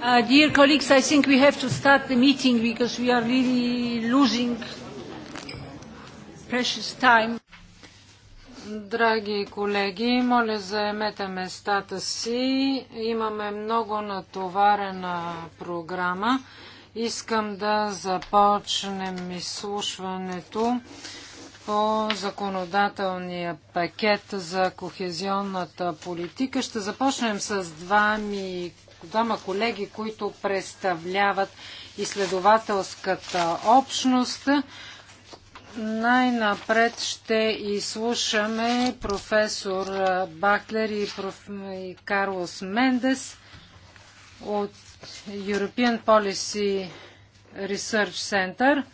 Uh, dear colleagues, I think we have to start the meeting because we are really losing precious time. Драги колеги, моля заемете местата си. Имаме много натоварена програма. Искам да започнем изслушването по законодателния пакет за кохезионната политика. Ще започнем с двами, двама колеги, които представляват изследователската общност. Най-напред ще изслушаме професор Бахлер и, проф... и Карлос Мендес от European Policy Research Center –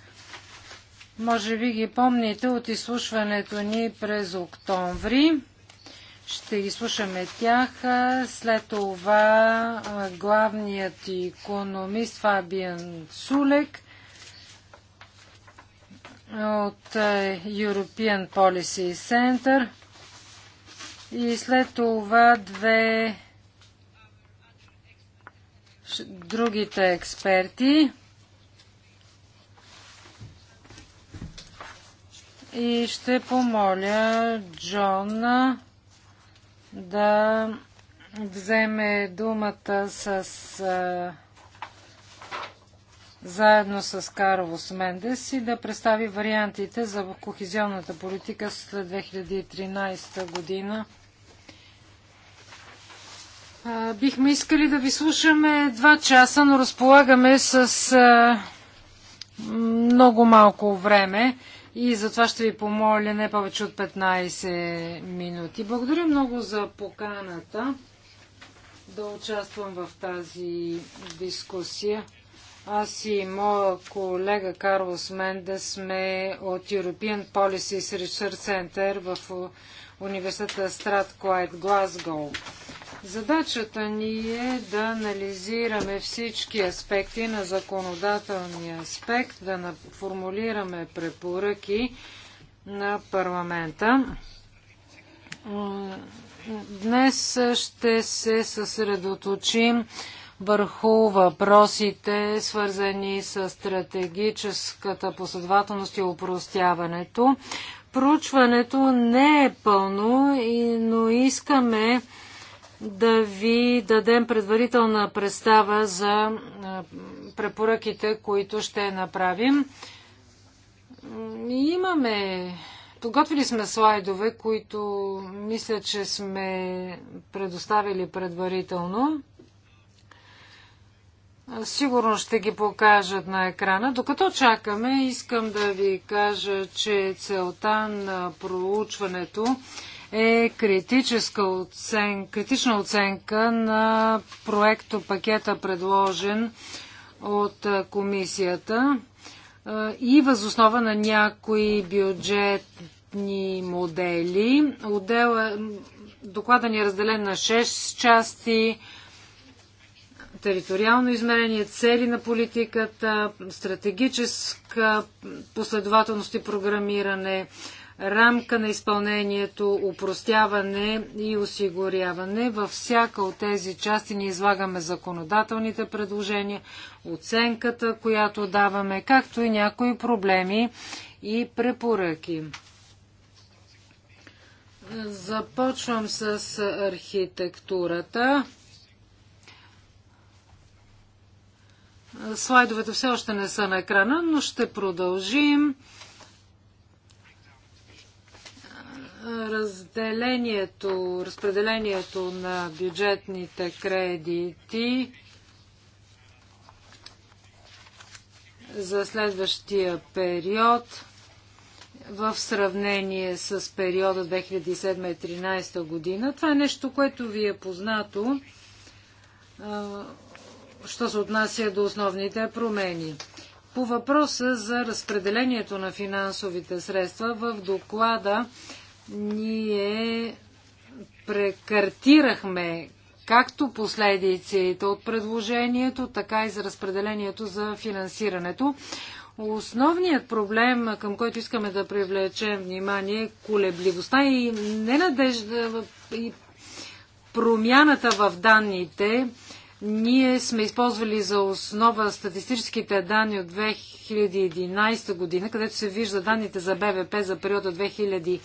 може би ги помните от изслушването ни през октомври. Ще ги слушаме тях. След това главният економист Фабиан Сулек от European Policy Center. И след това две другите експерти. И ще помоля Джон да вземе думата с, заедно с Карлос Мендес и да представи вариантите за кохезионната политика след 2013 година. Бихме искали да ви слушаме два часа, но разполагаме с много малко време. И затова ще ви помоля не повече от 15 минути. Благодаря много за поканата да участвам в тази дискусия. Аз и моя колега Карлос Мендес сме от European Policy Research Center в университета Strathclyde, Глазго. Задачата ни е да анализираме всички аспекти на законодателния аспект, да формулираме препоръки на парламента. Днес ще се съсредоточим върху въпросите, свързани с стратегическата последователност и упростяването. Проучването не е пълно, но искаме да ви дадем предварителна представа за препоръките, които ще направим. Имаме Подготвили сме слайдове, които мисля, че сме предоставили предварително. Сигурно ще ги покажат на екрана. Докато чакаме, искам да ви кажа, че целта на проучването е критическа оцен... критична оценка на проекто пакета предложен от комисията и възоснова на някои бюджетни модели. Отдела, доклада ни е разделен на 6 части териториално измерение, цели на политиката, стратегическа последователност и програмиране, рамка на изпълнението, упростяване и осигуряване. Във всяка от тези части ние излагаме законодателните предложения, оценката, която даваме, както и някои проблеми и препоръки. Започвам с архитектурата. Слайдовете все още не са на екрана, но ще продължим. разделението, разпределението на бюджетните кредити за следващия период в сравнение с периода 2007-2013 година. Това е нещо, което ви е познато, що се отнася до основните промени. По въпроса за разпределението на финансовите средства в доклада ние прекартирахме както последиците от предложението, така и за разпределението за финансирането. Основният проблем, към който искаме да привлечем внимание, е колебливостта и ненадежда и промяната в данните. Ние сме използвали за основа статистическите данни от 2011 година, където се вижда данните за БВП за периода 2000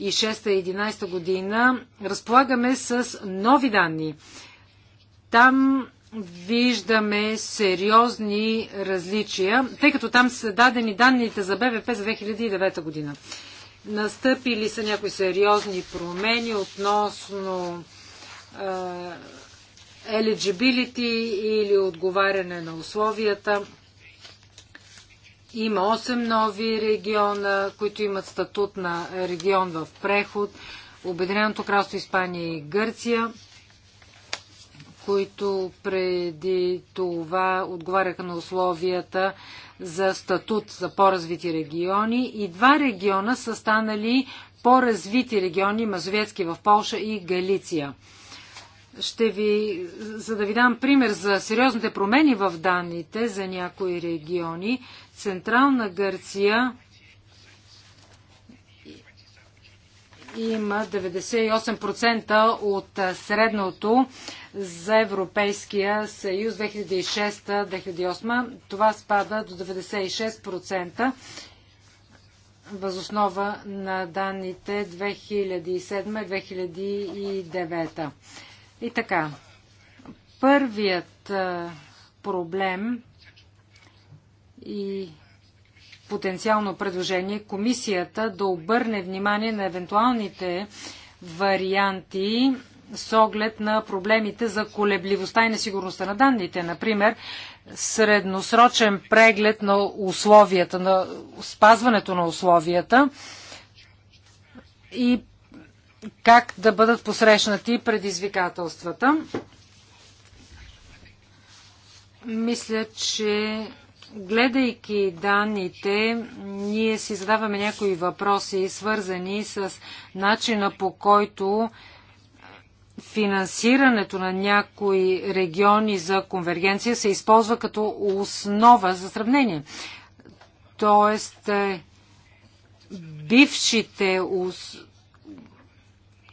2006-2011 година, разполагаме с нови данни. Там виждаме сериозни различия, тъй като там са дадени данните за БВП за 2009 година. Настъпили са някои сериозни промени относно е, eligibility или отговаряне на условията. Има 8 нови региона, които имат статут на регион в преход. Обединеното кралство Испания и Гърция, които преди това отговаряха на условията за статут за по-развити региони. И два региона са станали по-развити региони, Мазовецки в Полша и Галиция ще ви, за да ви дам пример за сериозните промени в данните за някои региони, Централна Гърция има 98% от средното за Европейския съюз 2006-2008. Това спада до 96% възоснова на данните 2007-2009. И така, първият проблем и потенциално предложение е комисията да обърне внимание на евентуалните варианти с оглед на проблемите за колебливостта и несигурността на данните. Например, средносрочен преглед на условията, на спазването на условията и как да бъдат посрещнати предизвикателствата. Мисля, че гледайки данните, ние си задаваме някои въпроси, свързани с начина по който финансирането на някои региони за конвергенция се използва като основа за сравнение. Тоест, е, бившите,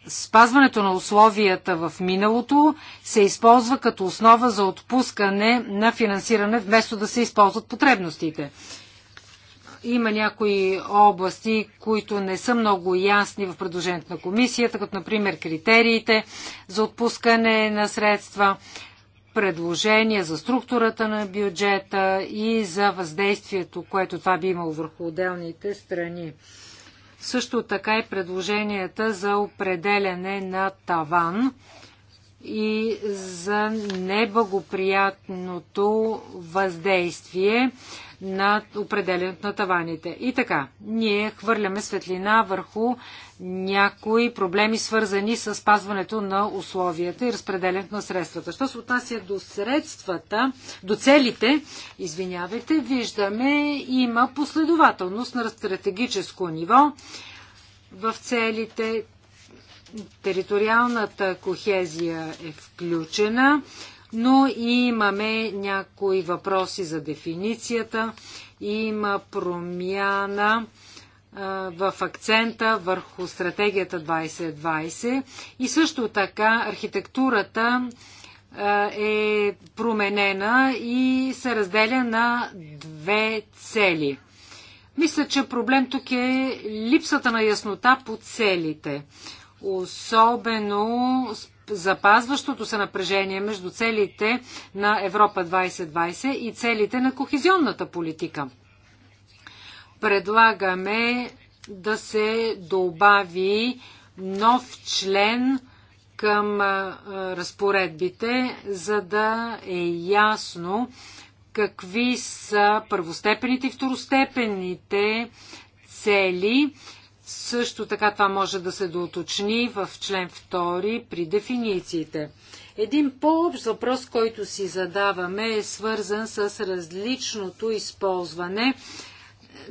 спазването на условията в миналото се използва като основа за отпускане на финансиране, вместо да се използват потребностите. Има някои области, които не са много ясни в предложението на комисията, като например критериите за отпускане на средства, предложения за структурата на бюджета и за въздействието, което това би имало върху отделните страни. Също така и предложенията за определене на таван и за неблагоприятното въздействие на определенето на таваните. И така, ние хвърляме светлина върху някои проблеми, свързани с спазването на условията и разпределението на средствата. Що се отнася до средствата, до целите, извинявайте, виждаме, има последователност на стратегическо ниво в целите. Териториалната кохезия е включена, но и имаме някои въпроси за дефиницията. Има промяна в акцента върху стратегията 2020 и също така архитектурата е променена и се разделя на две цели. Мисля, че проблем тук е липсата на яснота по целите. Особено запазващото се напрежение между целите на Европа 2020 и целите на кохезионната политика – предлагаме да се добави нов член към разпоредбите, за да е ясно какви са първостепените и второстепените цели. Също така това може да се доуточни в член 2 при дефинициите. Един по-общ въпрос, който си задаваме, е свързан с различното използване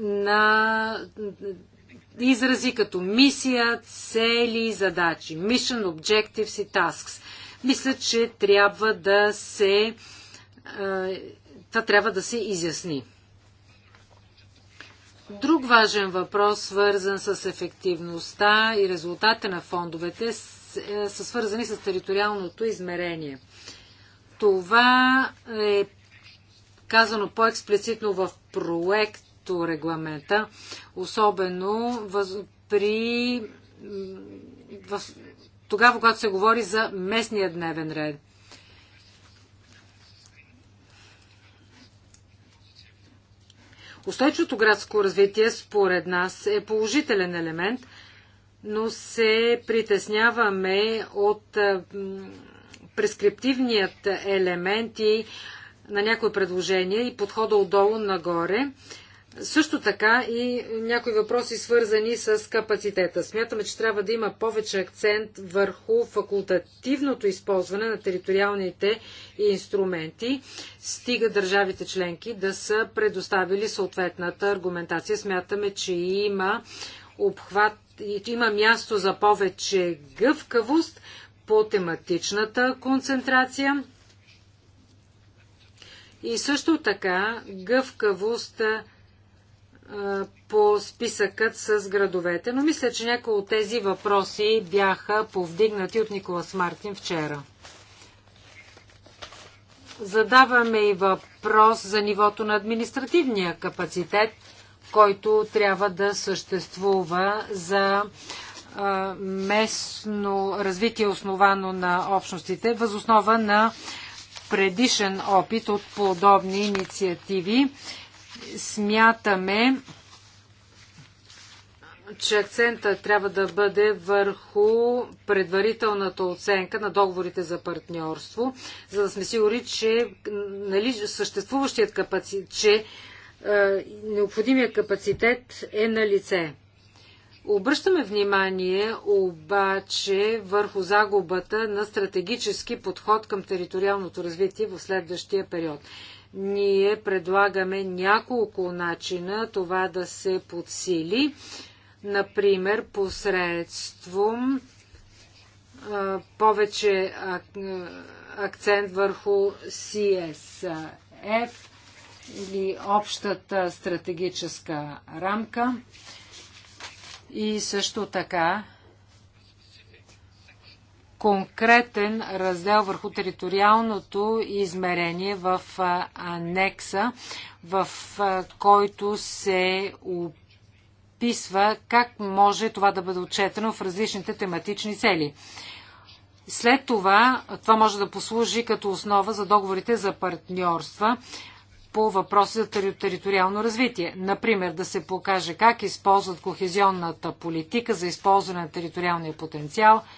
на изрази като мисия, цели, задачи. Mission, objectives и tasks. Мисля, че трябва да се това трябва да се изясни. Друг важен въпрос, свързан с ефективността и резултата на фондовете, е, са свързани с териториалното измерение. Това е казано по-експлицитно в проект проекто регламента, особено въз, при в, тогава, когато се говори за местния дневен ред. Устойчивото градско развитие, според нас, е положителен елемент, но се притесняваме от е, прескриптивният елемент и на някои предложения и подхода отдолу нагоре. Също така и някои въпроси свързани с капацитета. Смятаме, че трябва да има повече акцент върху факултативното използване на териториалните инструменти, стига държавите членки да са предоставили съответната аргументация. Смятаме, че има обхват, има място за повече гъвкавост по тематичната концентрация и също така гъвкавост по списъкът с градовете, но мисля, че някои от тези въпроси бяха повдигнати от Николас Мартин вчера. Задаваме и въпрос за нивото на административния капацитет, който трябва да съществува за местно развитие, основано на общностите, възоснова на предишен опит от подобни инициативи смятаме, че акцента трябва да бъде върху предварителната оценка на договорите за партньорство, за да сме сигури, че нали, съществуващият капацитет, че е, необходимият капацитет е на лице. Обръщаме внимание обаче върху загубата на стратегически подход към териториалното развитие в следващия период. Ние предлагаме няколко начина това да се подсили, например посредством повече акцент върху CSF или общата стратегическа рамка и също така конкретен раздел върху териториалното измерение в анекса, в който се описва как може това да бъде отчетено в различните тематични цели. След това, това може да послужи като основа за договорите за партньорства по въпроси за териториално развитие. Например, да се покаже как използват кохезионната политика за използване на териториалния потенциал –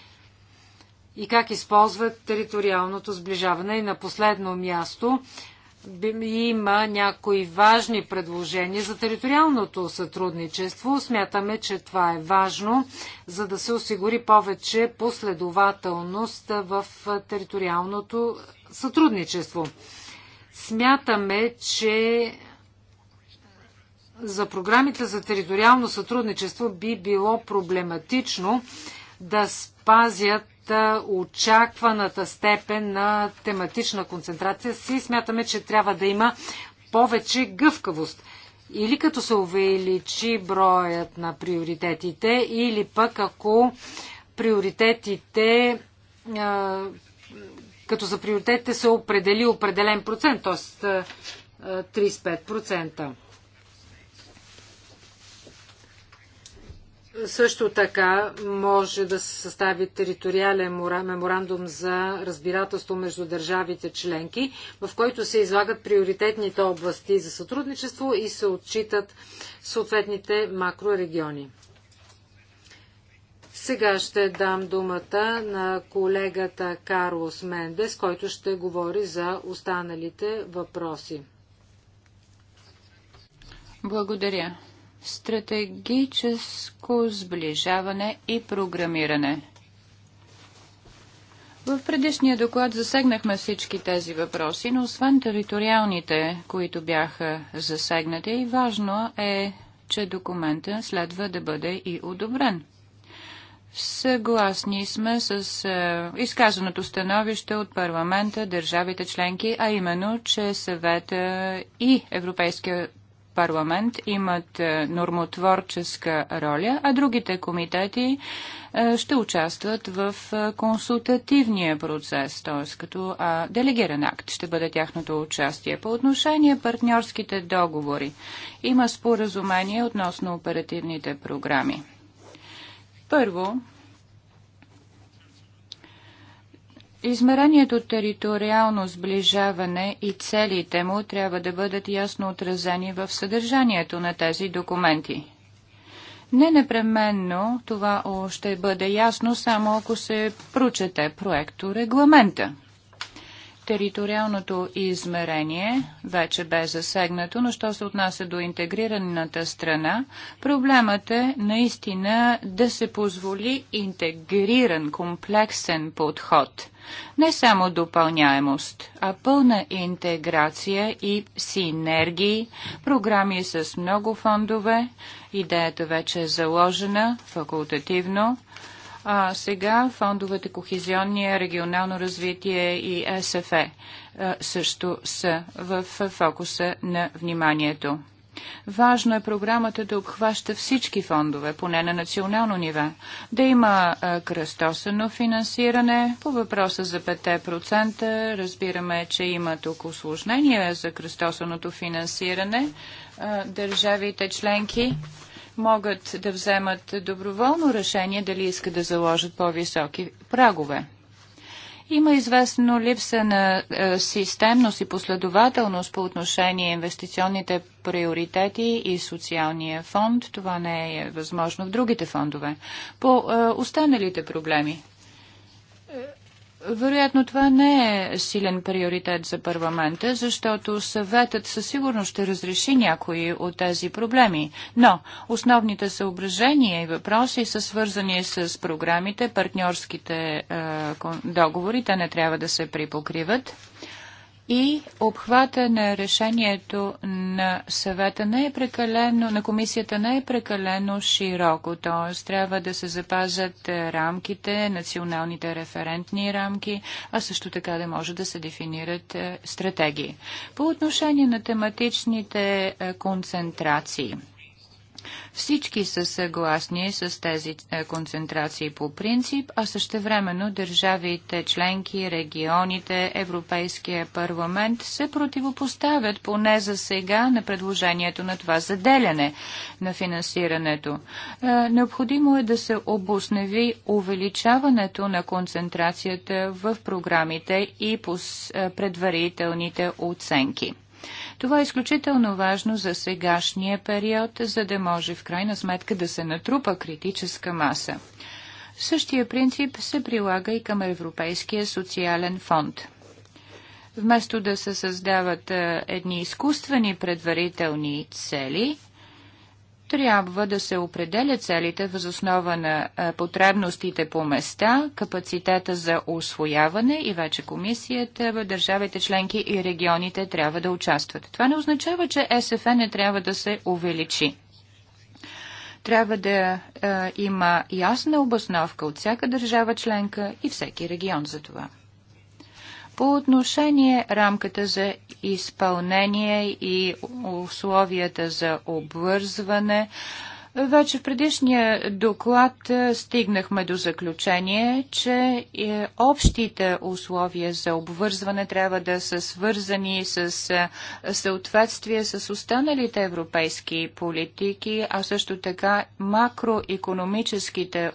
и как използват териториалното сближаване. И на последно място има някои важни предложения за териториалното сътрудничество. Смятаме, че това е важно, за да се осигури повече последователност в териториалното сътрудничество. Смятаме, че за програмите за териториално сътрудничество би било проблематично да спазят очакваната степен на тематична концентрация си смятаме, че трябва да има повече гъвкавост. Или като се увеличи броят на приоритетите, или пък ако приоритетите като за приоритетите се определи определен процент, т.е. 35%. Също така може да се състави териториален меморандум за разбирателство между държавите членки, в който се излагат приоритетните области за сътрудничество и се отчитат съответните макрорегиони. Сега ще дам думата на колегата Карлос Мендес, който ще говори за останалите въпроси. Благодаря стратегическо сближаване и програмиране. В предишния доклад засегнахме всички тези въпроси, но освен териториалните, които бяха засегнати, и важно е, че документа следва да бъде и одобрен. Съгласни сме с е, изказаното становище от парламента, държавите членки, а именно, че съвета и Европейския парламент имат е, нормотворческа роля, а другите комитети е, ще участват в е, консултативния процес, т.е. като делегиран акт ще бъде тяхното участие. По отношение партньорските договори има споразумение относно оперативните програми. Първо, Измерението териториално сближаване и целите му трябва да бъдат ясно отразени в съдържанието на тези документи. Не непременно това ще бъде ясно само ако се прочете проекто регламента. Териториалното измерение вече бе засегнато, но що се отнася до интегрираната страна, проблемът е наистина да се позволи интегриран комплексен подход – не само допълняемост, а пълна интеграция и синергии, програми с много фондове. Идеята вече е заложена факултативно. А сега фондовете Кохизионния, регионално развитие и СФЕ също са в фокуса на вниманието. Важно е програмата да обхваща всички фондове, поне на национално ниво, да има кръстосено финансиране. По въпроса за 5% разбираме, че има тук осложнения за кръстосеното финансиране. Държавите членки могат да вземат доброволно решение дали искат да заложат по-високи прагове. Има известно липса на е, системност и последователност по отношение инвестиционните приоритети и социалния фонд. Това не е възможно в другите фондове. По е, останалите проблеми е, вероятно това не е силен приоритет за парламента, защото съветът със сигурност ще разреши някои от тези проблеми. Но основните съображения и въпроси са свързани с програмите, партньорските е, договори, те не трябва да се припокриват и обхвата на решението на съвета не е прекалено, на комисията не е прекалено широко, т.е. трябва да се запазят рамките, националните референтни рамки, а също така да може да се дефинират е, стратегии. По отношение на тематичните е, концентрации – всички са съгласни с тези е, концентрации по принцип, а същевременно държавите, членки, регионите, Европейския парламент се противопоставят поне за сега на предложението на това заделяне на финансирането. Е, необходимо е да се обоснови увеличаването на концентрацията в програмите и по е, предварителните оценки. Това е изключително важно за сегашния период, за да може в крайна сметка да се натрупа критическа маса. Същия принцип се прилага и към Европейския социален фонд. Вместо да се създават едни изкуствени предварителни цели, трябва да се определят целите въз основа на потребностите по места, капацитета за освояване и вече комисията, държавите членки и регионите трябва да участват. Това не означава, че СФН не трябва да се увеличи трябва да е, има ясна обосновка от всяка държава членка и всеки регион за това. По отношение рамката за изпълнение и условията за обвързване, вече в предишния доклад е, стигнахме до заключение, че е, общите условия за обвързване трябва да са свързани с е, съответствие с останалите европейски политики, а също така макроекономическите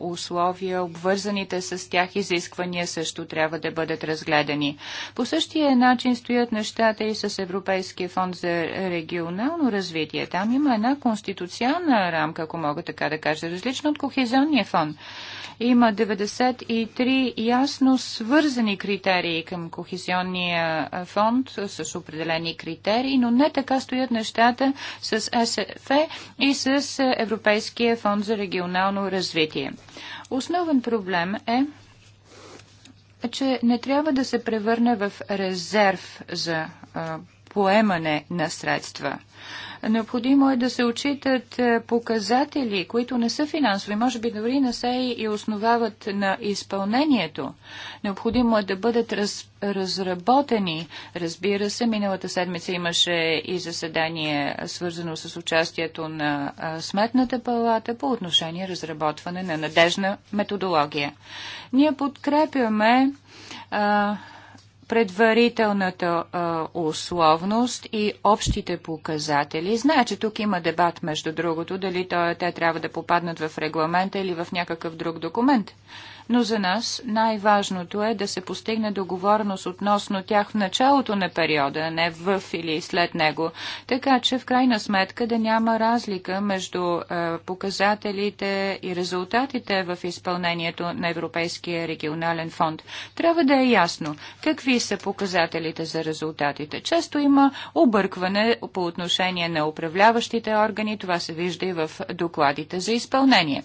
условия, обвързаните с тях изисквания също трябва да бъдат разгледани. По същия начин стоят нещата и с Европейския фонд за регионално развитие. Там има една конституционна правна рамка, ако мога така да кажа, различна от кохезионния фонд. Има 93 ясно свързани критерии към кохезионния фонд с определени критерии, но не така стоят нещата с СФ и с Европейския фонд за регионално развитие. Основен проблем е че не трябва да се превърне в резерв за а, поемане на средства. Необходимо е да се отчитат е, показатели, които не са финансови, може би дори не се и основават на изпълнението. Необходимо е да бъдат раз, разработени. Разбира се, миналата седмица имаше и заседание, свързано с участието на Сметната палата по отношение разработване на надежна методология. Ние подкрепяме а, предварителната а, условност и общите показатели. Зная, че тук има дебат, между другото, дали то, е, те трябва да попаднат в регламента или в някакъв друг документ но за нас най-важното е да се постигне договорност относно тях в началото на периода, а не в или след него. Така че в крайна сметка да няма разлика между е, показателите и резултатите в изпълнението на Европейския регионален фонд. Трябва да е ясно какви са показателите за резултатите. Често има объркване по отношение на управляващите органи. Това се вижда и в докладите за изпълнение.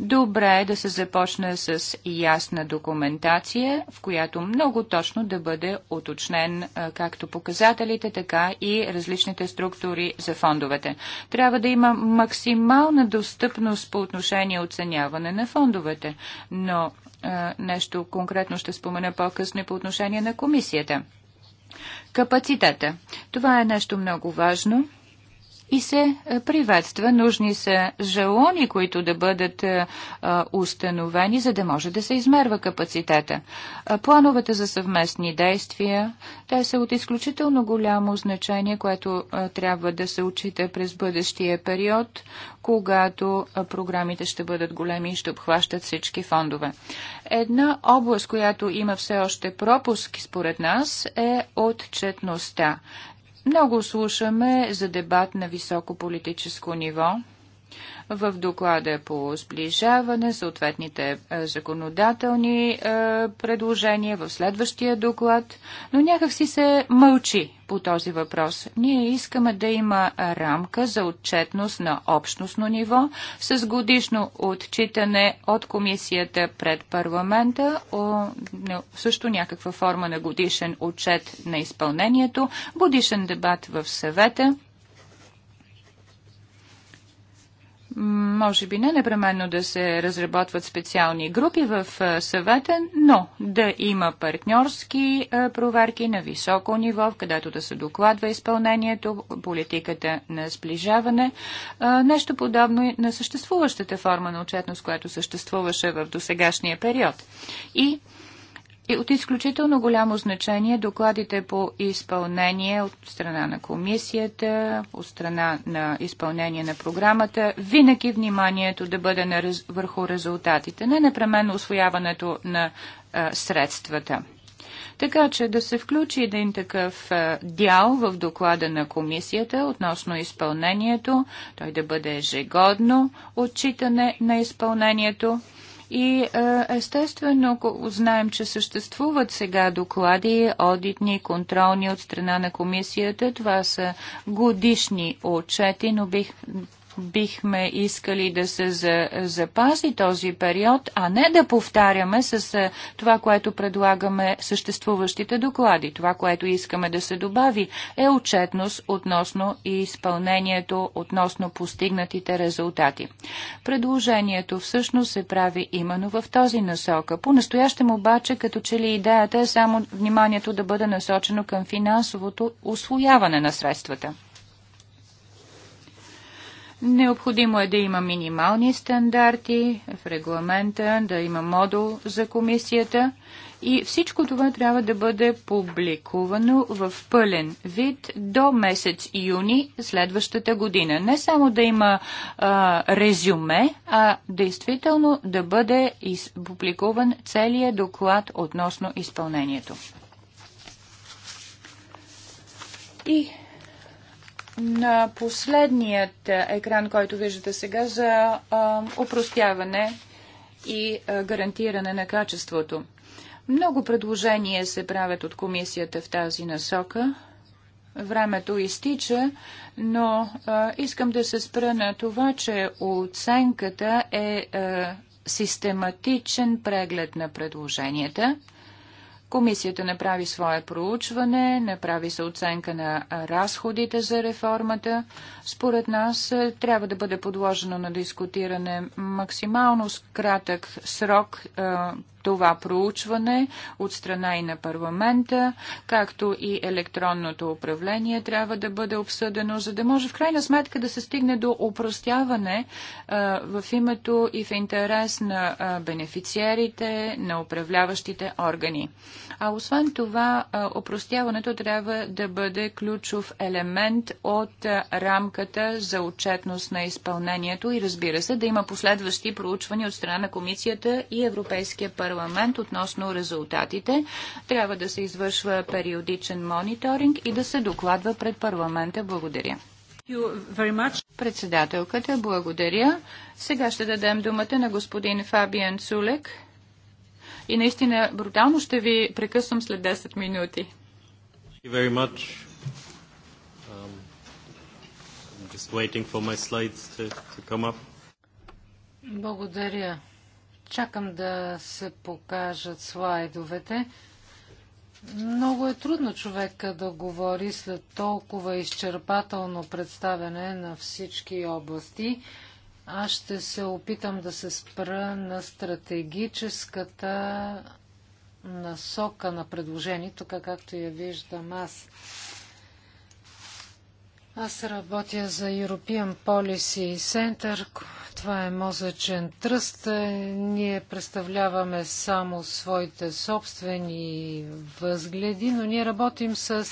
Добре е да се започне с ясна документация, в която много точно да бъде уточнен както показателите, така и различните структури за фондовете. Трябва да има максимална достъпност по отношение оценяване на фондовете, но нещо конкретно ще спомена по-късно по отношение на комисията. Капацитета. Това е нещо много важно и се е, приветства. Нужни са жалони, които да бъдат е, е, установени, за да може да се измерва капацитета. Плановете за съвместни действия, те са от изключително голямо значение, което трябва да се учите през бъдещия период, когато програмите ще бъдат големи и ще обхващат всички фондове. Една област, която има все още пропуск, според нас, е отчетността. Много слушаме за дебат на високо политическо ниво – в доклада е по сближаване съответните е, законодателни е, предложения в следващия доклад, но някакси се мълчи по този въпрос. Ние искаме да има рамка за отчетност на общностно ниво с годишно отчитане от комисията пред парламента, също някаква форма на годишен отчет на изпълнението, годишен дебат в съвета може би не непременно да се разработват специални групи в съвета, но да има партньорски проверки на високо ниво, в където да се докладва изпълнението, политиката на сближаване. Нещо подобно и на съществуващата форма на отчетност, която съществуваше в досегашния период. И и от изключително голямо значение докладите по изпълнение от страна на комисията, от страна на изпълнение на програмата, винаги вниманието да бъде на, върху резултатите, не непременно освояването на а, средствата. Така че да се включи един такъв а, дял в доклада на комисията относно изпълнението, той да бъде ежегодно отчитане на изпълнението и е, естествено, знаем, че съществуват сега доклади, одитни, контролни от страна на комисията. Това са годишни отчети, но бих бихме искали да се запази този период, а не да повтаряме с е, това, което предлагаме съществуващите доклади. Това, което искаме да се добави е отчетност относно и изпълнението, относно постигнатите резултати. Предложението всъщност се прави именно в този насока. По-настоящем обаче, като че ли идеята е само вниманието да бъде насочено към финансовото освояване на средствата. Необходимо е да има минимални стандарти в регламента, да има модул за комисията и всичко това трябва да бъде публикувано в пълен вид до месец юни следващата година. Не само да има а, резюме, а действително да бъде публикуван целият доклад относно изпълнението. И на последният е, екран, който виждате сега за упростяване и гарантиране на качеството. Много предложения се правят от комисията в тази насока. Времето изтича, но а, искам да се спра на това, че оценката е а, систематичен преглед на предложенията Комисията направи свое проучване, направи се оценка на разходите за реформата. Според нас е, трябва да бъде подложено на дискутиране максимално с кратък срок е, това проучване от страна и на парламента, както и електронното управление трябва да бъде обсъдено, за да може в крайна сметка да се стигне до упростяване а, е, в името и в интерес на а, бенефициерите, на управляващите органи. А освен това, опростяването трябва да бъде ключов елемент от рамката за отчетност на изпълнението и разбира се да има последващи проучвания от страна на комисията и Европейския парламент относно резултатите. Трябва да се извършва периодичен мониторинг и да се докладва пред парламента. Благодаря. Председателката, благодаря. Сега ще дадем думата на господин Фабиан Цулек и наистина брутално ще ви прекъсвам след 10 минути. Um, Благодаря. Чакам да се покажат слайдовете. Много е трудно човека да говори след толкова изчерпателно представяне на всички области. Аз ще се опитам да се спра на стратегическата насока на предложението, така както я виждам аз. Аз работя за European Policy Center. Това е мозъчен тръст. Ние представляваме само своите собствени възгледи, но ние работим с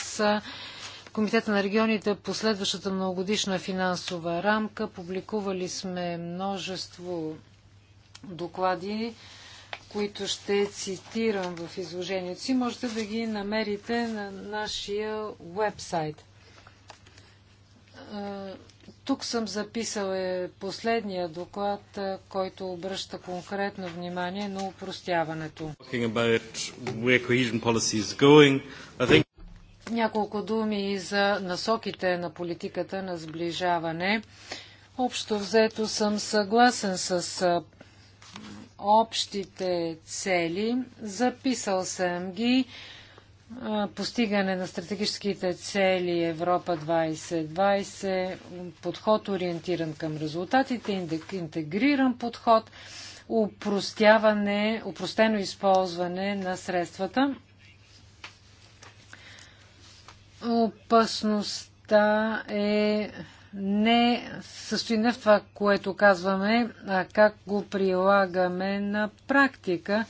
Комитета на регионите по следващата многогодишна финансова рамка. Публикували сме множество доклади, които ще цитирам в изложението си. Можете да ги намерите на нашия вебсайт. Е, тук съм записал е последния доклад, е, който обръща конкретно внимание на упростяването. Няколко думи и за насоките на политиката на сближаване. Общо взето съм съгласен с общите цели. Записал съм ги. Постигане на стратегическите цели Европа 2020, подход ориентиран към резултатите, интегриран подход, упростяване, упростено използване на средствата. Опасността е не състои не в това, което казваме, а как го прилагаме на практика.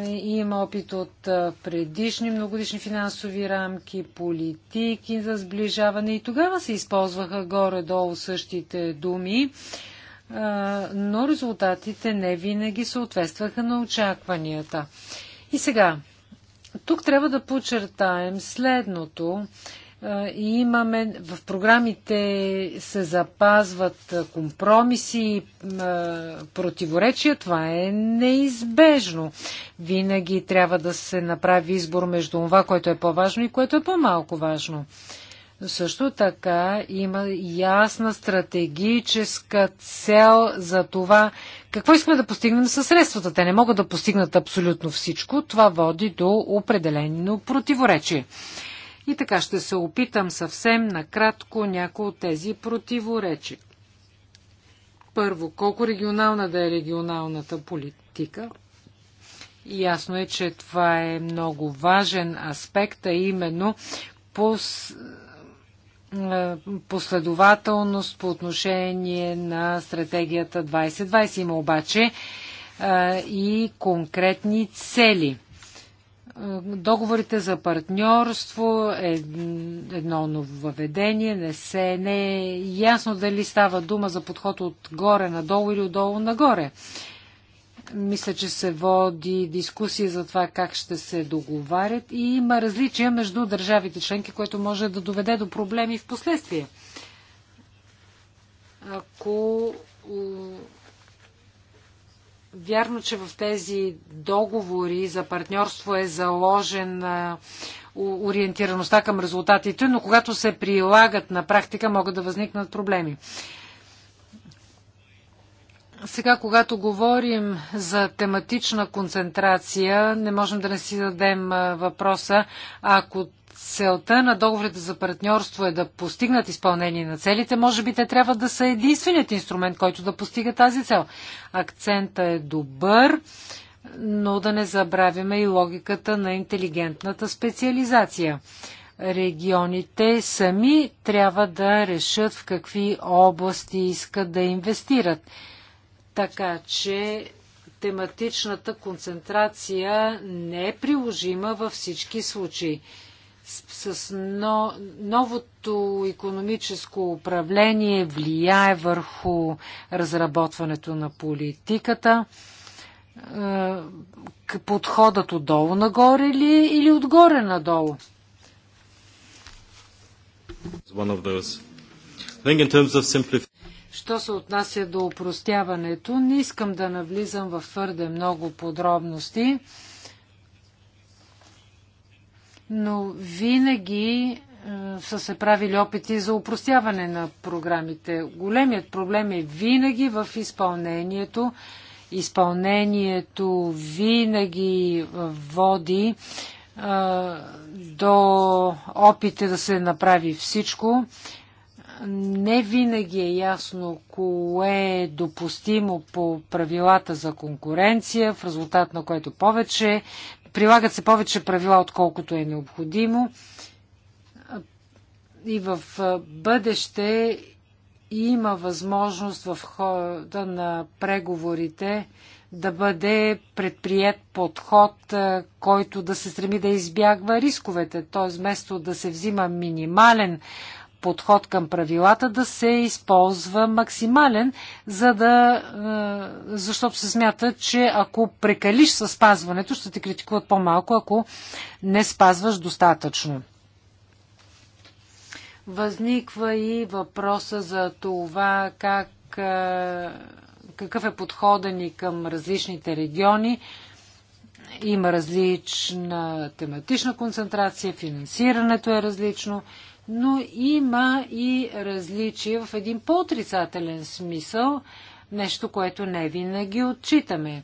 Е, има опит от предишни многодишни финансови рамки, политики за сближаване и тогава се използваха горе-долу същите думи, но резултатите не винаги съответстваха на очакванията. И сега, тук трябва да подчертаем следното. И е, имаме в програмите се запазват компромиси, е, противоречия. Това е неизбежно. Винаги трябва да се направи избор между това, което е по-важно и което е по-малко важно. -малко важно. Също така има ясна стратегическа цел за това какво искаме да постигнем със средствата. Те не могат да постигнат абсолютно всичко. Това води до определено противоречие. И така ще се опитам съвсем накратко някои от тези противоречи. Първо, колко регионална да е регионалната политика? Ясно е, че това е много важен аспект, а именно по последователност по отношение на стратегията 2020. Има обаче и конкретни цели. Договорите за партньорство е едно нововведение. Не, се, не е ясно дали става дума за подход отгоре надолу или отдолу нагоре. Мисля, че се води дискусия за това как ще се договарят и има различия между държавите членки, което може да доведе до проблеми в последствие. Ако Вярно, че в тези договори за партньорство е заложен ориентираността към резултатите, но когато се прилагат на практика, могат да възникнат проблеми. Сега, когато говорим за тематична концентрация, не можем да не си дадем въпроса, ако целта на договорите за партньорство е да постигнат изпълнение на целите, може би те трябва да са единственият инструмент, който да постига тази цел. Акцента е добър, но да не забравяме и логиката на интелигентната специализация. Регионите сами трябва да решат в какви области искат да инвестират. Така че тематичната концентрация не е приложима във всички случаи. С, с но, новото економическо управление влияе върху разработването на политиката. Е, подходът отдолу нагоре ли или отгоре надолу? One of those. I think in terms of Що се отнася до упростяването, не искам да навлизам в твърде много подробности, но винаги е, са се правили опити за упростяване на програмите. Големият проблем е винаги в изпълнението. Изпълнението винаги е, води е, до опите да се направи всичко не винаги е ясно кое е допустимо по правилата за конкуренция, в резултат на което повече прилагат се повече правила, отколкото е необходимо. И в бъдеще има възможност в хода на преговорите да бъде предприят подход, който да се стреми да избягва рисковете. Т.е. вместо да се взима минимален подход към правилата да се използва максимален, за да, е, защото се смята, че ако прекалиш със спазването, ще те критикуват по-малко, ако не спазваш достатъчно. Възниква и въпроса за това как, е, какъв е подхода ни към различните региони. Има различна тематична концентрация, финансирането е различно но има и различия в един по-отрицателен смисъл, нещо, което не винаги отчитаме.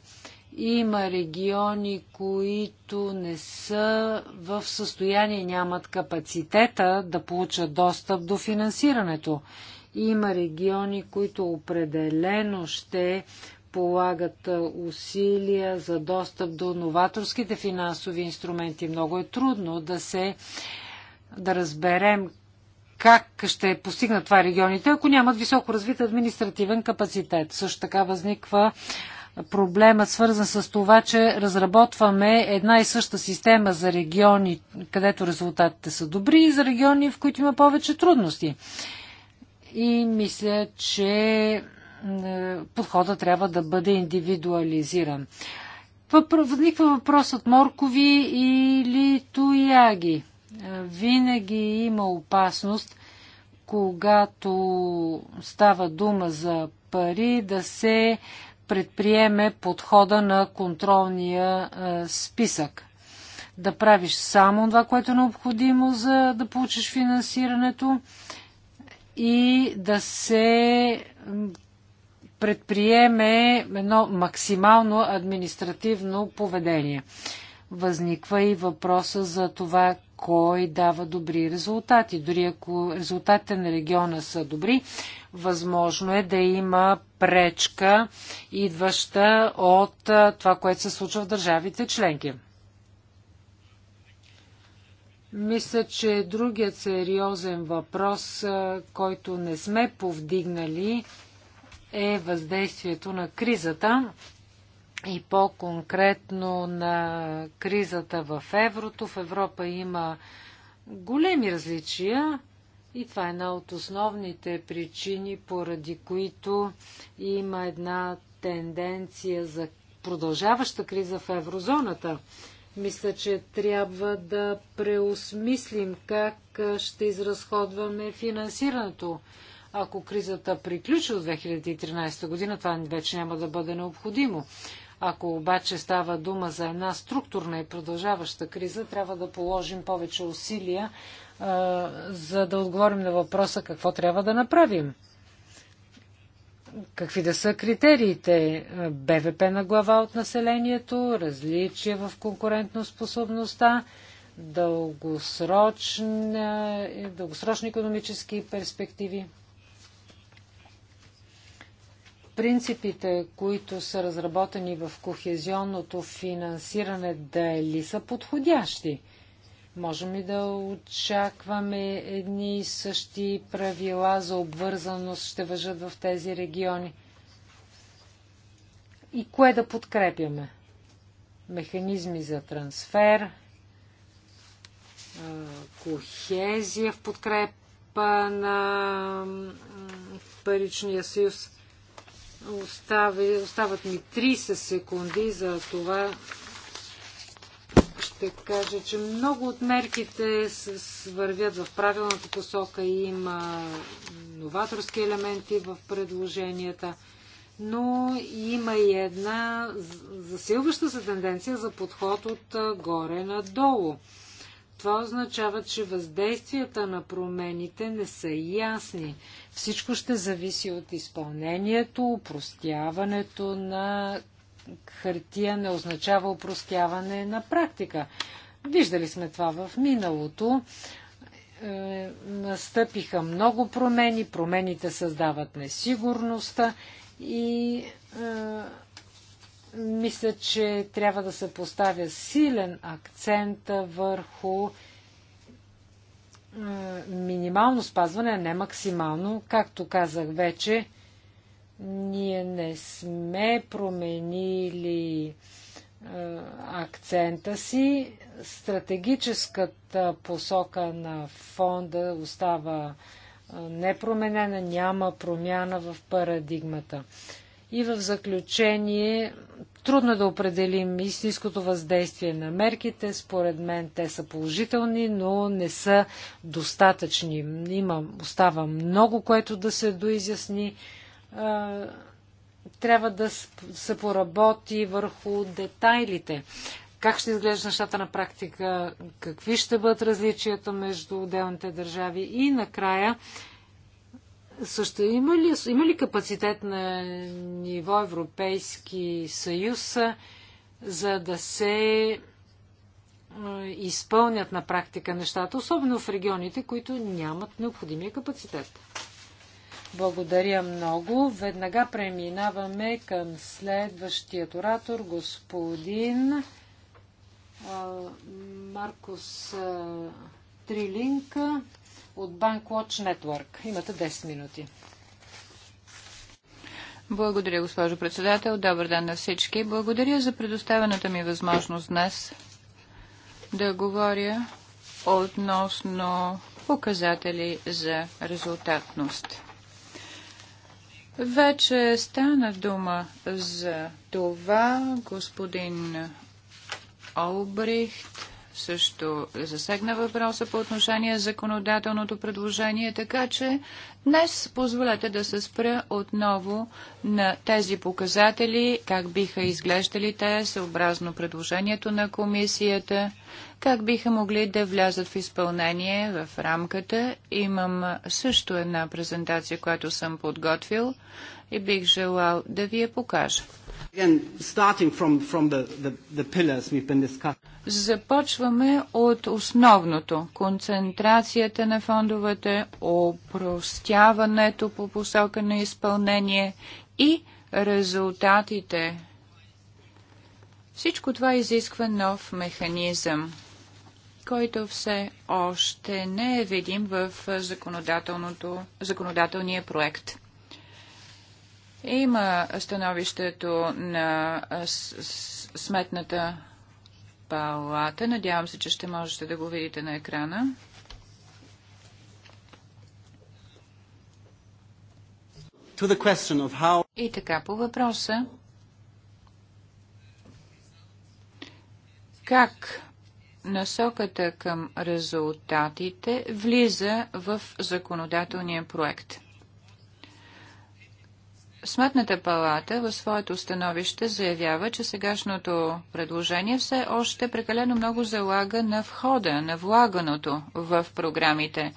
Има региони, които не са в състояние, нямат капацитета да получат достъп до финансирането. Има региони, които определено ще полагат усилия за достъп до новаторските финансови инструменти. Много е трудно да се да разберем как ще постигнат това регионите, ако нямат високо развит административен капацитет. Също така възниква проблема, свързан с това, че разработваме една и съща система за региони, където резултатите са добри и за региони, в които има повече трудности. И мисля, че е, подхода трябва да бъде индивидуализиран. Възниква въпросът моркови или Туяги? Е, винаги има опасност, когато става дума за пари, да се предприеме подхода на контролния е, списък. Да правиш само това, което е необходимо, за да получиш финансирането и да се предприеме едно максимално административно поведение. Възниква и въпроса за това кой дава добри резултати. Дори ако резултатите на региона са добри, възможно е да има пречка, идваща от това, което се случва в държавите членки. Мисля, че другият сериозен въпрос, който не сме повдигнали, е въздействието на кризата и по-конкретно на кризата в еврото. В Европа има големи различия и това е една от основните причини, поради които има една тенденция за продължаваща криза в еврозоната. Мисля, че трябва да преосмислим как ще изразходваме финансирането. Ако кризата приключи от 2013 година, това вече няма да бъде необходимо. Ако обаче става дума за една структурна и продължаваща криза, трябва да положим повече усилия, за да отговорим на въпроса какво трябва да направим. Какви да са критериите? БВП на глава от населението, различие в конкурентоспособността, дългосрочни економически перспективи принципите, които са разработени в кохезионното финансиране, дали са подходящи? Можем ли да очакваме едни и същи правила за обвързаност ще въжат в тези региони? И кое да подкрепяме? Механизми за трансфер, кохезия в подкрепа на паричния съюз. Остави, остават ми 30 секунди за това. Ще кажа, че много от мерките вървят в правилната посока и има новаторски елементи в предложенията, но има и една засилваща се тенденция за подход от горе надолу. Това означава, че въздействията на промените не са ясни всичко ще зависи от изпълнението, упростяването на хартия не означава упростяване на практика. Виждали сме това в миналото. Е, настъпиха много промени, промените създават несигурността и е, мисля, че трябва да се поставя силен акцент върху минимално спазване, а не максимално. Както казах вече, ние не сме променили акцента си. Стратегическата посока на фонда остава непроменена, няма промяна в парадигмата. И в заключение, трудно е да определим истинското въздействие на мерките. Според мен те са положителни, но не са достатъчни. Има, остава много, което да се доизясни. Трябва да се поработи върху детайлите. Как ще изглежда нещата на практика? Какви ще бъдат различията между отделните държави? И накрая, също има ли, има ли капацитет на ниво Европейски съюз, за да се изпълнят на практика нещата, особено в регионите, които нямат необходимия капацитет? Благодаря много. Веднага преминаваме към следващият оратор, господин Маркус Трилинка от Банклоч Network. Имате 10 минути. Благодаря, госпожо председател. Добър ден на всички. Благодаря за предоставената ми възможност днес да говоря относно показатели за резултатност. Вече стана дума за това господин Олбрихт също засегна въпроса по отношение законодателното предложение, така че днес позволете да се спра отново на тези показатели, как биха изглеждали те съобразно предложението на комисията, как биха могли да влязат в изпълнение в рамката. Имам също една презентация, която съм подготвил и бих желал да ви я покажа. Започваме от основното. Концентрацията на фондовете, опростяването по посока на изпълнение и резултатите. Всичко това изисква нов механизъм, който все още не е видим в законодателния проект. Има становището на сметната палата. Надявам се, че ще можете да го видите на екрана. И така по въпроса. Как насоката към резултатите влиза в законодателния проект? Сметната палата в своето становище заявява, че сегашното предложение все още прекалено много залага на входа, на влаганото в програмите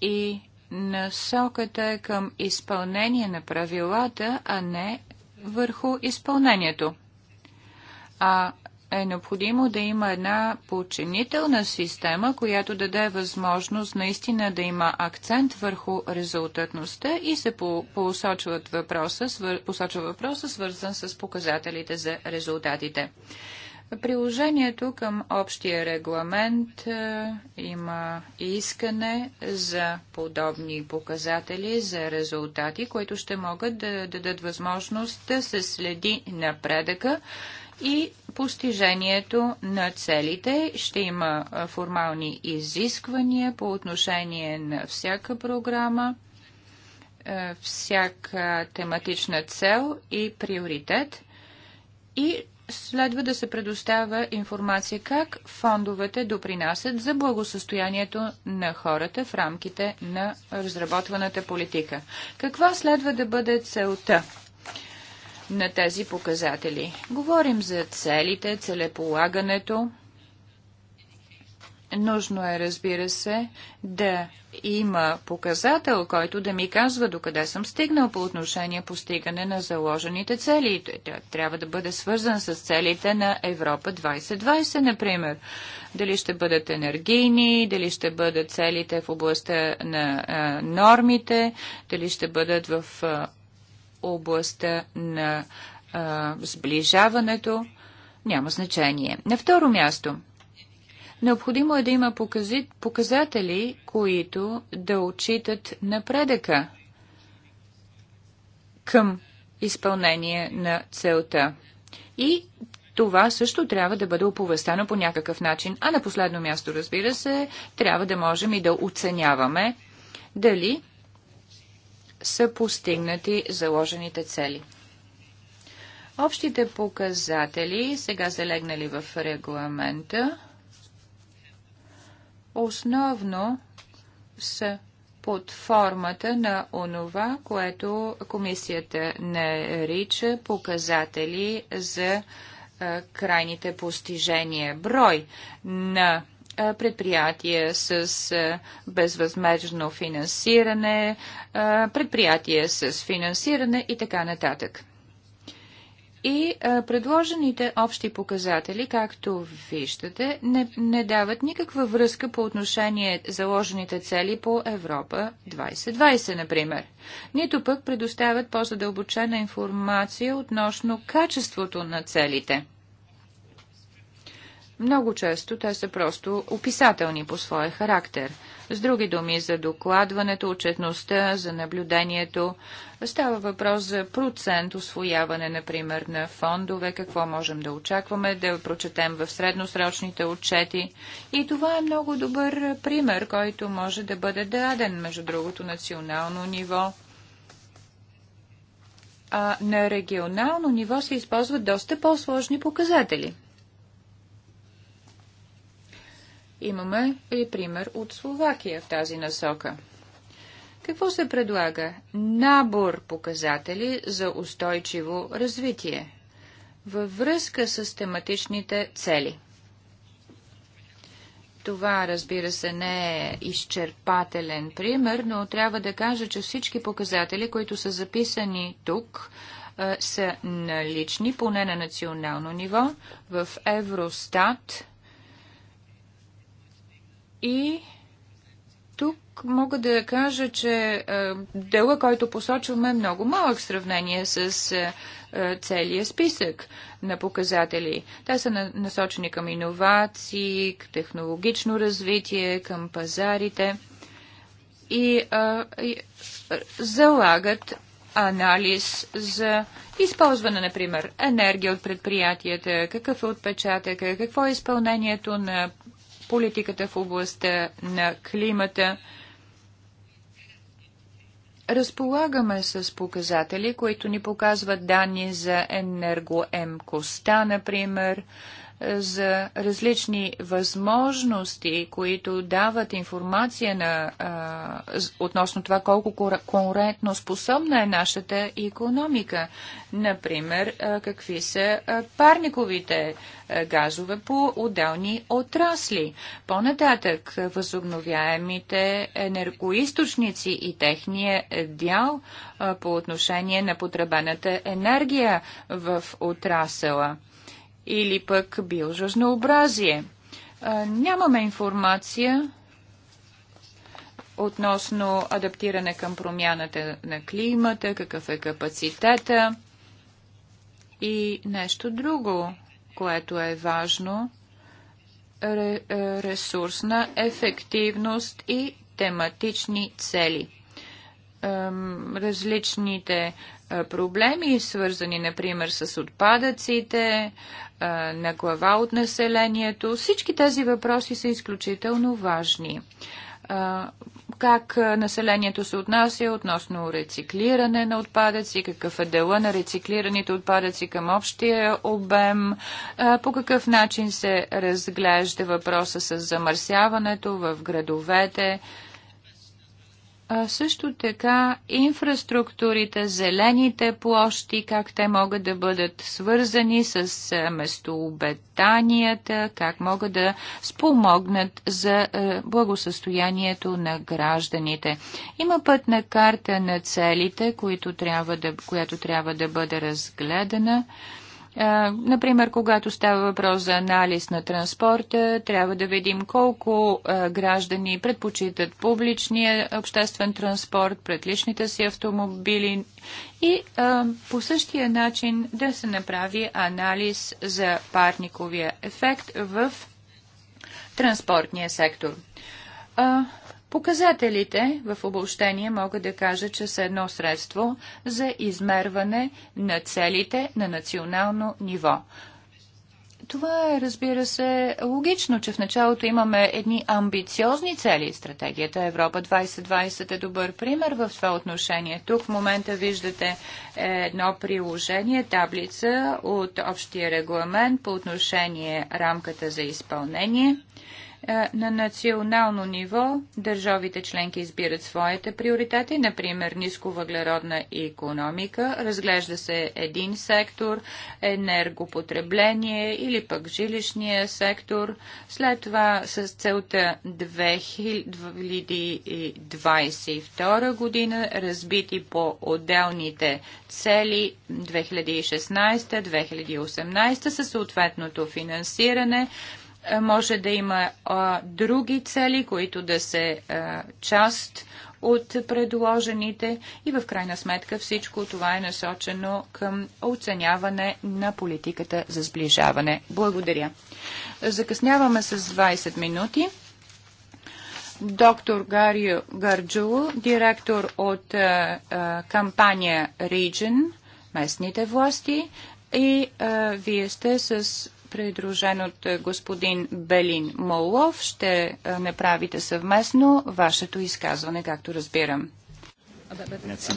и насоката е към изпълнение на правилата, а не върху изпълнението. А е необходимо да има една подчинителна система, която даде възможност наистина да има акцент върху резултатността и се посочват въпроса, посочва въпроса, свързан с показателите за резултатите. Приложението към общия регламент е, има искане за подобни показатели за резултати, които ще могат да дадат възможност да се следи напредъка и постижението на целите. Ще има формални изисквания по отношение на всяка програма, всяка тематична цел и приоритет. И следва да се предоставя информация как фондовете допринасят за благосостоянието на хората в рамките на разработваната политика. Каква следва да бъде целта? на тези показатели. Говорим за целите, целеполагането. Нужно е, разбира се, да има показател, който да ми казва докъде съм стигнал по отношение постигане на заложените цели. Трябва да бъде свързан с целите на Европа 2020, например. Дали ще бъдат енергийни, дали ще бъдат целите в областта на а, нормите, дали ще бъдат в а, областта на а, сближаването, няма значение. На второ място, необходимо е да има показатели, които да отчитат напредъка към изпълнение на целта. И това също трябва да бъде оповестено по някакъв начин. А на последно място, разбира се, трябва да можем и да оценяваме дали са постигнати заложените цели. Общите показатели, сега залегнали в регламента, основно са под формата на онова, което комисията нарича показатели за крайните постижения. Брой на предприятия с безвъзмежно финансиране, предприятия с финансиране и така нататък. И предложените общи показатели, както виждате, не, не дават никаква връзка по отношение заложените цели по Европа 2020, например. Нито пък предоставят по-задълбочена информация относно качеството на целите. Много често те са просто описателни по своя характер. С други думи, за докладването, отчетността, за наблюдението. Става въпрос за процент освояване, например, на фондове, какво можем да очакваме, да прочетем в средносрочните отчети. И това е много добър пример, който може да бъде даден, между другото, национално ниво. А на регионално ниво се използват доста по-сложни показатели – Имаме и пример от Словакия в тази насока. Какво се предлага? Набор показатели за устойчиво развитие във връзка с тематичните цели. Това, разбира се, не е изчерпателен пример, но трябва да кажа, че всички показатели, които са записани тук, са налични, поне на национално ниво, в Евростат и тук мога да кажа, че е, дела, който посочваме, е много малък в сравнение с е, е, целия списък на показатели. Те са насочени към иновации, технологично развитие, към пазарите и, а, и залагат анализ за използване, например, енергия от предприятията, какъв е отпечатък, какво е изпълнението на политиката в областта на климата. Разполагаме с показатели, които ни показват данни за енергоемкостта, например, за различни възможности, които дават информация на, а, относно това колко конкурентно способна е нашата економика. Например, а, какви са а, парниковите а, газове по отделни отрасли. По-нататък възобновяемите енергоисточници и техния дял а, по отношение на потребената енергия в отрасъла или пък биоразнообразие. Нямаме информация относно адаптиране към промяната на климата, какъв е капацитета и нещо друго, което е важно е, ресурсна ефективност и тематични цели. Различните проблеми, свързани, например, с отпадъците, на глава от населението. Всички тези въпроси са изключително важни. Как населението се отнася относно рециклиране на отпадъци, какъв е дела на рециклираните отпадъци към общия обем, по какъв начин се разглежда въпроса с замърсяването в градовете, а, също така инфраструктурите, зелените площи, как те могат да бъдат свързани с местообетанията, как могат да спомогнат за благосъстоянието на гражданите. Има пътна карта на целите, които трябва да, която трябва да бъде разгледана. Например, когато става въпрос за анализ на транспорта, трябва да видим колко граждани предпочитат публичния обществен транспорт пред личните си автомобили и по същия начин да се направи анализ за парниковия ефект в транспортния сектор. Показателите в обобщение могат да кажа, че са едно средство за измерване на целите на национално ниво. Това е, разбира се, логично, че в началото имаме едни амбициозни цели. Стратегията Европа 2020 е добър пример в това отношение. Тук в момента виждате е, едно приложение, таблица от общия регламент по отношение рамката за изпълнение на национално ниво държавите членки избират своите приоритети, например нисковъглеродна економика, разглежда се един сектор, енергопотребление или пък жилищния сектор, след това с целта 2022 година, разбити по отделните цели 2016-2018 със съответното финансиране, е, може да има а, други цели, които да се а, част от предложените и в крайна сметка всичко това е насочено към оценяване на политиката за сближаване. Благодаря. Закъсняваме с 20 минути. Доктор Гарио Гарджуло, директор от а, а, кампания Region, местните власти, и а, вие сте с придружен от е, господин Белин Молов. Ще е, направите съвместно вашето изказване, както разбирам. Е,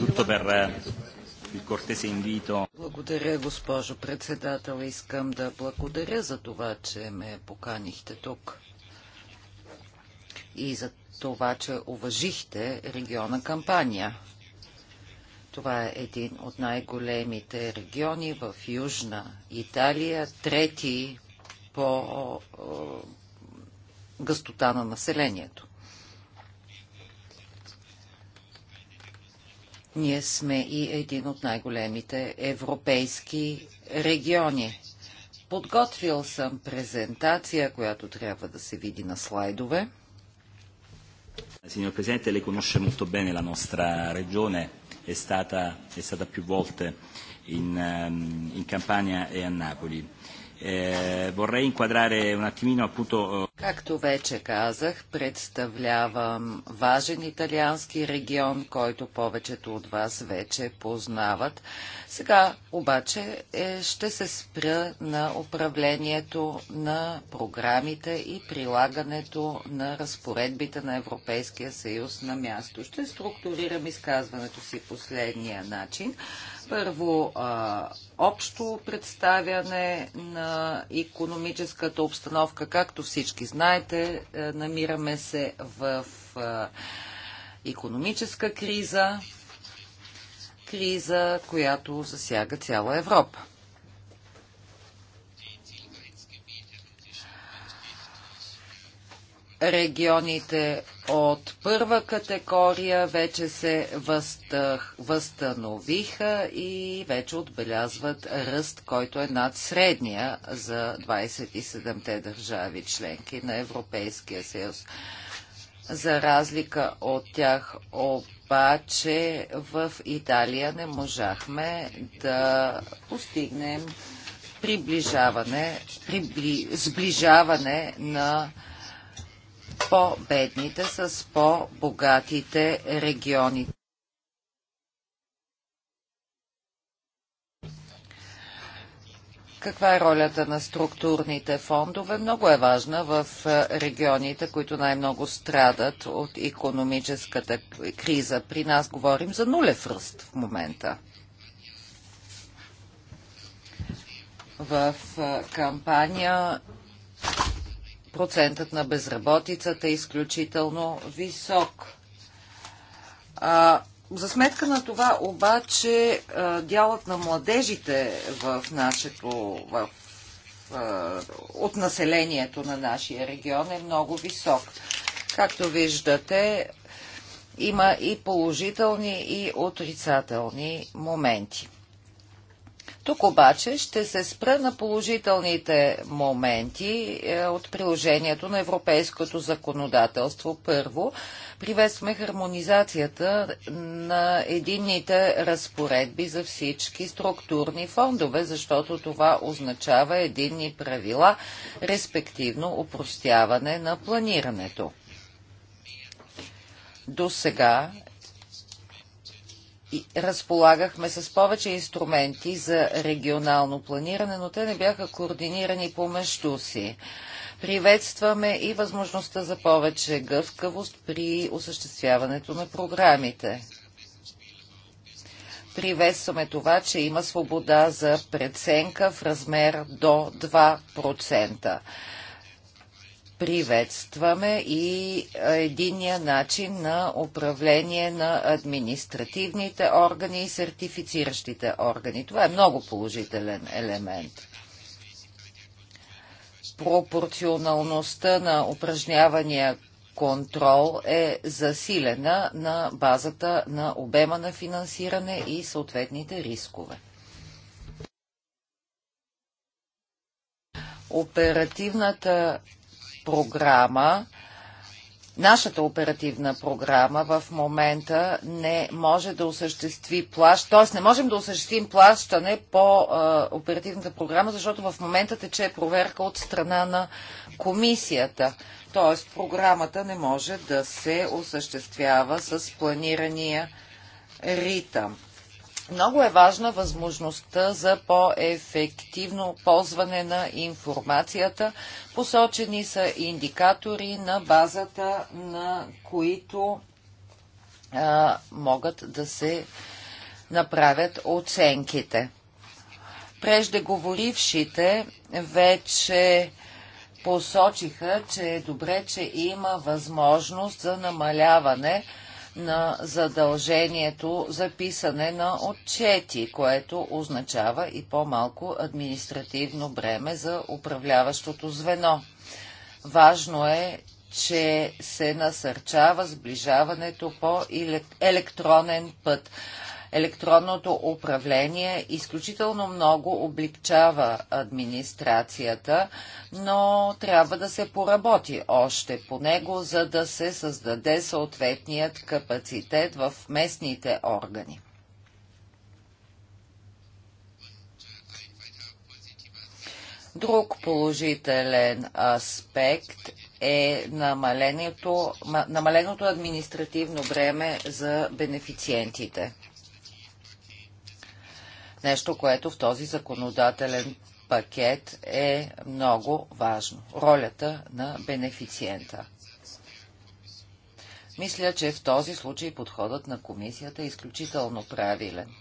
благодаря, госпожо председател. Искам да благодаря за това, че ме поканихте тук и за това, че уважихте региона кампания. Това е един от най-големите региони в Южна Италия, трети по гъстота на населението. Ние сме и един от най-големите европейски региони. Подготвил съм презентация, която трябва да се види на слайдове. Сеньор Presidente, ле конуше molto bene la nostra regione, è stata, è stata più volte in, in Campania e a Napoli. Е, eh, Както вече казах, представлявам важен италиански регион, който повечето от вас вече познават. Сега обаче е, ще се спра на управлението на програмите и прилагането на разпоредбите на Европейския съюз на място. Ще структурирам изказването си последния начин. Първо, а, общо представяне на економическата обстановка. Както всички знаете, е, намираме се в а, економическа криза, криза, която засяга цяла Европа. регионите от първа категория вече се възстановиха и вече отбелязват ръст, който е над средния за 27-те държави членки на Европейския съюз. За разлика от тях обаче в Италия не можахме да постигнем приближаване, прибли, сближаване на по-бедните с по-богатите региони. Каква е ролята на структурните фондове? Много е важна в е, регионите, които най-много страдат от економическата криза. При нас говорим за нулев ръст в момента. В е, кампания процентът на безработицата е изключително висок. А, за сметка на това обаче дялът на младежите в нашето, в, а, от населението на нашия регион е много висок. Както виждате, има и положителни и отрицателни моменти. Тук обаче ще се спра на положителните моменти е, от приложението на европейското законодателство. Първо, приветстваме хармонизацията на единните разпоредби за всички структурни фондове, защото това означава единни правила, респективно упростяване на планирането. До сега разполагахме с повече инструменти за регионално планиране, но те не бяха координирани помежду си. Приветстваме и възможността за повече гъвкавост при осъществяването на програмите. Приветстваме това, че има свобода за преценка в размер до 2% приветстваме и единия начин на управление на административните органи и сертифициращите органи. Това е много положителен елемент. Пропорционалността на упражнявания контрол е засилена на базата на обема на финансиране и съответните рискове. Оперативната програма, нашата оперативна програма в момента не може да осъществи плащ, т.е. не можем да осъществим плащане по а, оперативната програма, защото в момента тече проверка от страна на комисията. Т.е. програмата не може да се осъществява с планирания ритъм. Много е важна възможността за по-ефективно ползване на информацията. Посочени са индикатори на базата, на които а, могат да се направят оценките. Преждеговорившите вече посочиха, че е добре, че има възможност за намаляване на задължението за писане на отчети, което означава и по-малко административно бреме за управляващото звено. Важно е, че се насърчава сближаването по електронен път електронното управление изключително много облегчава администрацията, но трябва да се поработи още по него, за да се създаде съответният капацитет в местните органи. Друг положителен аспект е намаленото, намаленото административно бреме за бенефициентите. Нещо, което в този законодателен пакет е много важно. Ролята на бенефициента. Мисля, че в този случай подходът на комисията е изключително правилен.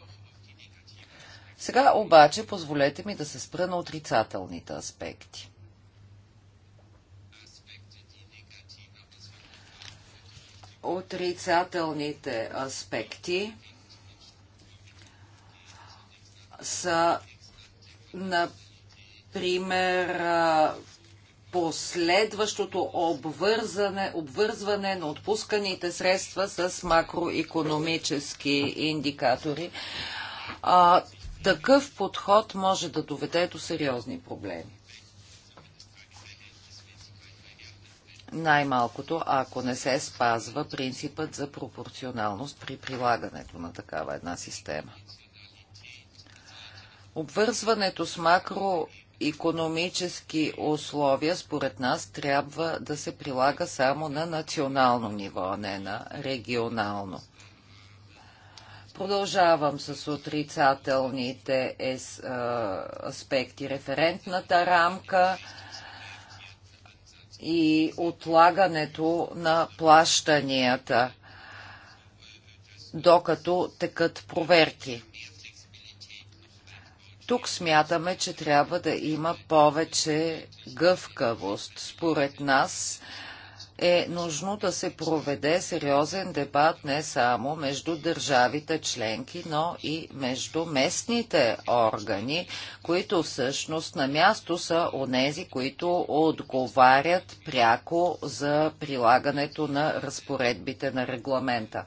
Сега обаче позволете ми да се спра на отрицателните аспекти. Отрицателните аспекти са, например, последващото обвързане, обвързване на отпусканите средства с макроекономически индикатори. А, такъв подход може да доведе до сериозни проблеми. Най-малкото, ако не се спазва принципът за пропорционалност при прилагането на такава една система. Обвързването с макроекономически условия, според нас, трябва да се прилага само на национално ниво, а не на регионално. Продължавам с отрицателните аспекти. Референтната рамка и отлагането на плащанията, докато текат проверки. Тук смятаме, че трябва да има повече гъвкавост. Според нас е нужно да се проведе сериозен дебат не само между държавите членки, но и между местните органи, които всъщност на място са онези, които отговарят пряко за прилагането на разпоредбите на регламента.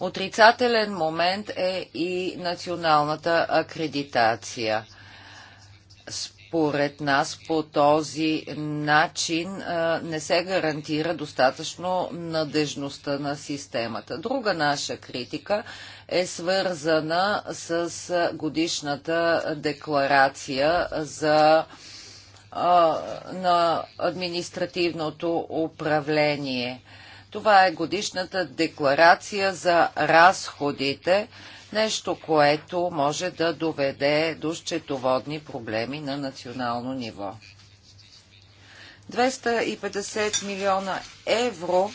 Отрицателен момент е и националната акредитация. Според нас по този начин не се гарантира достатъчно надежността на системата. Друга наша критика е свързана с годишната декларация за на административното управление – това е годишната декларация за разходите, нещо, което може да доведе до счетоводни проблеми на национално ниво. 250 милиона евро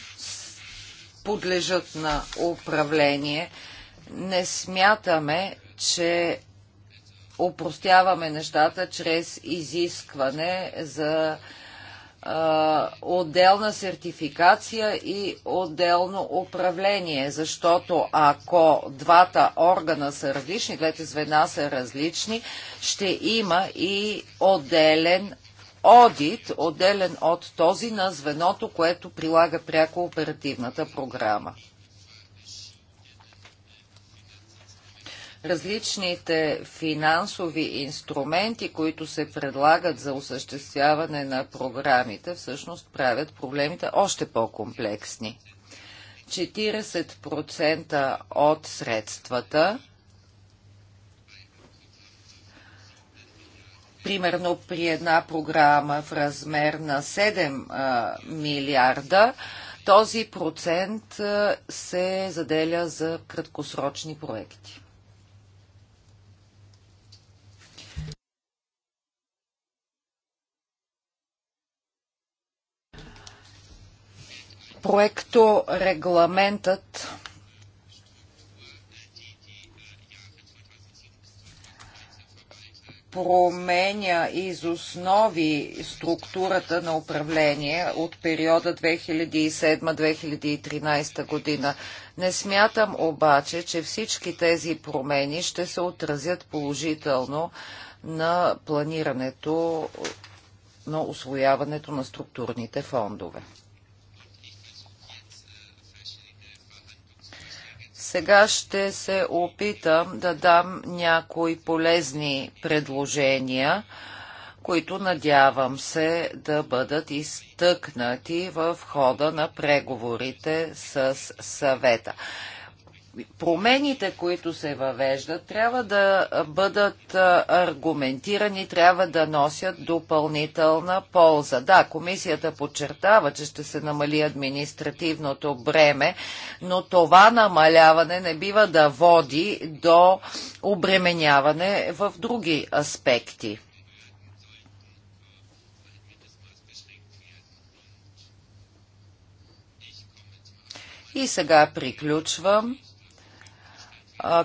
подлежат на управление. Не смятаме, че упростяваме нещата чрез изискване за отделна сертификация и отделно управление, защото ако двата органа са различни, двете звена са различни, ще има и отделен одит, отделен от този на звеното, което прилага пряко оперативната програма. различните финансови инструменти, които се предлагат за осъществяване на програмите, всъщност правят проблемите още по-комплексни. 40% от средствата примерно при една програма в размер на 7 милиарда, този процент се заделя за краткосрочни проекти. проекто регламентът променя из основи структурата на управление от периода 2007-2013 година. Не смятам обаче, че всички тези промени ще се отразят положително на планирането на освояването на структурните фондове. Сега ще се опитам да дам някои полезни предложения, които надявам се да бъдат изтъкнати в хода на преговорите с съвета промените, които се въвеждат, трябва да бъдат аргументирани, трябва да носят допълнителна полза. Да, комисията подчертава, че ще се намали административното бреме, но това намаляване не бива да води до обременяване в други аспекти. И сега приключвам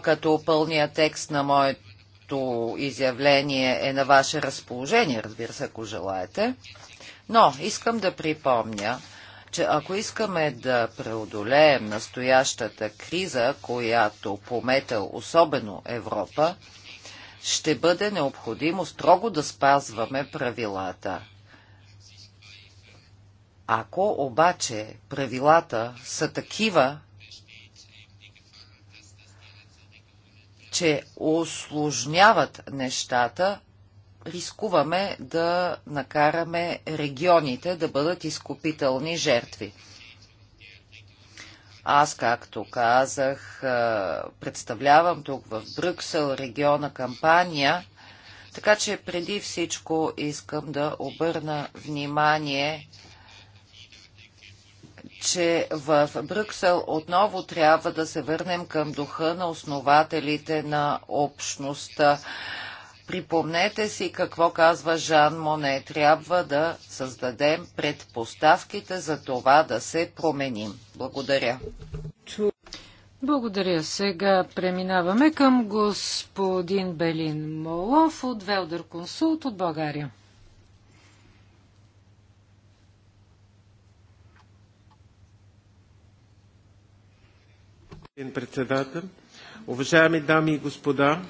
като пълния текст на моето изявление е на ваше разположение, разбира се, ако желаете. Но искам да припомня, че ако искаме да преодолеем настоящата криза, която помета особено Европа, ще бъде необходимо строго да спазваме правилата. Ако обаче правилата са такива, че осложняват нещата, рискуваме да накараме регионите да бъдат изкупителни жертви. Аз, както казах, представлявам тук в Брюксел региона кампания, така че преди всичко искам да обърна внимание че в Брюксел отново трябва да се върнем към духа на основателите на общността. Припомнете си какво казва Жан Моне. Трябва да създадем предпоставките за това да се променим. Благодаря. Благодаря. Сега преминаваме към господин Белин Молов от Велдър Консулт от България. председател, уважаеми дами и господа,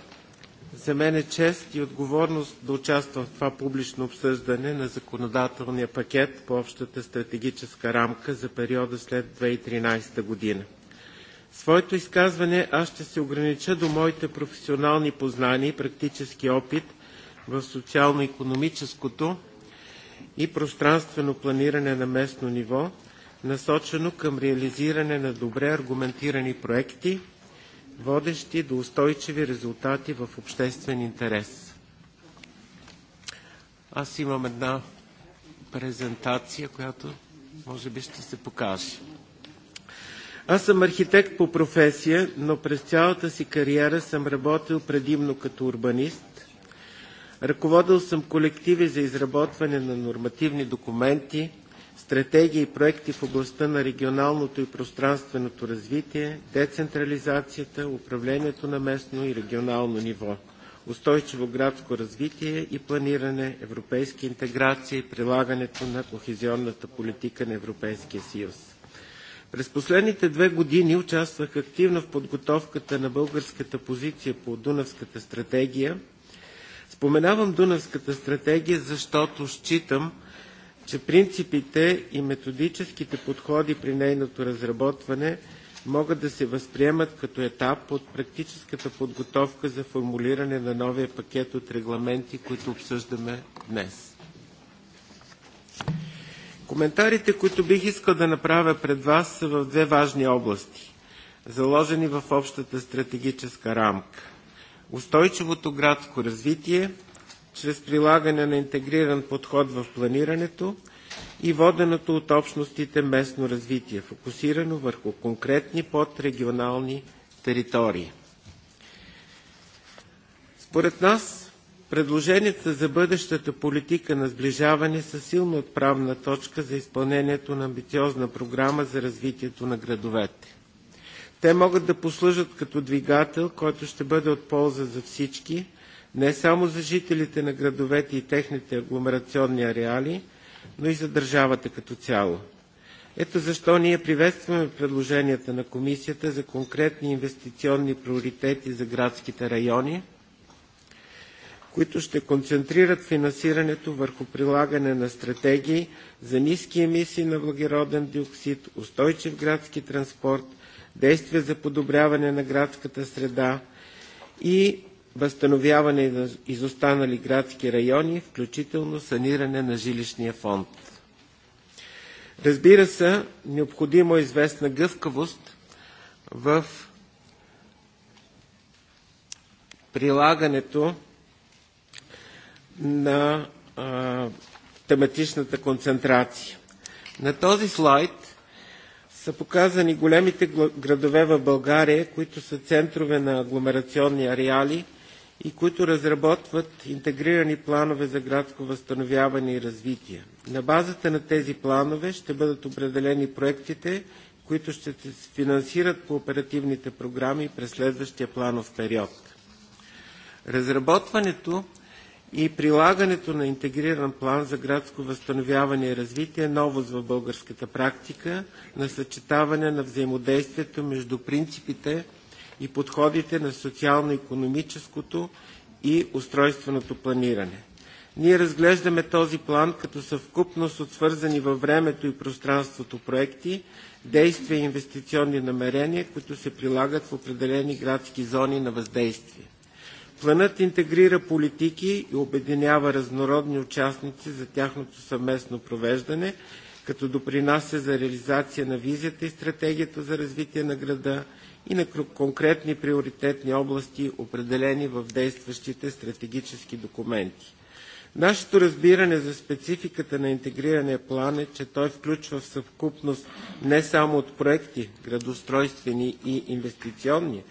за мен е чест и отговорност да участвам в това публично обсъждане на законодателния пакет по общата стратегическа рамка за периода след 2013 година. своето изказване аз ще се огранича до моите професионални познания и практически опит в социално-економическото и пространствено планиране на местно ниво, насочено към реализиране на добре аргументирани проекти, водещи до устойчиви резултати в обществен интерес. Аз имам една презентация, която може би ще се покаже. Аз съм архитект по професия, но през цялата си кариера съм работил предимно като урбанист. Ръководил съм колективи за изработване на нормативни документи – стратегии и проекти в областта на регионалното и пространственото развитие, децентрализацията, управлението на местно и регионално ниво, устойчиво градско развитие и планиране, европейска интеграция и прилагането на кохезионната политика на Европейския съюз. През последните две години участвах активно в подготовката на българската позиция по Дунавската стратегия. Споменавам Дунавската стратегия, защото считам, че принципите и методическите подходи при нейното разработване могат да се възприемат като етап от практическата подготовка за формулиране на новия пакет от регламенти, които обсъждаме днес. Коментарите, които бих искал да направя пред вас, са в две важни области, заложени в общата стратегическа рамка – устойчивото градско развитие – чрез прилагане на интегриран подход в планирането и воденото от общностите местно развитие, фокусирано върху конкретни подрегионални територии. Според нас, предложенията за бъдещата политика на сближаване са силно отправна точка за изпълнението на амбициозна програма за развитието на градовете. Те могат да послужат като двигател, който ще бъде от полза за всички – не само за жителите на градовете и техните агломерационни ареали, но и за държавата като цяло. Ето защо ние приветстваме предложенията на Комисията за конкретни инвестиционни приоритети за градските райони, които ще концентрират финансирането върху прилагане на стратегии за ниски емисии на въглероден диоксид, устойчив градски транспорт, действия за подобряване на градската среда и възстановяване на изостанали градски райони, включително саниране на жилищния фонд. Разбира се, необходимо е известна гъвкавост в прилагането на а, тематичната концентрация. На този слайд са показани големите градове в България, които са центрове на агломерационни ареали – и които разработват интегрирани планове за градско възстановяване и развитие. На базата на тези планове ще бъдат определени проектите, които ще се финансират по оперативните програми през следващия планов период. Разработването и прилагането на интегриран план за градско възстановяване и развитие е новост в българската практика на съчетаване на взаимодействието между принципите и подходите на социално-економическото и устройственото планиране. Ние разглеждаме този план като съвкупност от свързани във времето и пространството проекти, действия и инвестиционни намерения, които се прилагат в определени градски зони на въздействие. Планът интегрира политики и обединява разнородни участници за тяхното съвместно провеждане, като допринася за реализация на визията и стратегията за развитие на града, и на конкретни приоритетни области, определени в действащите стратегически документи. Нашето разбиране за спецификата на интегрирания план е, че той включва в съвкупност не само от проекти, градостройствени и инвестиционни,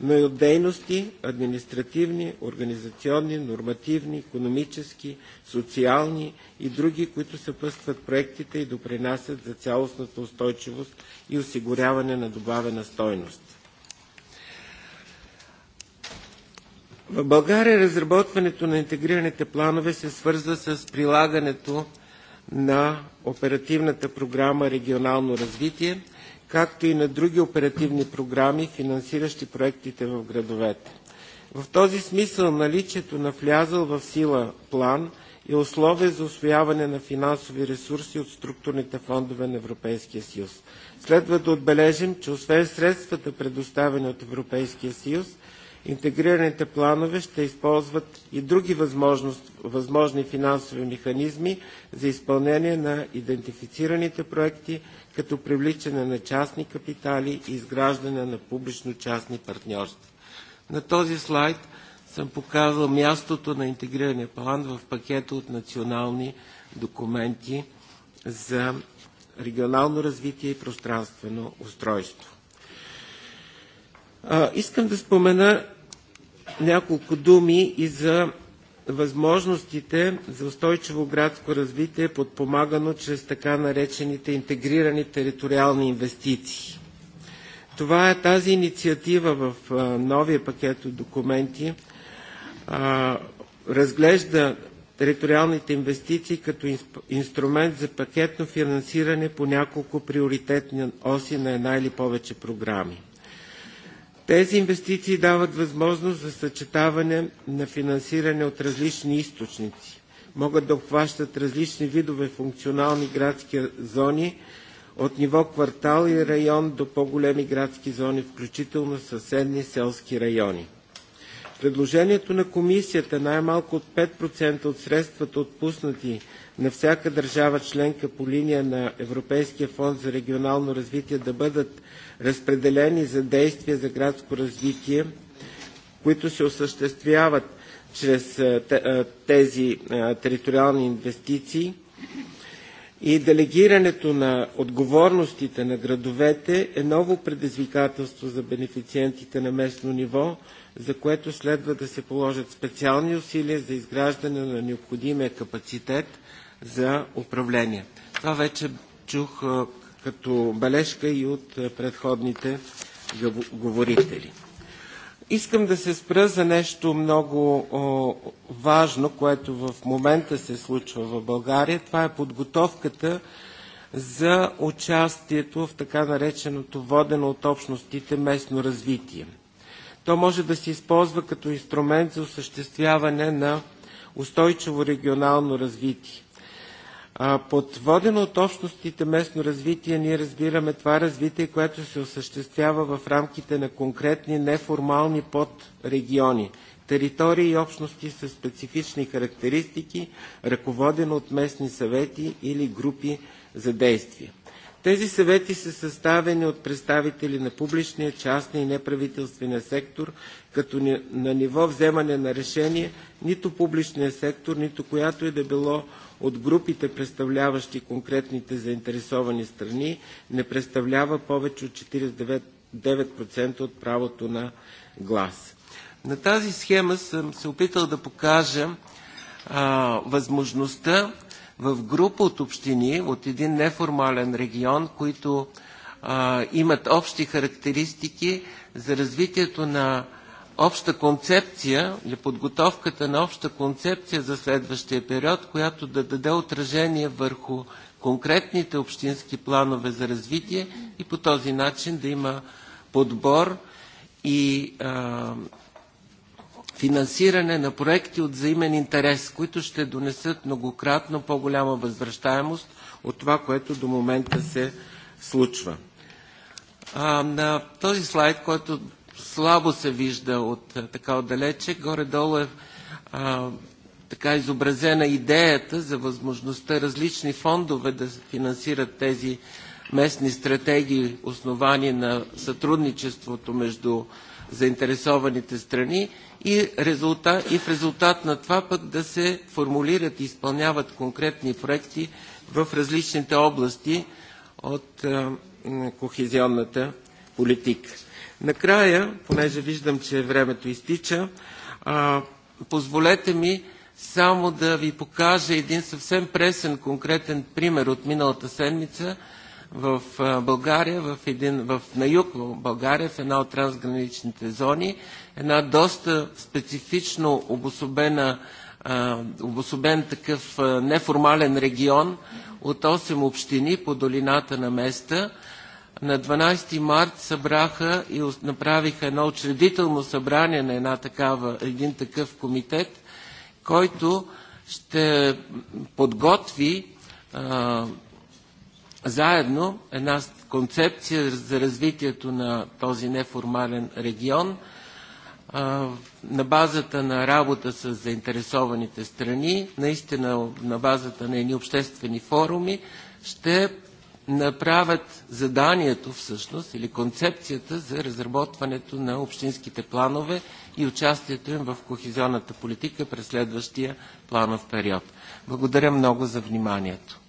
но и от дейности административни, организационни, нормативни, економически, социални и други, които съпъстват проектите и допринасят за цялостната устойчивост и осигуряване на добавена стойност. В България разработването на интегрираните планове се свързва с прилагането на оперативната програма Регионално развитие, както и на други оперативни програми, финансиращи проектите в градовете. В този смисъл наличието на влязъл в сила план е условие за освояване на финансови ресурси от структурните фондове на Европейския съюз. Следва да отбележим, че освен средствата, предоставени от Европейския съюз, Интегрираните планове ще използват и други възможни финансови механизми за изпълнение на идентифицираните проекти, като привличане на частни капитали и изграждане на публично-частни партньорства. На този слайд съм показал мястото на интегрирания план в пакета от национални документи за регионално развитие и пространствено устройство. Искам да спомена няколко думи и за възможностите за устойчиво градско развитие, подпомагано чрез така наречените интегрирани териториални инвестиции. Това е тази инициатива в новия пакет от документи, разглежда териториалните инвестиции като инструмент за пакетно финансиране по няколко приоритетни оси на една или повече програми. Тези инвестиции дават възможност за съчетаване на финансиране от различни източници. Могат да обхващат различни видове функционални градски зони, от ниво квартал и район до по-големи градски зони, включително съседни селски райони. Предложението на комисията най-малко от 5% от средствата отпуснати на всяка държава членка по линия на Европейския фонд за регионално развитие да бъдат разпределени за действия за градско развитие, които се осъществяват чрез тези териториални инвестиции и делегирането на отговорностите на градовете е ново предизвикателство за бенефициентите на местно ниво, за което следва да се положат специални усилия за изграждане на необходимия капацитет за управление. Това вече чух като бележка и от предходните говорители. Искам да се спра за нещо много важно, което в момента се случва в България. Това е подготовката за участието в така нареченото водено от общностите местно развитие. То може да се използва като инструмент за осъществяване на устойчиво регионално развитие. Подводено от общностите местно развитие, ние разбираме това развитие, което се осъществява в рамките на конкретни неформални подрегиони, територии и общности с специфични характеристики, ръководено от местни съвети или групи за действие. Тези съвети са съставени от представители на публичния, частния и неправителствения сектор, като на ниво вземане на решение нито публичният сектор, нито която и е да било от групите, представляващи конкретните заинтересовани страни, не представлява повече от 49% от правото на глас. На тази схема съм се опитал да покажа а, възможността в група от общини, от един неформален регион, които а, имат общи характеристики за развитието на обща концепция или подготовката на обща концепция за следващия период, която да даде отражение върху конкретните общински планове за развитие и по този начин да има подбор и а, финансиране на проекти от взаимен интерес, които ще донесат многократно по-голяма възвръщаемост от това, което до момента се случва. А, на този слайд, който слабо се вижда от така отдалече. Горе-долу е а, така изобразена идеята за възможността различни фондове да финансират тези местни стратегии, основани на сътрудничеството между заинтересованите страни и, резултат, и в резултат на това пък да се формулират и изпълняват конкретни проекти в различните области от а, кохезионната политика. Накрая, понеже виждам, че времето изтича, позволете ми само да ви покажа един съвсем пресен, конкретен пример от миналата седмица в България, в един, в, на юг в България, в една от трансграничните зони, една доста специфично обособена, обособен такъв неформален регион от 8 общини по долината на Места – на 12 март събраха и направиха едно учредително събрание на една такава, един такъв комитет, който ще подготви а, заедно една концепция за развитието на този неформален регион а, на базата на работа с заинтересованите страни, наистина на базата на едни обществени форуми, ще направят заданието всъщност или концепцията за разработването на общинските планове и участието им в кохезионната политика през следващия планов период. Благодаря много за вниманието.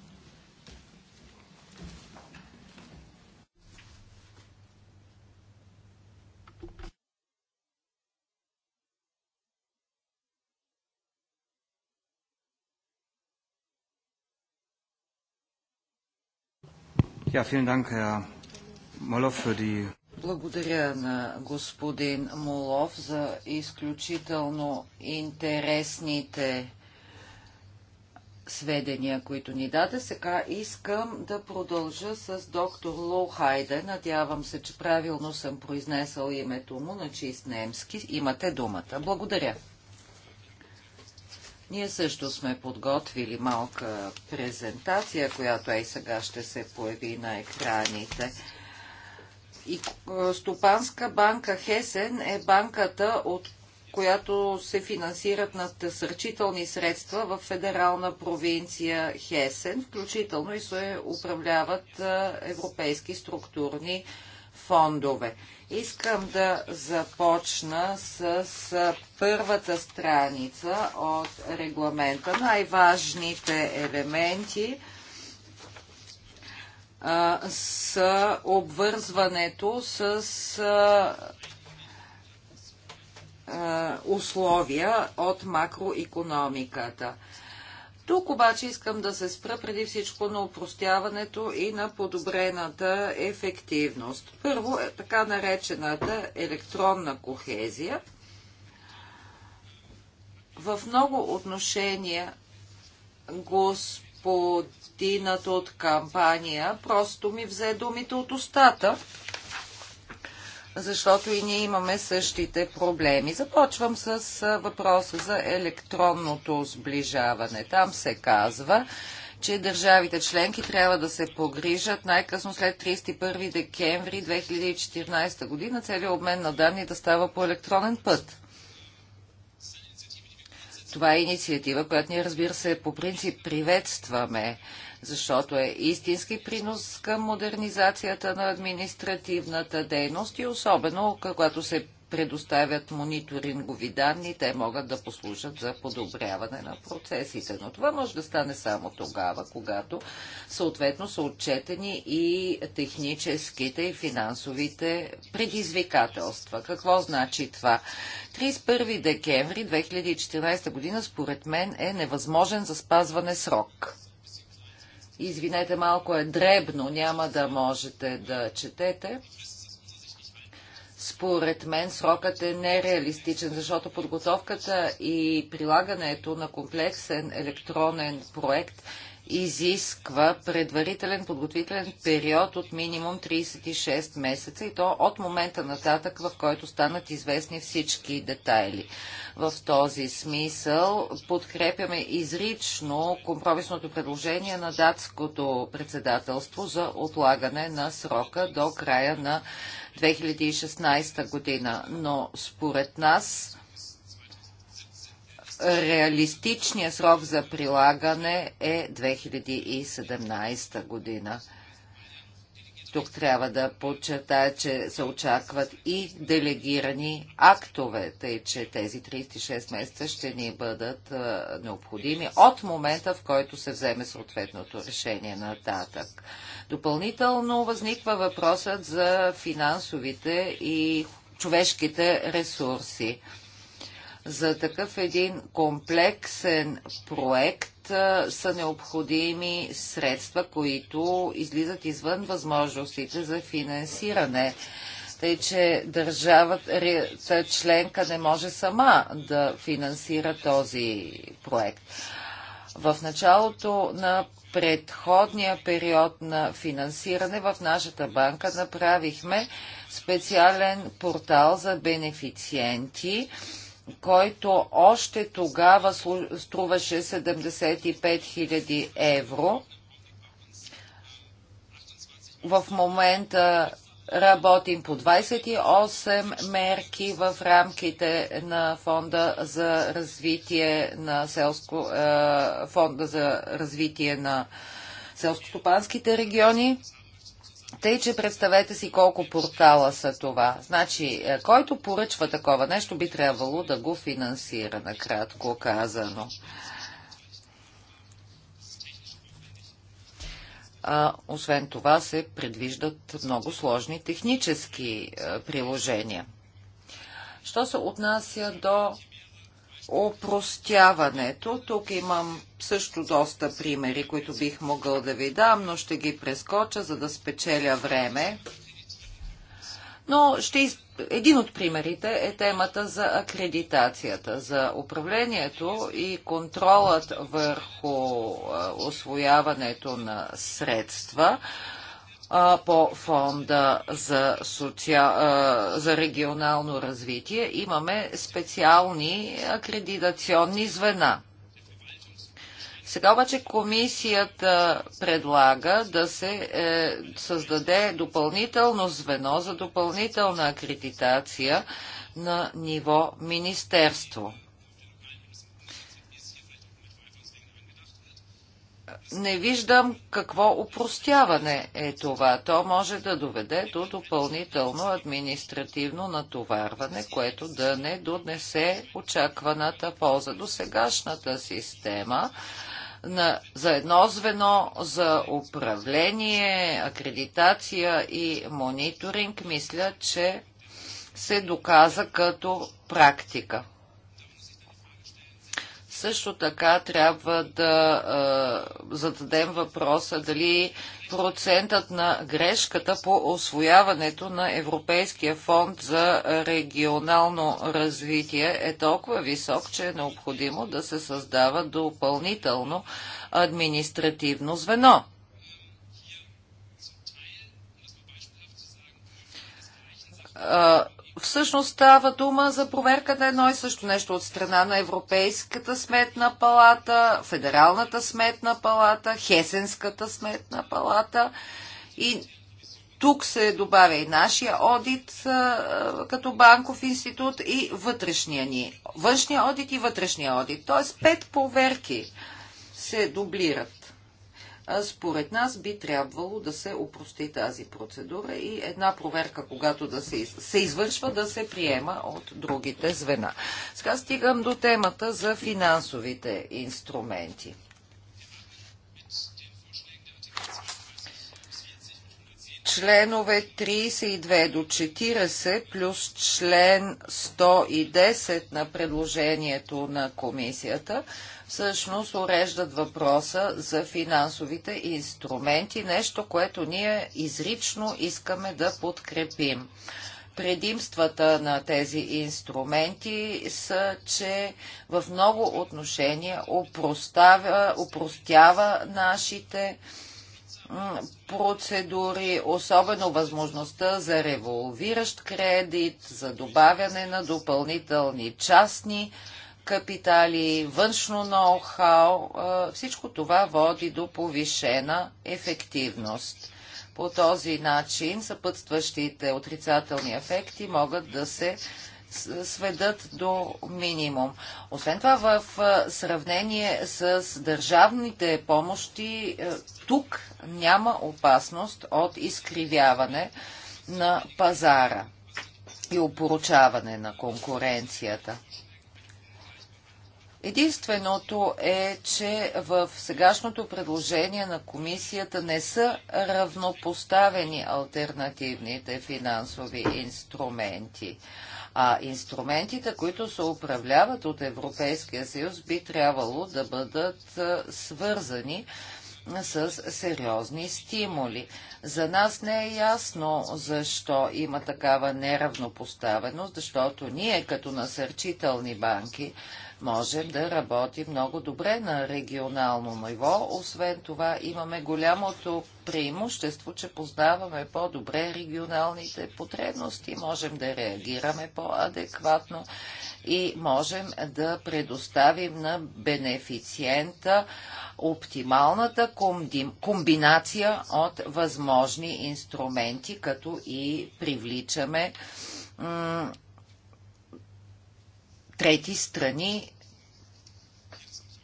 Ja, Dank, Благодаря на господин Молов за изключително интересните сведения, които ни даде. Сега искам да продължа с доктор Лоухайде. Надявам се, че правилно съм произнесъл името му на чист немски. Имате думата. Благодаря. Ние също сме подготвили малка презентация, която и сега ще се появи на екраните. И е, Стопанска банка Хесен е банката, от която се финансират насърчителни средства в федерална провинция Хесен, включително и се управляват е, европейски структурни фондове. Искам да започна с първата страница от регламента. Най-важните елементи с обвързването с условия от макроекономиката. Тук обаче искам да се спра преди всичко на упростяването и на подобрената ефективност. Първо е така наречената електронна кохезия. В много отношения господинът от кампания просто ми взе думите от устата защото и ние имаме същите проблеми. Започвам с въпроса за електронното сближаване. Там се казва, че държавите членки трябва да се погрижат най-късно след 31 декември 2014 година целият обмен на данни да става по електронен път. Това е инициатива, която ние разбира се по принцип приветстваме защото е истински принос към модернизацията на административната дейност и особено когато се предоставят мониторингови данни, те могат да послужат за подобряване на процесите. Но това може да стане само тогава, когато съответно са отчетени и техническите и финансовите предизвикателства. Какво значи това? 31 декември 2014 година според мен е невъзможен за спазване срок извинете, малко е дребно, няма да можете да четете. Според мен срокът е нереалистичен, защото подготовката и прилагането на комплексен електронен проект – изисква предварителен подготвителен период от минимум 36 месеца и то от момента нататък, в който станат известни всички детайли. В този смисъл подкрепяме изрично компромисното предложение на датското председателство за отлагане на срока до края на 2016 година. Но според нас реалистичният срок за прилагане е 2017 година. Тук трябва да подчертая, че се очакват и делегирани актове, тъй че тези 36 месеца ще ни бъдат необходими от момента, в който се вземе съответното решение нататък. Допълнително възниква въпросът за финансовите и човешките ресурси. За такъв един комплексен проект са необходими средства, които излизат извън възможностите за финансиране. Тъй, че държавата членка не може сама да финансира този проект. В началото на предходния период на финансиране в нашата банка направихме специален портал за бенефициенти, който още тогава струваше 75 000 евро. В момента работим по 28 мерки в рамките на фонда за развитие на селско, е, фонда за развитие на селскостопанските региони. Тъй, че представете си колко портала са това. Значи, е, който поръчва такова нещо, би трябвало да го финансира, накратко казано. А, освен това се предвиждат много сложни технически е, приложения. Що се отнася до опростяването. Тук имам също доста примери, които бих могъл да ви дам, но ще ги прескоча, за да спечеля време. Но ще из... един от примерите е темата за акредитацията, за управлението и контролът върху освояването на средства по фонда за, социал, за регионално развитие имаме специални акредитационни звена. Сега обаче комисията предлага да се е, създаде допълнително звено за допълнителна акредитация на ниво министерство. не виждам какво упростяване е това. То може да доведе до допълнително административно натоварване, което да не донесе очакваната полза. До сегашната система на, за едно звено за управление, акредитация и мониторинг, мисля, че се доказа като практика. Също така трябва да е, зададем въпроса дали процентът на грешката по освояването на Европейския фонд за регионално развитие е толкова висок, че е необходимо да се създава допълнително административно звено всъщност става дума за проверка на едно и също нещо от страна на Европейската сметна палата, Федералната сметна палата, Хесенската сметна палата и тук се добавя и нашия одит като банков институт и вътрешния ни. Външния одит и вътрешния одит. Тоест пет проверки се дублират. Според нас би трябвало да се опрости тази процедура и една проверка, когато да се, се извършва, да се приема от другите звена. Сега стигам до темата за финансовите инструменти. членове 32 до 40 плюс член 110 на предложението на комисията, всъщност уреждат въпроса за финансовите инструменти, нещо, което ние изрично искаме да подкрепим. Предимствата на тези инструменти са, че в много отношения упростява нашите процедури, особено възможността за револвиращ кредит, за добавяне на допълнителни частни капитали, външно ноу-хау, всичко това води до повишена ефективност. По този начин съпътстващите отрицателни ефекти могат да се сведат до минимум. Освен това, в сравнение с държавните помощи, тук няма опасност от изкривяване на пазара и опоручаване на конкуренцията. Единственото е, че в сегашното предложение на комисията не са равнопоставени альтернативните финансови инструменти. А инструментите, които се управляват от Европейския съюз, би трябвало да бъдат свързани с сериозни стимули. За нас не е ясно защо има такава неравнопоставеност, защото ние като насърчителни банки можем да работим много добре на регионално ниво. Освен това имаме голямото преимущество, че познаваме по-добре регионалните потребности, можем да реагираме по-адекватно и можем да предоставим на бенефициента оптималната комбинация от възможни инструменти, като и привличаме трети страни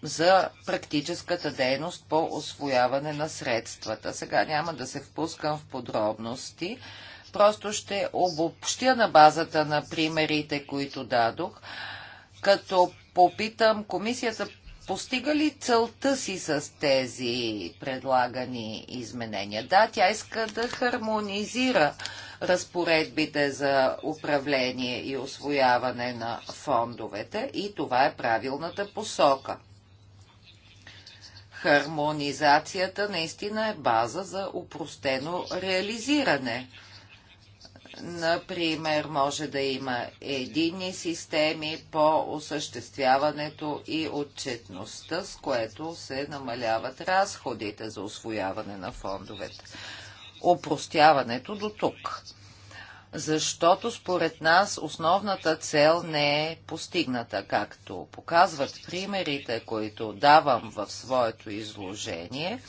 за практическата дейност по освояване на средствата. Сега няма да се впускам в подробности. Просто ще обобщя на базата на примерите, които дадох, като попитам комисията постига ли целта си с тези предлагани изменения? Да, тя иска да хармонизира разпоредбите за управление и освояване на фондовете и това е правилната посока. Хармонизацията наистина е база за упростено реализиране – Например, може да има единни системи по осъществяването и отчетността, с което се намаляват разходите за освояване на фондовете. Опростяването до тук. Защото според нас основната цел не е постигната, както показват примерите, които давам в своето изложение,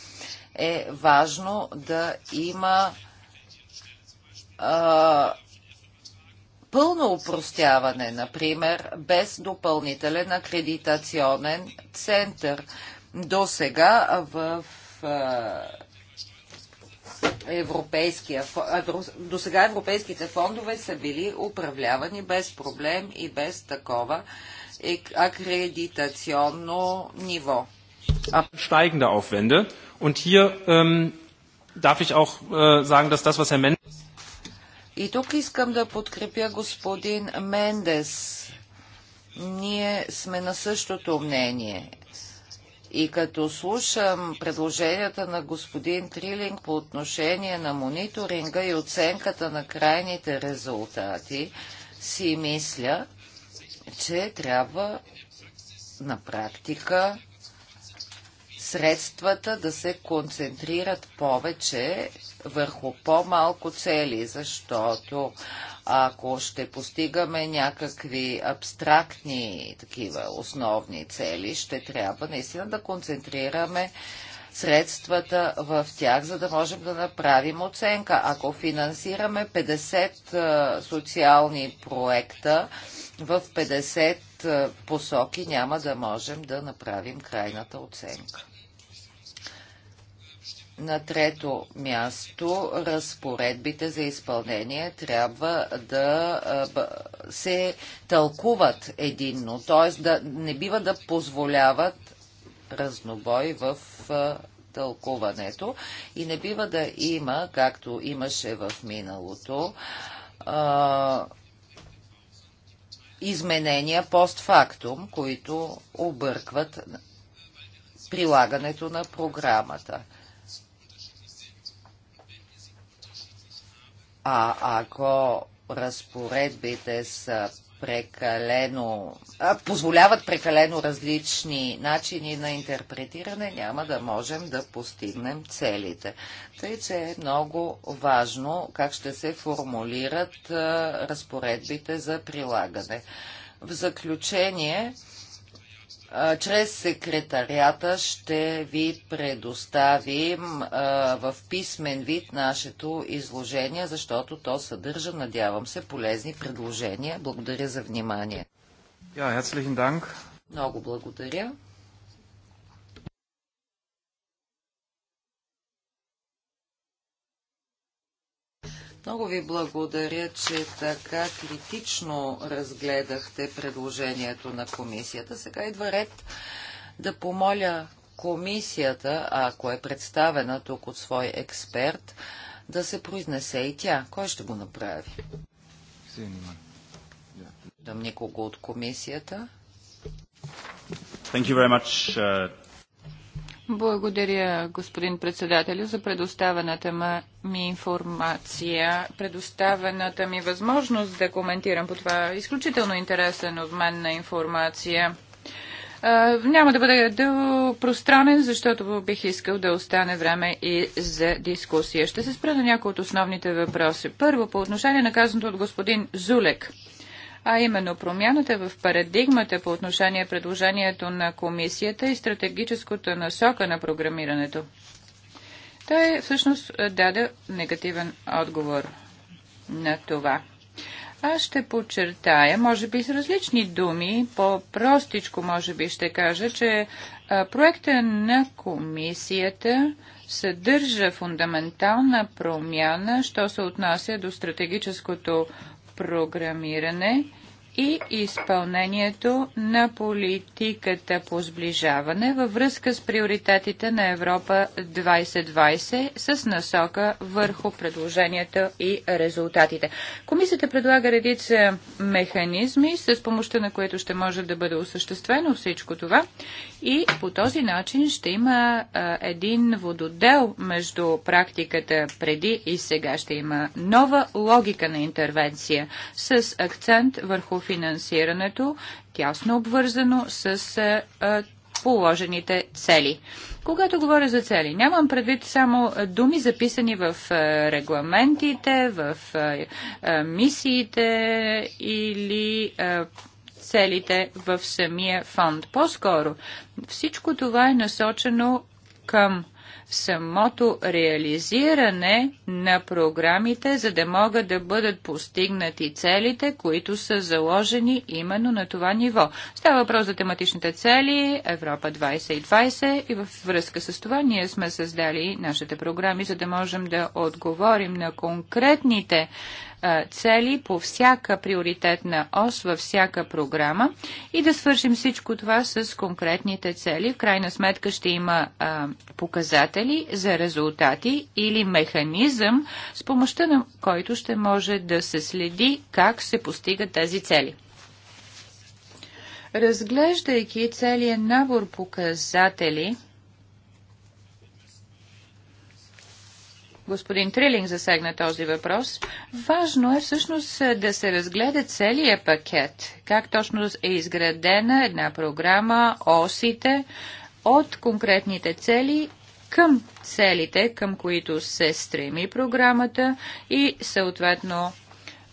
е важно да има пълно упростяване, например, без допълнителен акредитационен център. До сега в Европейския, до сега европейските фондове са били управлявани без проблем и без такова акредитационно ниво. Steigende Aufwände. Und hier ähm, darf ich auch äh, sagen, dass das, was Herr Mendes и тук искам да подкрепя господин Мендес. Ние сме на същото мнение. И като слушам предложенията на господин Трилинг по отношение на мониторинга и оценката на крайните резултати, си мисля, че трябва на практика средствата да се концентрират повече върху по-малко цели, защото ако ще постигаме някакви абстрактни такива основни цели, ще трябва наистина да концентрираме средствата в тях, за да можем да направим оценка. Ако финансираме 50 социални проекта в 50 посоки, няма да можем да направим крайната оценка. На трето място, разпоредбите за изпълнение трябва да се тълкуват единно, т.е. Да, не бива да позволяват разнобой в тълкуването и не бива да има, както имаше в миналото, изменения постфактум, които объркват прилагането на програмата. А ако разпоредбите са прекалено, а, позволяват прекалено различни начини на интерпретиране, няма да можем да постигнем целите. Тъй, че е много важно как ще се формулират а, разпоредбите за прилагане. В заключение, чрез секретарията ще ви предоставим а, в писмен вид нашето изложение, защото то съдържа, надявам се, полезни предложения. Благодаря за внимание. Много благодаря. Много ви благодаря, че така критично разгледахте предложението на комисията. Сега идва ред да помоля комисията, ако е представена тук от свой експерт, да се произнесе и тя. Кой ще го направи? Дам никого от комисията. Thank you very much, uh... Благодаря, господин председателю, за предоставената ми информация, предоставената ми възможност да коментирам по това изключително интересен от мен на информация. Няма да бъда пространен, защото бих искал да остане време и за дискусия. Ще се спра на някои от основните въпроси. Първо, по отношение на казаното от господин Зулек – а именно промяната в парадигмата по отношение предложението на комисията и стратегическата насока на програмирането. Той всъщност е, даде негативен отговор на това. Аз ще подчертая, може би с различни думи, по-простичко може би ще кажа, че е, проекта на комисията съдържа фундаментална промяна, що се отнася до стратегическото програмиране – и изпълнението на политиката по сближаване във връзка с приоритетите на Европа 2020 с насока върху предложенията и резултатите. Комисията предлага редица механизми, с помощта на които ще може да бъде осъществено всичко това и по този начин ще има един вододел между практиката преди и сега. Ще има нова логика на интервенция с акцент върху финансирането, тясно обвързано с е, е, положените цели. Когато говоря за цели, нямам предвид само думи записани в е, регламентите, в мисиите или целите в самия фонд. По-скоро всичко това е насочено към в самото реализиране на програмите, за да могат да бъдат постигнати целите, които са заложени именно на това ниво. Става въпрос за тематичните цели Европа 2020 и във връзка с това ние сме създали нашите програми, за да можем да отговорим на конкретните цели по всяка приоритетна ос, във всяка програма и да свършим всичко това с конкретните цели. В крайна сметка ще има а, показатели за резултати или механизъм, с помощта на който ще може да се следи как се постигат тези цели. Разглеждайки целият набор показатели, господин Трилинг засегна този въпрос. Важно е всъщност да се разгледа целият пакет, как точно е изградена една програма, осите от конкретните цели към целите, към които се стреми програмата и съответно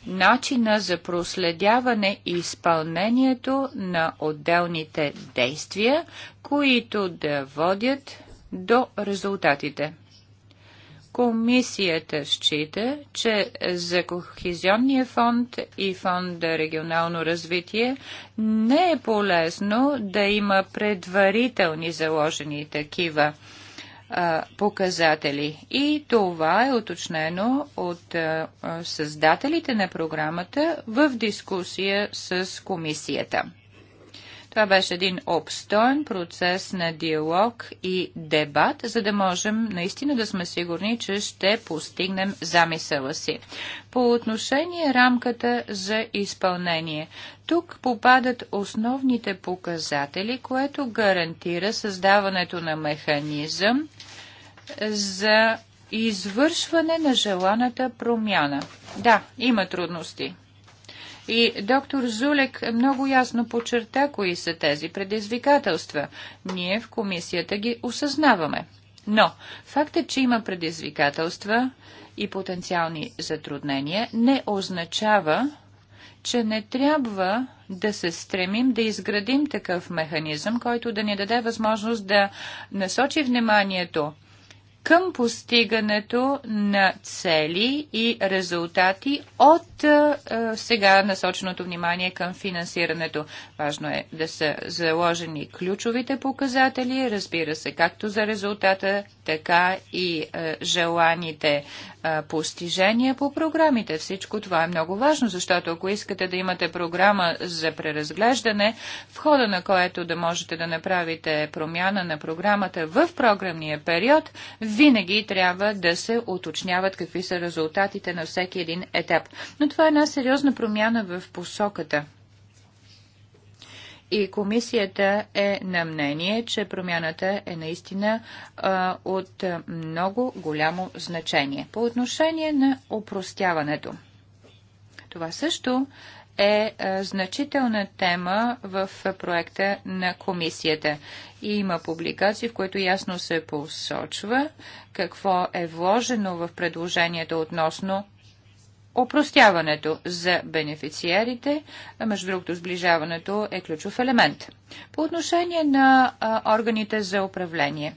начина за проследяване и изпълнението на отделните действия, които да водят до резултатите. Комисията счита, че за Кохизионния фонд и фонда регионално развитие не е полезно да има предварителни заложени такива а, показатели. И това е уточнено от а, създателите на програмата в дискусия с комисията. Това беше един обстоен процес на диалог и дебат, за да можем наистина да сме сигурни, че ще постигнем замисъла си. По отношение рамката за изпълнение. Тук попадат основните показатели, което гарантира създаването на механизъм за извършване на желаната промяна. Да, има трудности. И доктор Зулек много ясно подчерта, кои са тези предизвикателства. Ние в комисията ги осъзнаваме. Но фактът, е, че има предизвикателства и потенциални затруднения, не означава, че не трябва да се стремим да изградим такъв механизъм, който да ни даде възможност да насочи вниманието към постигането на цели и резултати от е, е, сега насоченото внимание към финансирането. Важно е да са заложени ключовите показатели, разбира се, както за резултата така и е, желаните е, постижения по програмите. Всичко това е много важно, защото ако искате да имате програма за преразглеждане, в хода на което да можете да направите промяна на програмата в програмния период, винаги трябва да се уточняват какви са резултатите на всеки един етап. Но това е една сериозна промяна в посоката. И комисията е на мнение, че промяната е наистина а, от много голямо значение. По отношение на опростяването. Това също е значителна тема в проекта на комисията. И има публикации, в които ясно се посочва какво е вложено в предложението относно Опростяването за бенефициерите, между другото сближаването е ключов елемент. По отношение на а, органите за управление.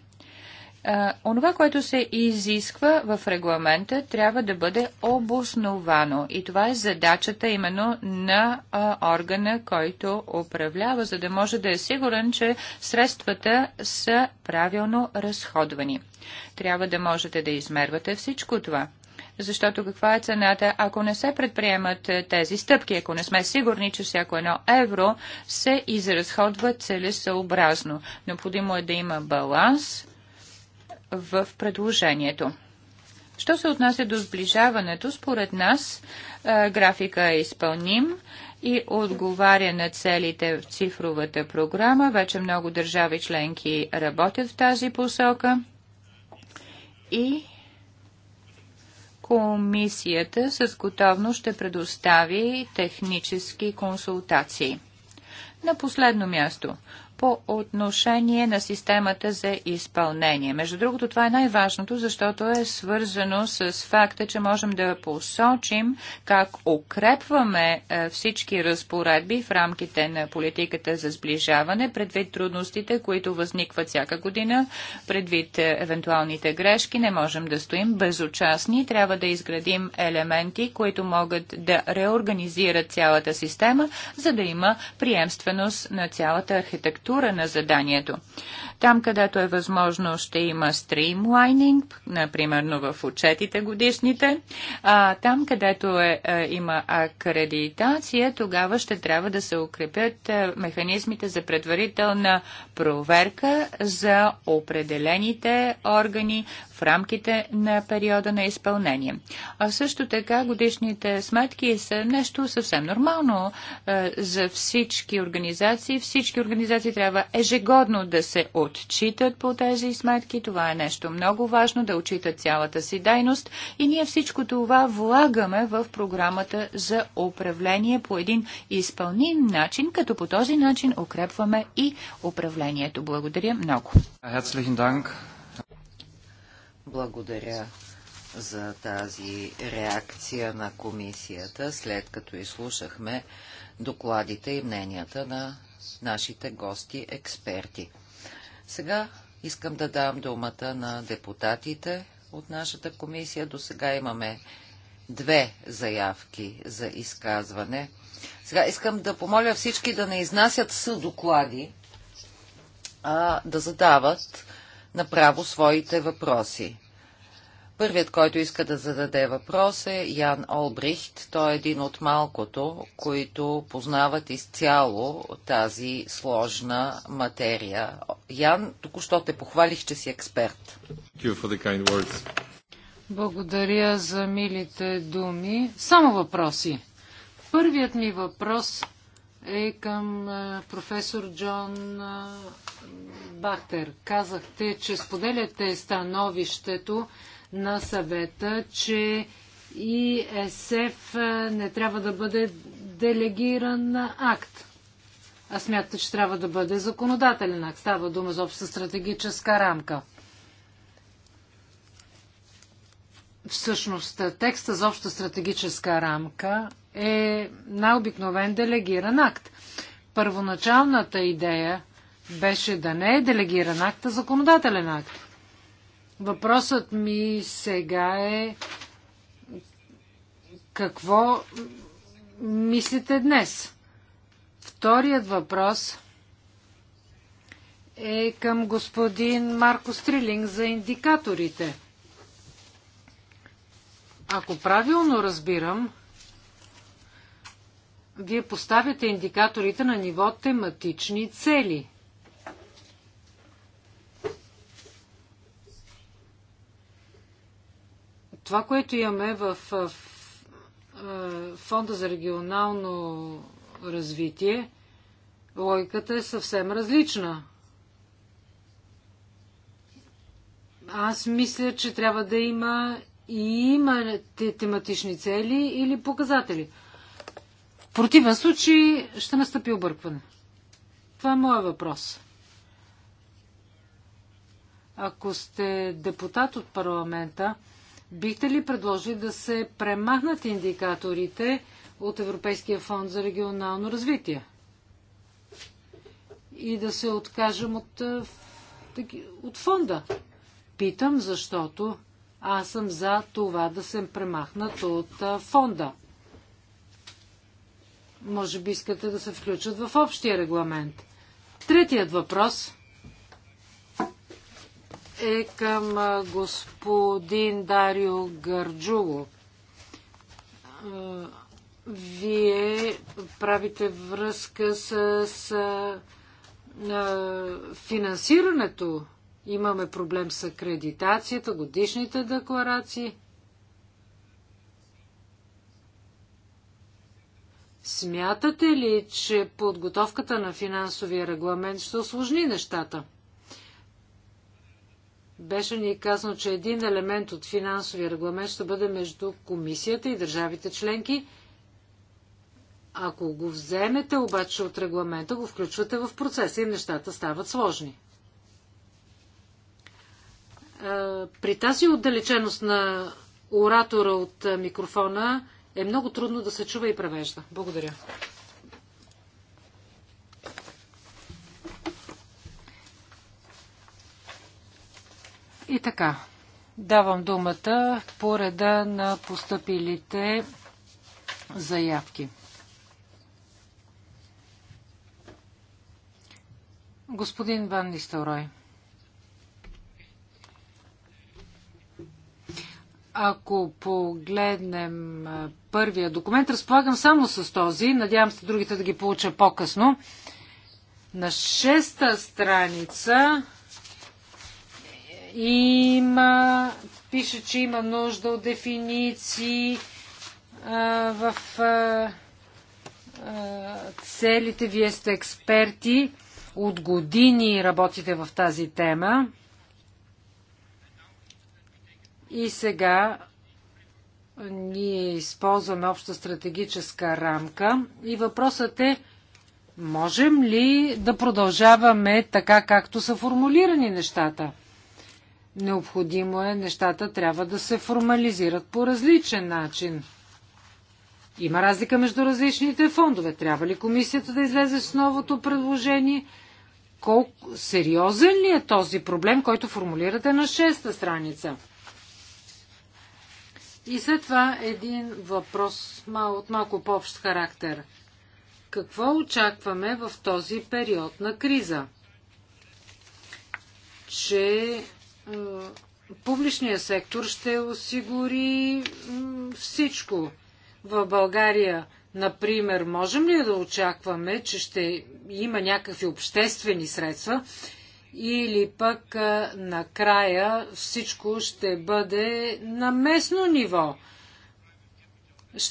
А, онова, което се изисква в регламента, трябва да бъде обосновано. И това е задачата именно на а, органа, който управлява, за да може да е сигурен, че средствата са правилно разходвани. Трябва да можете да измервате всичко това. Защото каква е цената, ако не се предприемат е, тези стъпки, ако не сме сигурни, че всяко едно евро се изразходва целесъобразно. Необходимо е да има баланс в предложението. Що се отнася до сближаването, според нас е, графика е изпълним и отговаря на целите в цифровата програма. Вече много държави членки работят в тази посока и Комисията с готовност ще предостави технически консултации. На последно място, по отношение на системата за изпълнение. Между другото, това е най-важното, защото е свързано с факта, че можем да посочим как укрепваме е, всички разпоредби в рамките на политиката за сближаване, предвид трудностите, които възникват всяка година, предвид е, евентуалните грешки. Не можем да стоим безучастни. Трябва да изградим елементи, които могат да реорганизират цялата система, за да има приемственост на цялата архитектура структура на заданието. Там, където е възможно, ще има стримлайнинг, например в отчетите годишните. А, там, където е, е, има акредитация, тогава ще трябва да се укрепят е, механизмите за предварителна проверка за определените органи в рамките на периода на изпълнение. А също така годишните сметки са нещо съвсем нормално е, за всички организации. Всички организации трябва ежегодно да се отчитат по тези сметки. Това е нещо много важно, да отчитат цялата си дейност. И ние всичко това влагаме в програмата за управление по един изпълним начин, като по този начин укрепваме и управлението. Благодаря много. Благодаря за тази реакция на комисията, след като изслушахме докладите и мненията на нашите гости-експерти. Сега искам да дам думата на депутатите от нашата комисия. До сега имаме две заявки за изказване. Сега искам да помоля всички да не изнасят съдоклади, а да задават направо своите въпроси. Първият, който иска да зададе въпрос е Ян Олбрихт. Той е един от малкото, които познават изцяло тази сложна материя. Ян, току-що те похвалих, че си експерт. Благодаря за милите думи. Само въпроси. Първият ми въпрос е към е, професор Джон е, Бахтер. Казахте, че споделяте становището, на съвета, че и ЕСЕФ не трябва да бъде делегиран акт. А смятате, че трябва да бъде законодателен акт. Става дума за обща стратегическа рамка. Всъщност, текста за обща стратегическа рамка е най-обикновен делегиран акт. Първоначалната идея беше да не е делегиран акт, а законодателен акт. Въпросът ми сега е какво мислите днес? Вторият въпрос е към господин Марко Стрилинг за индикаторите. Ако правилно разбирам, вие поставяте индикаторите на ниво тематични цели – Това, което имаме в е, Фонда за регионално развитие, логиката е съвсем различна. Аз мисля, че трябва да има и има тематични цели или показатели. В противен случай ще настъпи объркване. Това е моят въпрос. Ако сте депутат от парламента, Бихте ли предложили да се премахнат индикаторите от Европейския фонд за регионално развитие? И да се откажем от, от фонда? Питам, защото аз съм за това да се премахнат от фонда. Може би искате да се включат в общия регламент. Третият въпрос – е към господин Дарио Гарджуло, Вие правите връзка с, с финансирането. Имаме проблем с акредитацията, годишните декларации. Смятате ли, че подготовката на финансовия регламент ще осложни нещата? Беше ни казано, че един елемент от финансовия регламент ще бъде между комисията и държавите членки. Ако го вземете обаче от регламента, го включвате в процеса и нещата стават сложни. Е, при тази отдалеченост на оратора от микрофона е много трудно да се чува и превежда. Благодаря. И така, давам думата по реда на поступилите заявки. Господин Ван Нистелрой. Ако погледнем първия документ, разполагам само с този. Надявам се другите да ги получа по-късно. На шеста страница има, пише, че има нужда от дефиниции а, в а, целите. Вие сте експерти. От години работите в тази тема. И сега ние използваме обща стратегическа рамка и въпросът е можем ли да продължаваме така, както са формулирани нещата? Необходимо е, нещата трябва да се формализират по различен начин. Има разлика между различните фондове. Трябва ли комисията да излезе с новото предложение? Колко сериозен ли е този проблем, който формулирате на шеста страница? И след това един въпрос мал, от малко по-общ характер. Какво очакваме в този период на криза? Че е, публичният сектор ще осигури всичко. В България, например, можем ли да очакваме, че ще има някакви обществени средства или пък е, накрая всичко ще бъде на местно ниво?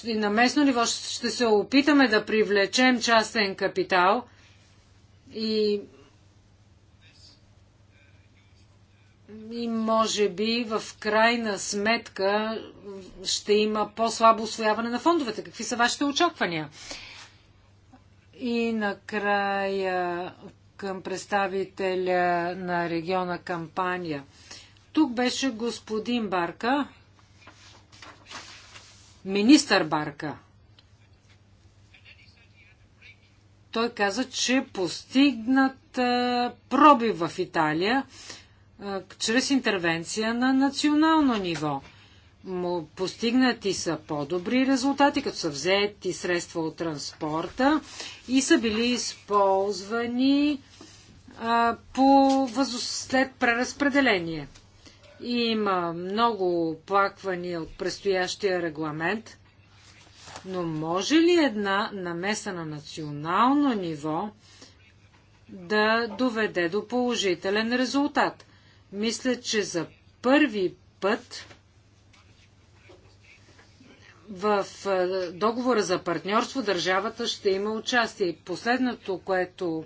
И на местно ниво ще се опитаме да привлечем частен капитал – и и може би в крайна сметка ще има по-слабо освояване на фондовете. Какви са вашите очаквания? И накрая към представителя на региона кампания. Тук беше господин Барка, министър Барка. Той каза, че постигнат проби в Италия чрез интервенция на национално ниво. Му постигнати са по-добри резултати, като са взети средства от транспорта и са били използвани а, по след преразпределение. Има много оплаквания от предстоящия регламент, но може ли една намеса на национално ниво да доведе до положителен резултат? Мисля, че за първи път в договора за партньорство държавата ще има участие. Последното, което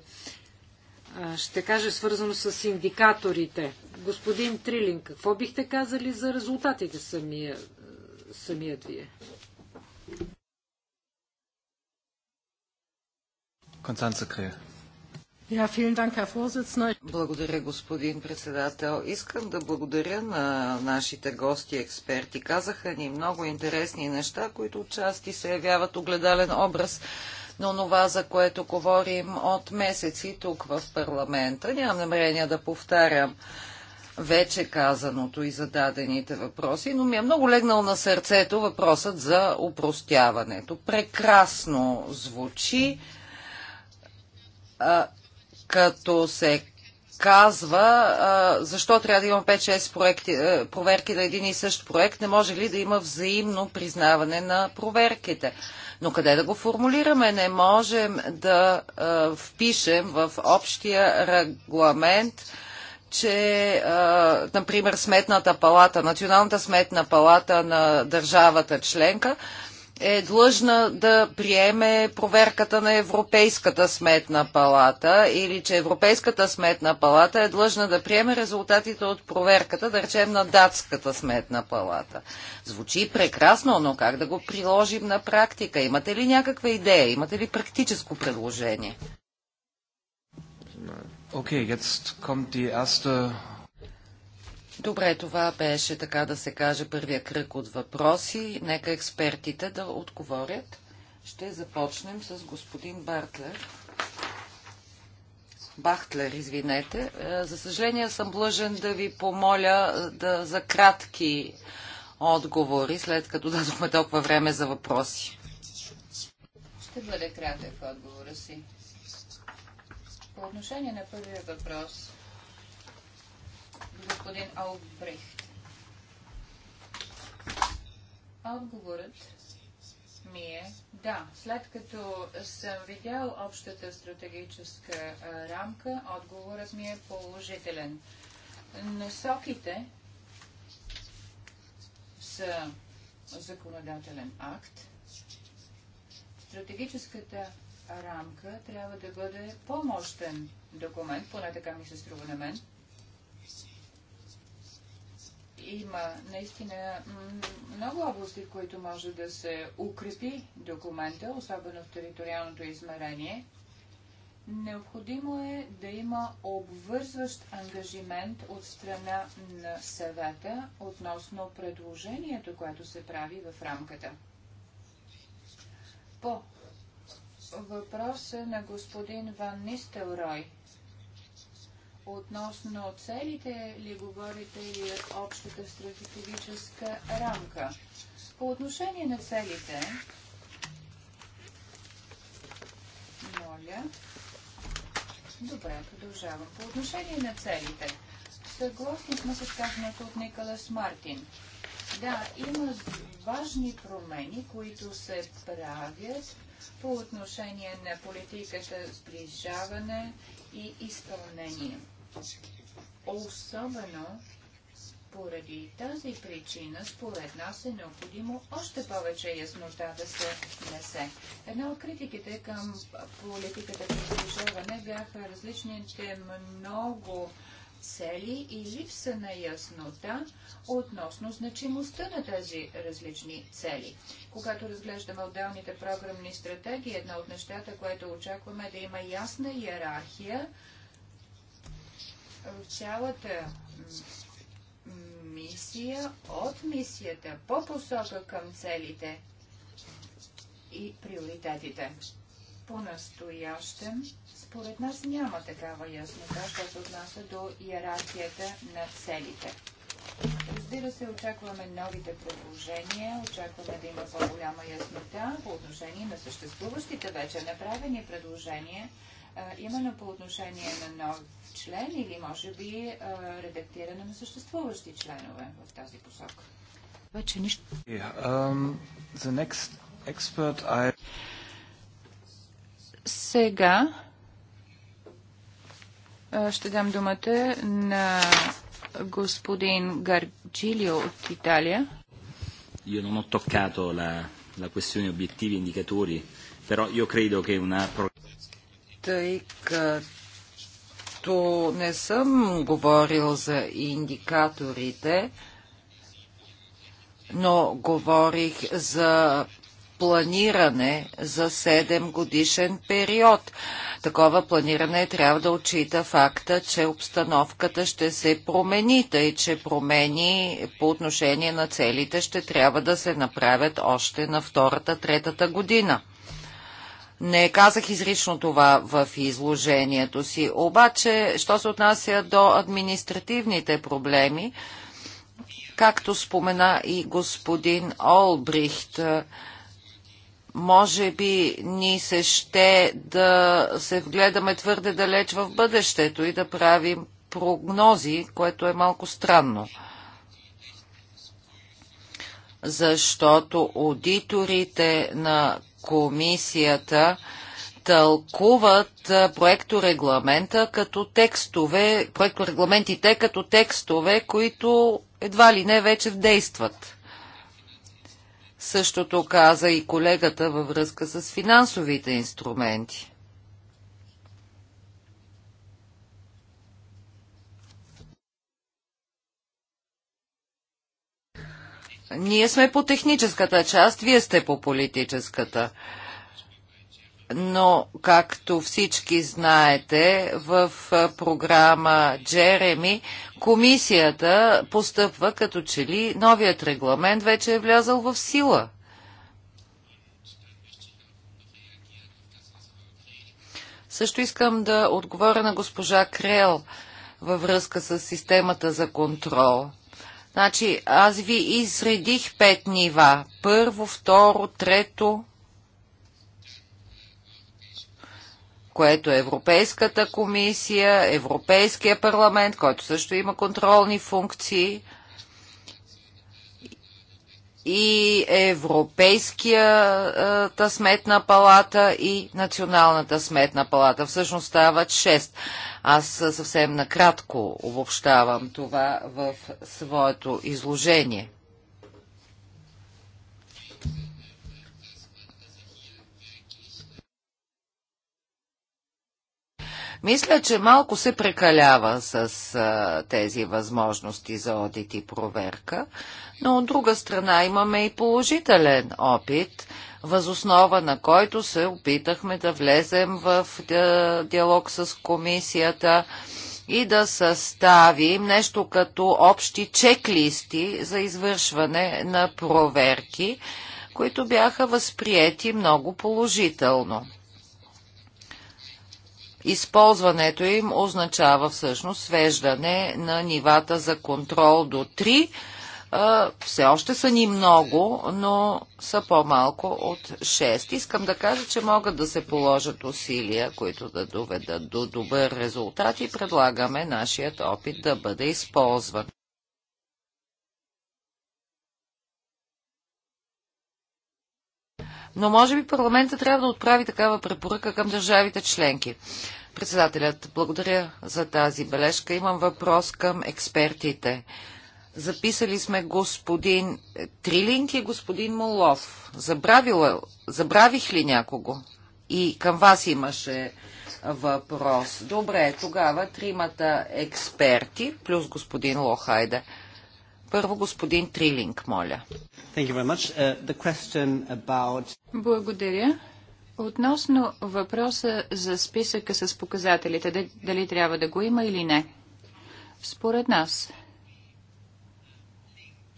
ще кажа, е свързано с индикаторите. Господин Трилин, какво бихте казали за резултатите самия, самият вие? Констанца Крия. Благодаря, господин председател. Искам да благодаря на нашите гости експерти. Казаха ни много интересни неща, които отчасти се явяват огледален образ на това, за което говорим от месеци тук в парламента. Нямам намерение да повтарям вече казаното и зададените въпроси, но ми е много легнал на сърцето въпросът за упростяването. Прекрасно звучи като се казва, защо трябва да има 5-6 проверки на един и същ проект, не може ли да има взаимно признаване на проверките. Но къде да го формулираме? Не можем да впишем в общия регламент, че, например, сметната палата, националната сметна палата на държавата членка е длъжна да приеме проверката на Европейската сметна палата или че Европейската сметна палата е длъжна да приеме резултатите от проверката, да речем, на датската сметна палата. Звучи прекрасно, но как да го приложим на практика? Имате ли някаква идея? Имате ли практическо предложение? Okay, jetzt kommt die erste Добре, това беше, така да се каже, първия кръг от въпроси. Нека експертите да отговорят. Ще започнем с господин Бартлер. Бахтлер, извинете. Е, за съжаление съм длъжен да ви помоля е, да, за кратки отговори, след като дадохме толкова време за въпроси. Ще бъде кратък в отговора си. По отношение на първия въпрос, господин Албрехт. Отговорът ми е да. След като съм видял общата стратегическа рамка, отговорът ми е положителен. Насоките са законодателен акт. Стратегическата рамка трябва да бъде по-мощен документ, поне така ми се струва на мен има наистина много области, в които може да се укрепи документа, особено в териториалното измерение. Необходимо е да има обвързващ ангажимент от страна на съвета относно предложението, което се прави в рамката. По въпроса на господин Ван Нистелрой – Относно целите ли говорите или общата стратегическа рамка? По отношение на целите, моля. Добре, продължавам. По отношение на целите, съгласни сме с казаното от Николас Мартин. Да, има важни промени, които се правят по отношение на политиката сближаване и изпълнение. Особено поради тази причина, според нас е необходимо още повече яснота да се внесе. Една от критиките към политиката по сближаване бяха различните много цели и липса на яснота относно значимостта на тези различни цели. Когато разглеждаме отделните програмни стратегии, една от нещата, което очакваме е да има ясна иерархия цялата мисия от мисията по посока към целите и приоритетите. По-настоящем, според нас, няма такава яснота, що се отнася до иерархията на целите. Разбира се, очакваме новите предложения, очакваме да има по-голяма яснота по отношение на съществуващите вече направени предложения, именно по отношение на нов член или може би редактиране на съществуващи членове в тази посока? Вече нищо. Е, the next expert I... Сега ще дам думата на господин Гарджилио от Италия. Io non ho toccato la, la questione obiettivi e indicatori, però io credo che una тъй като не съм говорил за индикаторите, но говорих за планиране за 7 годишен период. Такова планиране трябва да отчита факта, че обстановката ще се промени, тъй че промени по отношение на целите ще трябва да се направят още на втората, третата година. Не казах изрично това в изложението си. Обаче, що се отнася до административните проблеми, както спомена и господин Олбрихт, може би ни се ще да се вгледаме твърде далеч в бъдещето и да правим прогнози, което е малко странно. Защото аудиторите на комисията тълкуват проекторегламента като текстове, проекторегламентите като текстове, които едва ли не вече действат. Същото каза и колегата във връзка с финансовите инструменти. Ние сме по техническата част, вие сте по политическата. Но, както всички знаете, в програма Джереми комисията постъпва като че ли новият регламент вече е влязал в сила. Също искам да отговоря на госпожа Крел във връзка с системата за контрол – Значи, аз ви изредих пет нива. Първо, второ, трето, което е Европейската комисия, Европейския парламент, който също има контролни функции – и Европейската е, сметна палата и Националната сметна палата. Всъщност стават 6. Аз съвсем накратко обобщавам това в своето изложение. Мисля, че малко се прекалява с а, тези възможности за одит и проверка, но от друга страна имаме и положителен опит, възоснова на който се опитахме да влезем в диалог с комисията и да съставим нещо като общи чеклисти за извършване на проверки, които бяха възприяти много положително. Използването им означава всъщност свеждане на нивата за контрол до 3. Все още са ни много, но са по-малко от 6. Искам да кажа, че могат да се положат усилия, които да доведат до добър резултат и предлагаме нашият опит да бъде използван. но може би парламента трябва да отправи такава препоръка към държавите членки. Председателят, благодаря за тази бележка. Имам въпрос към експертите. Записали сме господин Трилинг и господин Молов. Забравила, е- забравих ли някого? И към вас имаше въпрос. Добре, тогава тримата експерти плюс господин Лохайде. Първо господин Трилинг, моля. Uh, благодаря. Относно въпроса за списъка с показателите, дали трябва да го има или не. Според нас,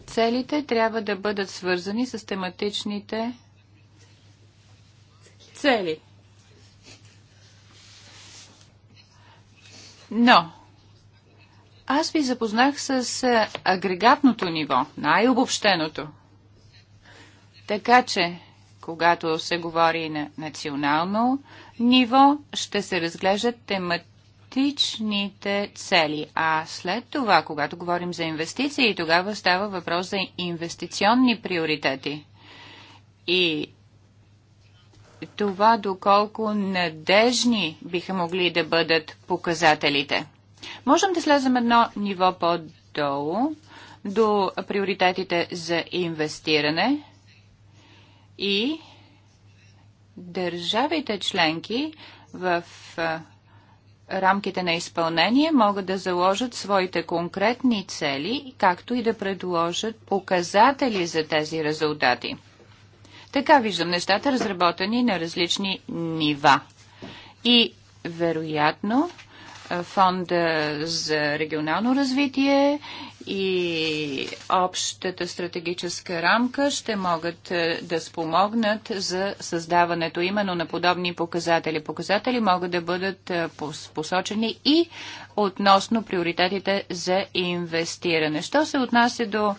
целите трябва да бъдат свързани с тематичните цели. Но, аз ви запознах с агрегатното ниво, най-обобщеното. Така че, когато се говори на национално ниво, ще се разглеждат тематичните цели. А след това, когато говорим за инвестиции, тогава става въпрос за инвестиционни приоритети. И това доколко надежни биха могли да бъдат показателите. Можем да слезем едно ниво по-долу до приоритетите за инвестиране, и държавите членки в рамките на изпълнение могат да заложат своите конкретни цели, както и да предложат показатели за тези резултати. Така виждам нещата, разработени на различни нива. И вероятно фонда за регионално развитие и общата стратегическа рамка ще могат е, да спомогнат за създаването именно на подобни показатели. Показатели могат да бъдат е, посочени и относно приоритетите за инвестиране. Що се отнася до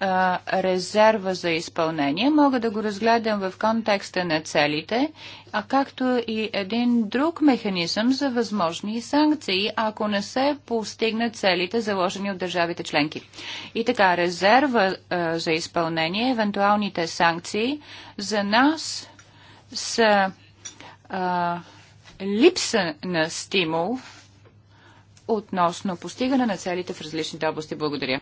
а, резерва за изпълнение. Мога да го разгледам в контекста на целите, а както и един друг механизъм за възможни санкции, ако не се постигнат целите, заложени от държавите членки. И така, резерва а, за изпълнение, евентуалните санкции за нас са а, липса на стимул относно постигане на целите в различните области. Благодаря.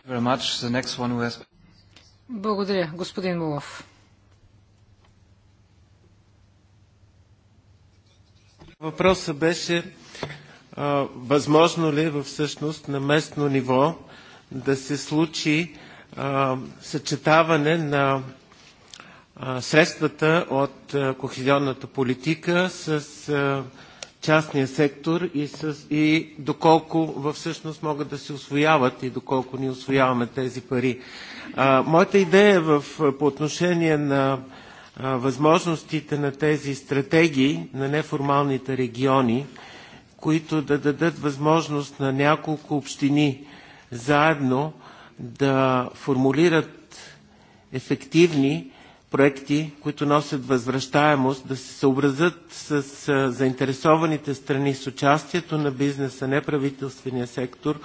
Благодаря, господин Мулов. Въпросът беше а, възможно ли е всъщност на местно ниво да се случи а, съчетаване на а, средствата от а, кохезионната политика с а, частния сектор и, с, и доколко всъщност могат да се освояват и доколко ни освояваме тези пари. А, моята идея е в, по отношение на а, възможностите на тези стратегии на неформалните региони, които да дадат възможност на няколко общини заедно да формулират ефективни проекти, които носят възвръщаемост, да се съобразят с заинтересованите страни, с участието на бизнеса, неправителствения сектор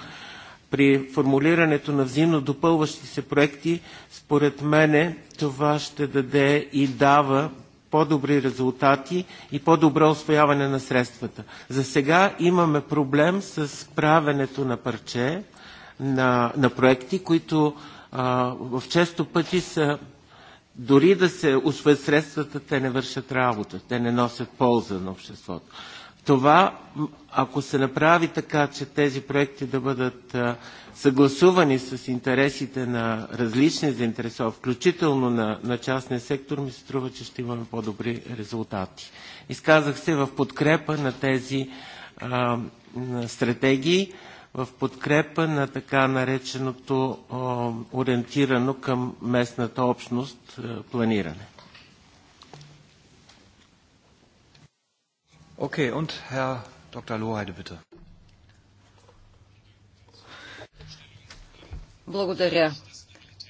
при формулирането на взаимно допълващи се проекти, според мене това ще даде и дава по-добри резултати и по-добро освояване на средствата. За сега имаме проблем с правенето на парче, на, на проекти, които а, в често пъти са дори да се усвоят средствата, те не вършат работа, те не носят полза на обществото. Това, ако се направи така, че тези проекти да бъдат съгласувани с интересите на различни заинтересовани, включително на, на частния сектор, ми се струва, че ще имаме по-добри резултати. Изказах се в подкрепа на тези а, стратегии в подкрепа на така нареченото ориентирано към местната общност планиране. Okay, und Herr Dr. Loheide, bitte. Благодаря.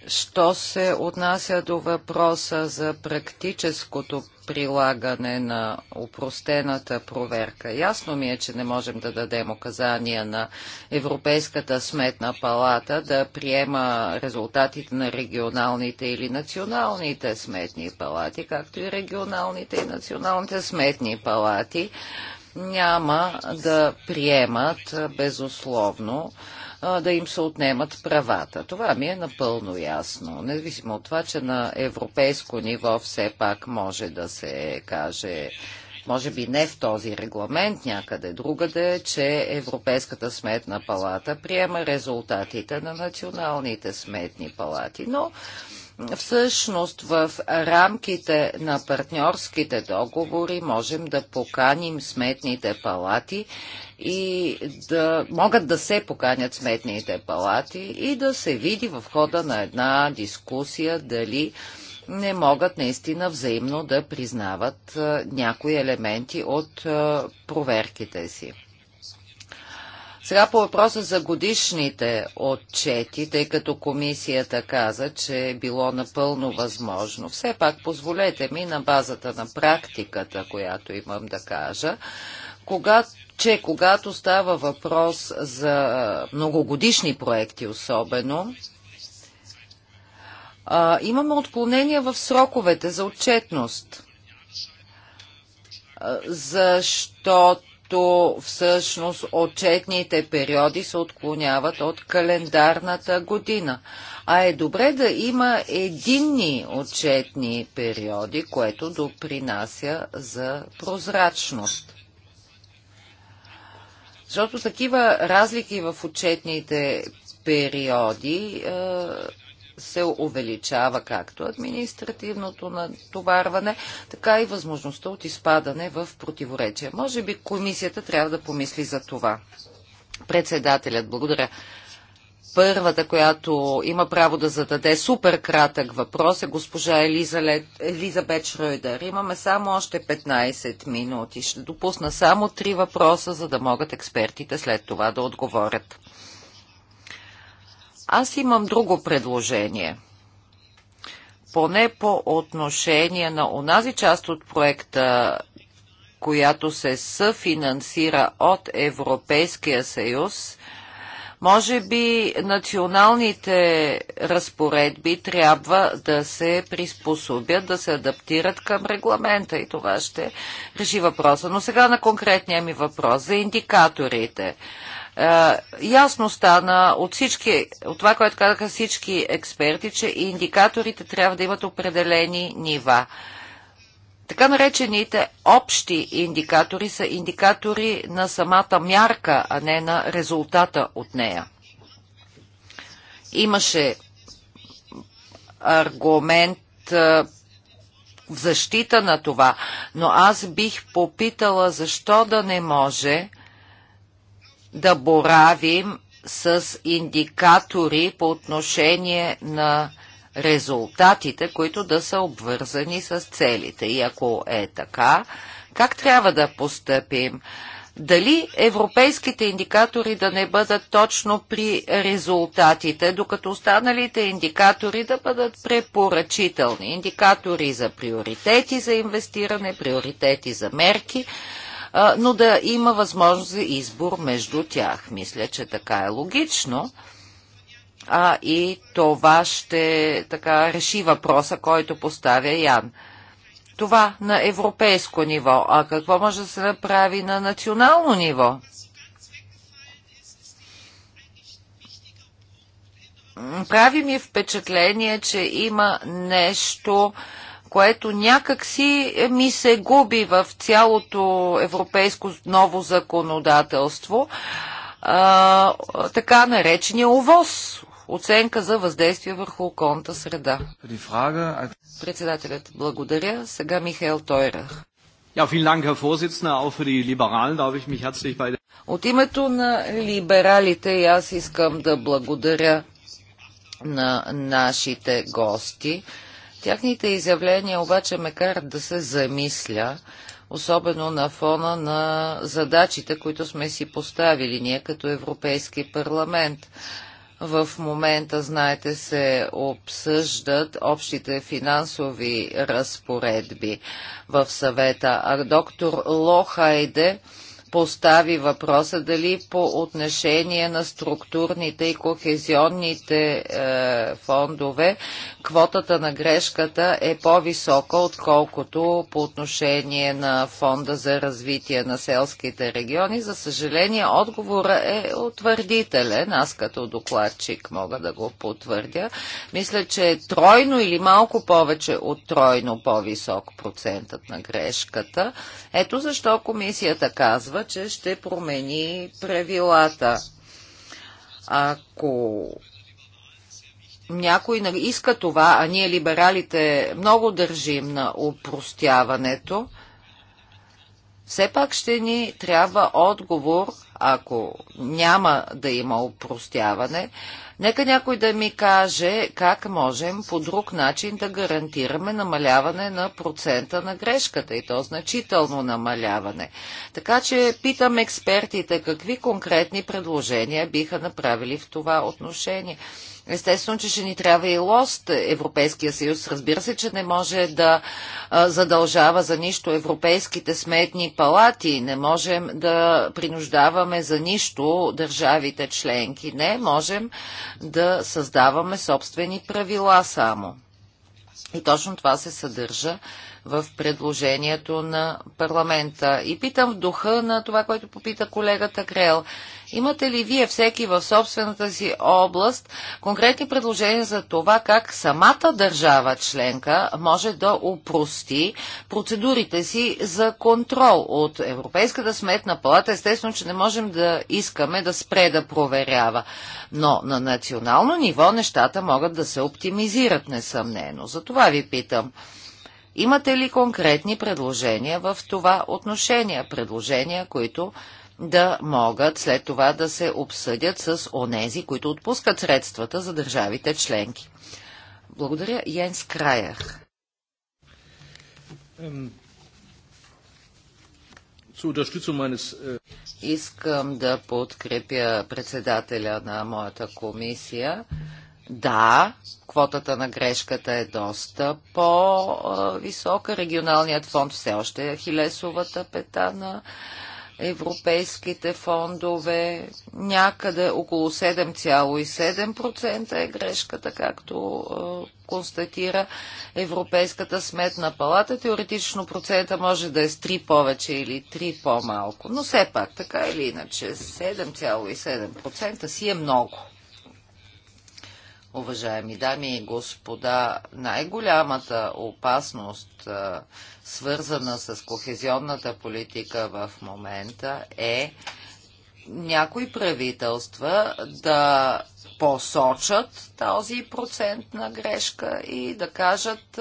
Що се отнася до въпроса за практическото прилагане на упростената проверка, ясно ми е, че не можем да дадем указания на Европейската сметна палата да приема резултатите на регионалните или националните сметни палати, както и регионалните и националните сметни палати няма да приемат безусловно да им се отнемат правата. Това ми е напълно ясно. Независимо от това, че на европейско ниво все пак може да се каже може би не в този регламент, някъде другаде, че Европейската сметна палата приема резултатите на националните сметни палати. Но всъщност в рамките на партньорските договори можем да поканим сметните палати и да могат да се поканят сметните палати и да се види в хода на една дискусия дали не могат наистина взаимно да признават някои елементи от проверките си. Сега по въпроса за годишните отчети, тъй като комисията каза, че е било напълно възможно. Все пак позволете ми на базата на практиката, която имам да кажа, когато че когато става въпрос за многогодишни проекти особено, а, имаме отклонения в сроковете за отчетност, защото всъщност отчетните периоди се отклоняват от календарната година. А е добре да има единни отчетни периоди, което допринася за прозрачност. Защото такива разлики в отчетните периоди е, се увеличава както административното натоварване, така и възможността от изпадане в противоречие. Може би комисията трябва да помисли за това. Председателят, благодаря. Първата, която има право да зададе супер кратък въпрос е госпожа Елизалет, Елизабет Шройдер. Имаме само още 15 минути. Ще допусна само три въпроса, за да могат експертите след това да отговорят. Аз имам друго предложение. Поне по отношение на онази част от проекта, която се съфинансира от Европейския съюз, може би националните разпоредби трябва да се приспособят, да се адаптират към регламента и това ще реши въпроса. Но сега на конкретния ми въпрос за индикаторите. Е, ясно стана от всички, от това, което казаха всички експерти, че индикаторите трябва да имат определени нива. Така наречените общи индикатори са индикатори на самата мярка, а не на резултата от нея. Имаше аргумент в защита на това, но аз бих попитала защо да не може да боравим с индикатори по отношение на резултатите, които да са обвързани с целите. И ако е така, как трябва да постъпим? Дали европейските индикатори да не бъдат точно при резултатите, докато останалите индикатори да бъдат препоръчителни? Индикатори за приоритети за инвестиране, приоритети за мерки, но да има възможност за избор между тях. Мисля, че така е логично а и това ще така реши въпроса, който поставя Ян. Това на европейско ниво. А какво може да се направи на национално ниво? Прави ми впечатление, че има нещо, което някакси е, ми се губи в цялото европейско ново законодателство. А, така наречения овоз, оценка за въздействие върху околната среда. Председателят, благодаря. Сега Михаил Тойрах. От името на либералите аз искам да благодаря на нашите гости. Тяхните изявления обаче ме карат да се замисля, особено на фона на задачите, които сме си поставили ние като Европейски парламент. В момента, знаете, се обсъждат общите финансови разпоредби в съвета. А доктор Лохайде постави въпроса дали по отношение на структурните и кохезионните е, фондове квотата на грешката е по-висока, отколкото по отношение на фонда за развитие на селските региони. За съжаление, отговора е утвърдителен. Аз като докладчик мога да го потвърдя. Мисля, че е тройно или малко повече от тройно по-висок процентът на грешката. Ето защо комисията казва, че ще промени правилата. Ако някой нали, иска това, а ние либералите много държим на упростяването, все пак ще ни трябва отговор ако няма да има упростяване, нека някой да ми каже как можем по друг начин да гарантираме намаляване на процента на грешката и то значително намаляване. Така че питам експертите какви конкретни предложения биха направили в това отношение. Естествено, че ще ни трябва и лост Европейския съюз. Разбира се, че не може да задължава за нищо европейските сметни палати. Не можем да принуждаваме за нищо държавите членки. Не, можем да създаваме собствени правила само. И точно това се съдържа в предложението на парламента. И питам в духа на това, което попита колегата Крел. Имате ли вие всеки в собствената си област конкретни предложения за това как самата държава членка може да упрости процедурите си за контрол от Европейската сметна палата? Естествено, че не можем да искаме да спре да проверява. Но на национално ниво нещата могат да се оптимизират, несъмнено. За това ви питам. Имате ли конкретни предложения в това отношение? Предложения, които да могат след това да се обсъдят с онези, които отпускат средствата за държавите членки. Благодаря, Йенс Краях. Е, Искам да подкрепя председателя на моята комисия да, квотата на грешката е доста по-висока. Регионалният фонд все още е хилесовата пета на европейските фондове. Някъде около 7,7% е грешката, както констатира Европейската сметна палата. Теоретично процента може да е с 3 повече или 3 по-малко. Но все пак, така или иначе, 7,7% си е много. Уважаеми дами и господа, най-голямата опасност, свързана с кохезионната политика в момента, е някои правителства да посочат този процент на грешка и да кажат,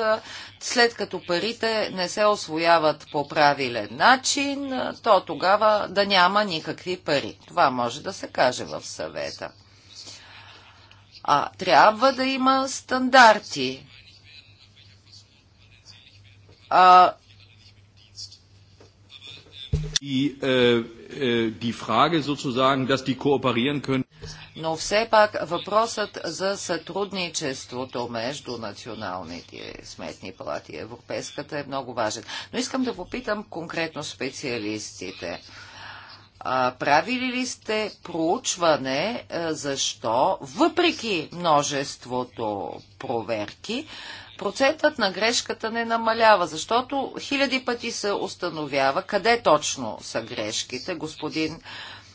след като парите не се освояват по правилен начин, то тогава да няма никакви пари. Това може да се каже в съвета. А трябва да има стандарти. А, die, äh, die Frage sozusagen, dass die kooperieren können. Но все пак въпросът за сътрудничеството между националните сметни палати и европейската е много важен. Но искам да попитам конкретно специалистите правили ли сте проучване е, защо, въпреки множеството проверки, процентът на грешката не намалява, защото хиляди пъти се установява къде точно са грешките. Господин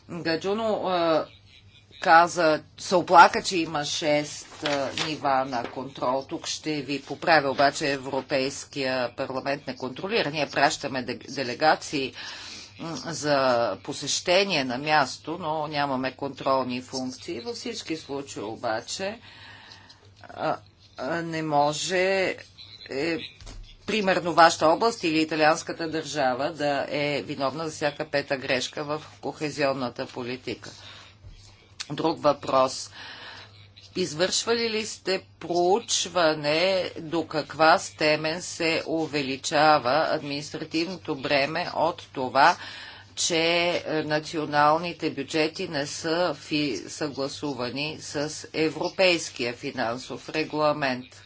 Гаджуно е, каза, се оплака, че има 6 е, нива на контрол. Тук ще ви поправя обаче Европейския парламент не контролира. Ние пращаме делегации за посещение на място, но нямаме контролни функции. Във всички случаи обаче не може е, примерно вашата област или италианската държава да е виновна за всяка пета грешка в кохезионната политика. Друг въпрос Извършвали ли сте проучване до каква стемен се увеличава административното бреме от това, че националните бюджети не са фи... съгласувани с европейския финансов регламент?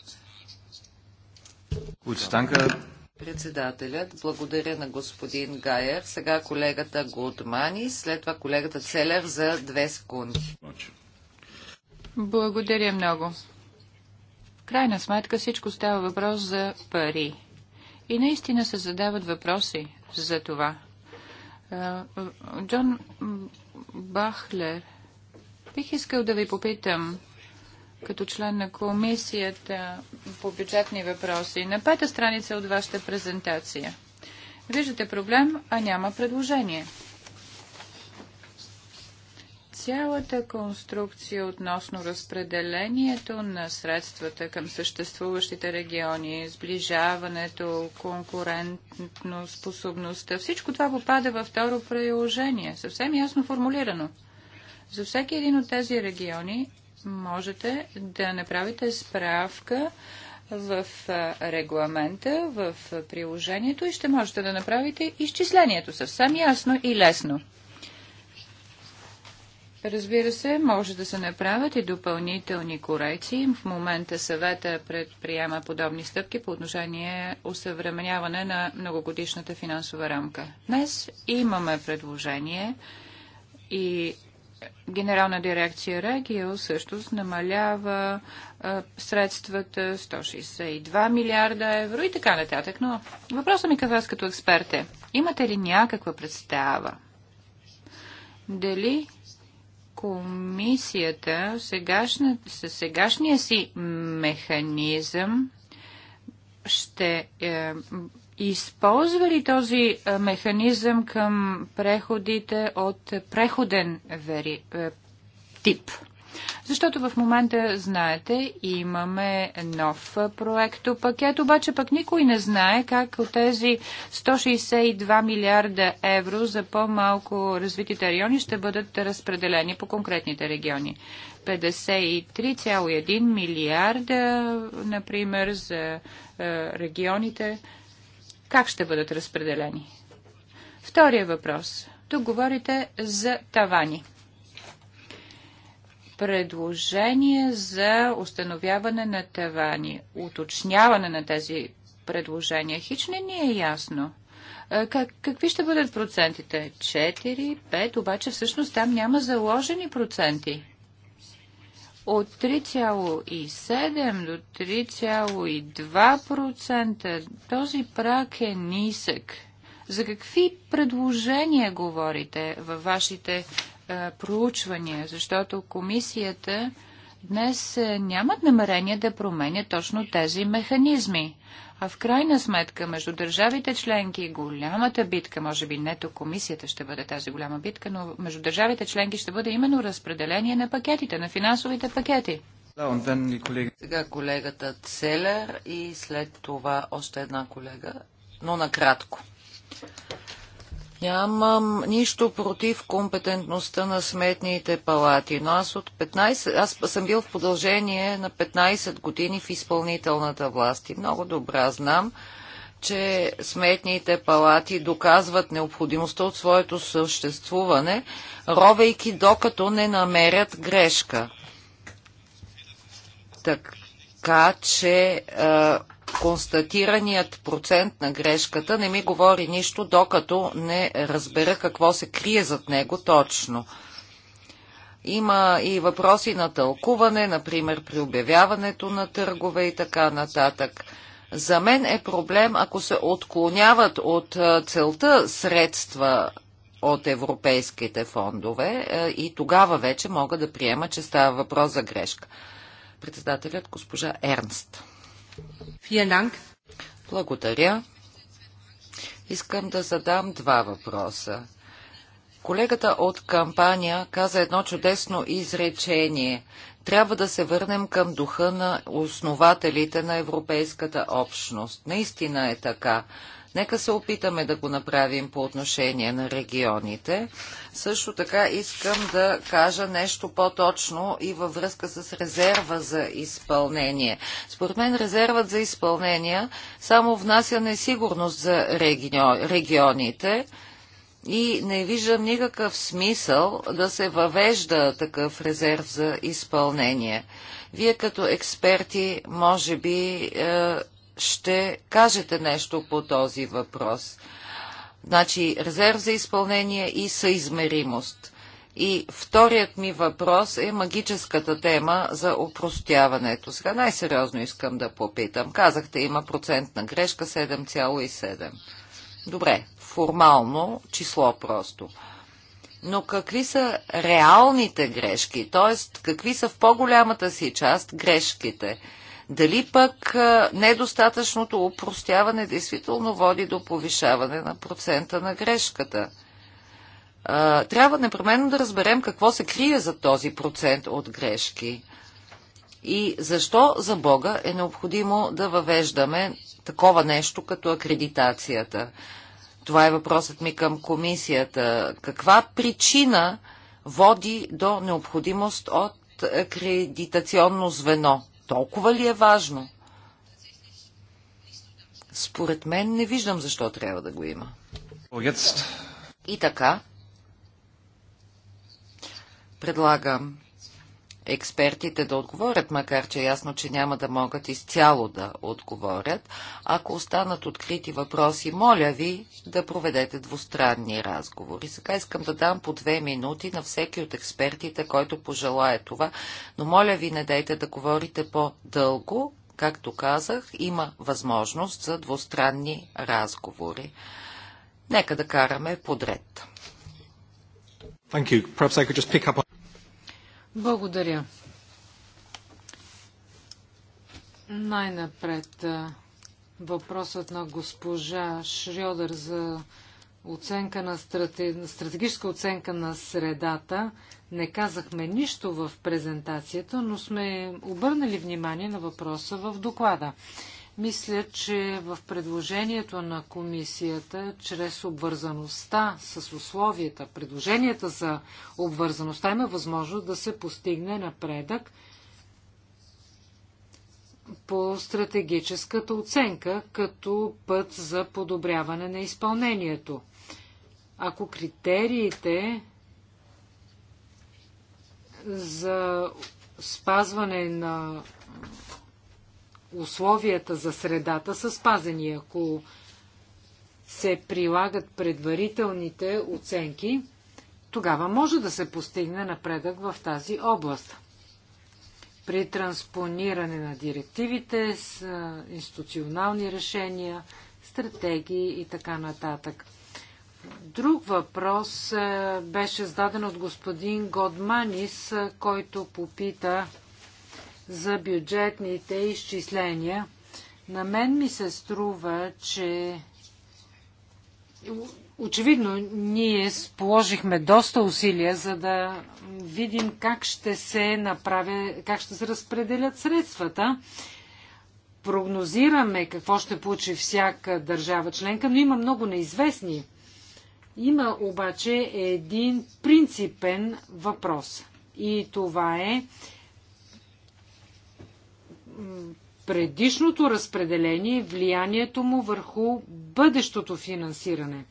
Председателят, благодаря на господин Гайер. Сега колегата Гудмани, след това колегата Целер за две секунди. Значи. Благодаря много. В крайна сметка всичко става въпрос за пари. И наистина се задават въпроси за това. Джон Бахлер, бих искал да ви попитам, като член на комисията по бюджетни въпроси, на пета страница от вашата презентация. Виждате проблем, а няма предложение цялата конструкция относно разпределението на средствата към съществуващите региони, сближаването, конкурентно способността, всичко това попада във второ приложение, съвсем ясно формулирано. За всеки един от тези региони можете да направите справка в регламента, в приложението и ще можете да направите изчислението съвсем ясно и лесно. Разбира се, може да се направят и допълнителни корекции. В момента съвета предприема подобни стъпки по отношение усъвременяване на многогодишната финансова рамка. Днес имаме предложение и Генерална дирекция Регио също намалява а, средствата 162 милиарда евро и така нататък. Но въпросът ми към вас като експерт е, имате ли някаква представа дали комисията сегашна, със сегашния си механизъм ще е, използва ли този е, механизъм към преходите от преходен вери, е, тип? Защото в момента, знаете, имаме нов проекто пакет, обаче пък никой не знае как от тези 162 милиарда евро за по-малко развитите райони ще бъдат разпределени по конкретните региони. 53,1 милиарда, например, за е, регионите. Как ще бъдат разпределени? Втория въпрос. Тук говорите за тавани предложение за установяване на тавани, уточняване на тези предложения. Хич не ни е ясно. Как, какви ще бъдат процентите? 4, 5, обаче всъщност там няма заложени проценти. От 3,7 до 3,2% този прак е нисък. За какви предложения говорите във вашите проучвания, защото комисията днес е, нямат намерение да променят точно тези механизми. А в крайна сметка между държавите членки голямата битка, може би нето комисията ще бъде тази голяма битка, но между държавите членки ще бъде именно разпределение на пакетите, на финансовите пакети. Сега колегата Целер и след това още една колега, но накратко. Нямам нищо против компетентността на сметните палати, но аз, от 15, аз съм бил в продължение на 15 години в изпълнителната власт и много добра знам, че сметните палати доказват необходимостта от своето съществуване, ровейки докато не намерят грешка. Така че констатираният процент на грешката не ми говори нищо, докато не разбера какво се крие зад него точно. Има и въпроси на тълкуване, например при обявяването на търгове и така нататък. За мен е проблем, ако се отклоняват от целта средства от европейските фондове и тогава вече мога да приема, че става въпрос за грешка. Председателят госпожа Ернст. Благодаря. Искам да задам два въпроса. Колегата от кампания каза едно чудесно изречение. Трябва да се върнем към духа на основателите на Европейската общност. Наистина е така. Нека се опитаме да го направим по отношение на регионите. Също така искам да кажа нещо по-точно и във връзка с резерва за изпълнение. Според мен резервът за изпълнение само внася несигурност за регионите и не виждам никакъв смисъл да се въвежда такъв резерв за изпълнение. Вие като експерти, може би, е, ще кажете нещо по този въпрос. Значи резерв за изпълнение и съизмеримост. И вторият ми въпрос е магическата тема за опростяването. Сега най-сериозно искам да попитам. Казахте, има процентна грешка 7,7. Добре, формално число просто. Но какви са реалните грешки, т.е. какви са в по-голямата си част грешките? Дали пък недостатъчното упростяване действително води до повишаване на процента на грешката? Трябва непременно да разберем какво се крие за този процент от грешки и защо за Бога е необходимо да въвеждаме такова нещо като акредитацията. Това е въпросът ми към комисията. Каква причина води до необходимост от акредитационно звено? Толкова ли е важно? Според мен не виждам защо трябва да го има. И така, предлагам експертите да отговорят, макар че е ясно, че няма да могат изцяло да отговорят. Ако останат открити въпроси, моля ви да проведете двустранни разговори. Сега искам да дам по две минути на всеки от експертите, който пожелая това, но моля ви не дайте да говорите по-дълго. Както казах, има възможност за двустранни разговори. Нека да караме подред. Thank you. Perhaps I could just pick up on... Благодаря. Най-напред въпросът на госпожа Шрьодър за оценка на стратег... стратегическа оценка на средата. Не казахме нищо в презентацията, но сме обърнали внимание на въпроса в доклада. Мисля, че в предложението на комисията, чрез обвързаността с условията, предложенията за обвързаността има възможност да се постигне напредък по стратегическата оценка като път за подобряване на изпълнението. Ако критериите за спазване на условията за средата са спазени. Ако се прилагат предварителните оценки, тогава може да се постигне напредък в тази област. При транспониране на директивите с институционални решения, стратегии и така нататък. Друг въпрос беше зададен от господин Годманис, който попита за бюджетните изчисления. На мен ми се струва, че очевидно ние положихме доста усилия, за да видим как ще се направя, как ще се разпределят средствата. Прогнозираме какво ще получи всяка държава членка, но има много неизвестни. Има обаче един принципен въпрос. И това е предишното разпределение и влиянието му върху бъдещото финансиране.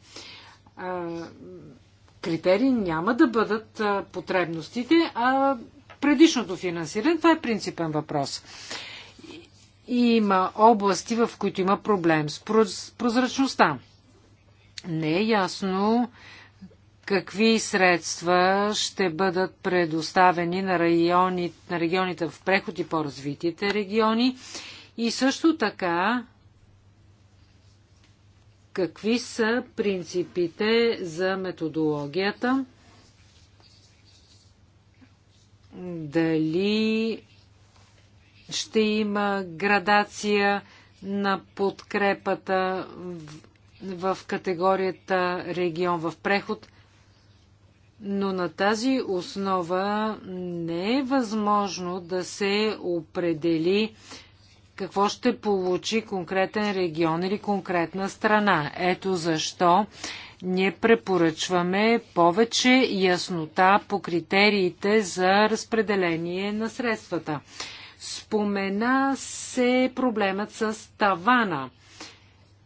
Критерии няма да бъдат потребностите, а предишното финансиране. Това е принципен въпрос. Има области, в които има проблем с прозрачността. Не е ясно какви средства ще бъдат предоставени на, райони, на регионите в преход и по-развитите региони и също така какви са принципите за методологията, дали ще има градация на подкрепата в категорията регион в преход – но на тази основа не е възможно да се определи какво ще получи конкретен регион или конкретна страна. Ето защо ние препоръчваме повече яснота по критериите за разпределение на средствата. Спомена се проблемът с тавана.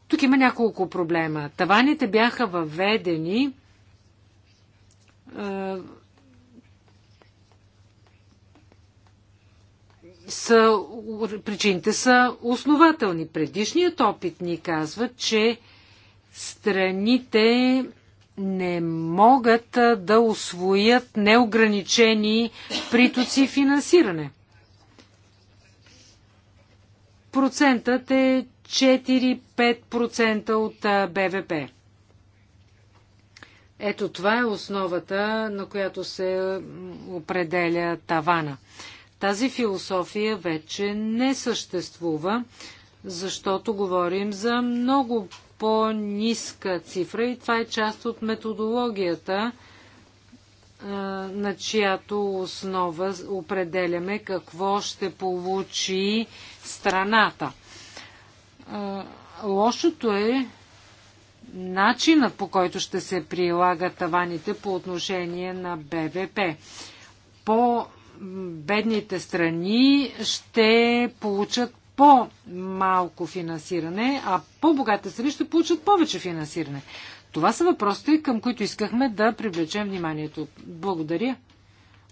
Тук има няколко проблема. Таваните бяха въведени е, са, причините са основателни. Предишният опит ни казва, че страните не могат да освоят неограничени притоци финансиране. Процентът е 4-5% от БВП. Ето това е основата, на която се определя тавана. Тази философия вече не съществува, защото говорим за много по-ниска цифра и това е част от методологията, на чиято основа определяме какво ще получи страната. Лошото е, начинът по който ще се прилагат таваните по отношение на БВП. По бедните страни ще получат по-малко финансиране, а по-богатите страни ще получат повече финансиране. Това са въпросите, към които искахме да привлечем вниманието. Благодаря.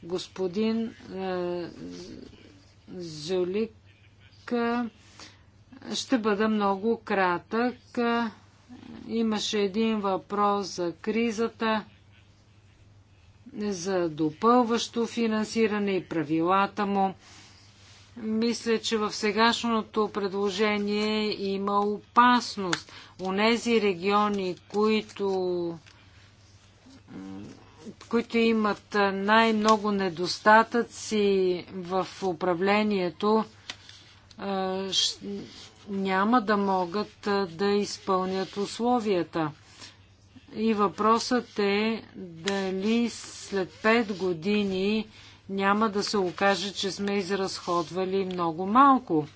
Господин е, Зюлик, ще бъда много кратък. Имаше един въпрос за кризата, за допълващо финансиране и правилата му. Мисля, че в сегашното предложение има опасност. нези региони, които, които имат най-много недостатъци в управлението, няма да могат да изпълнят условията. И въпросът е дали след 5 години няма да се окаже, че сме изразходвали много малко.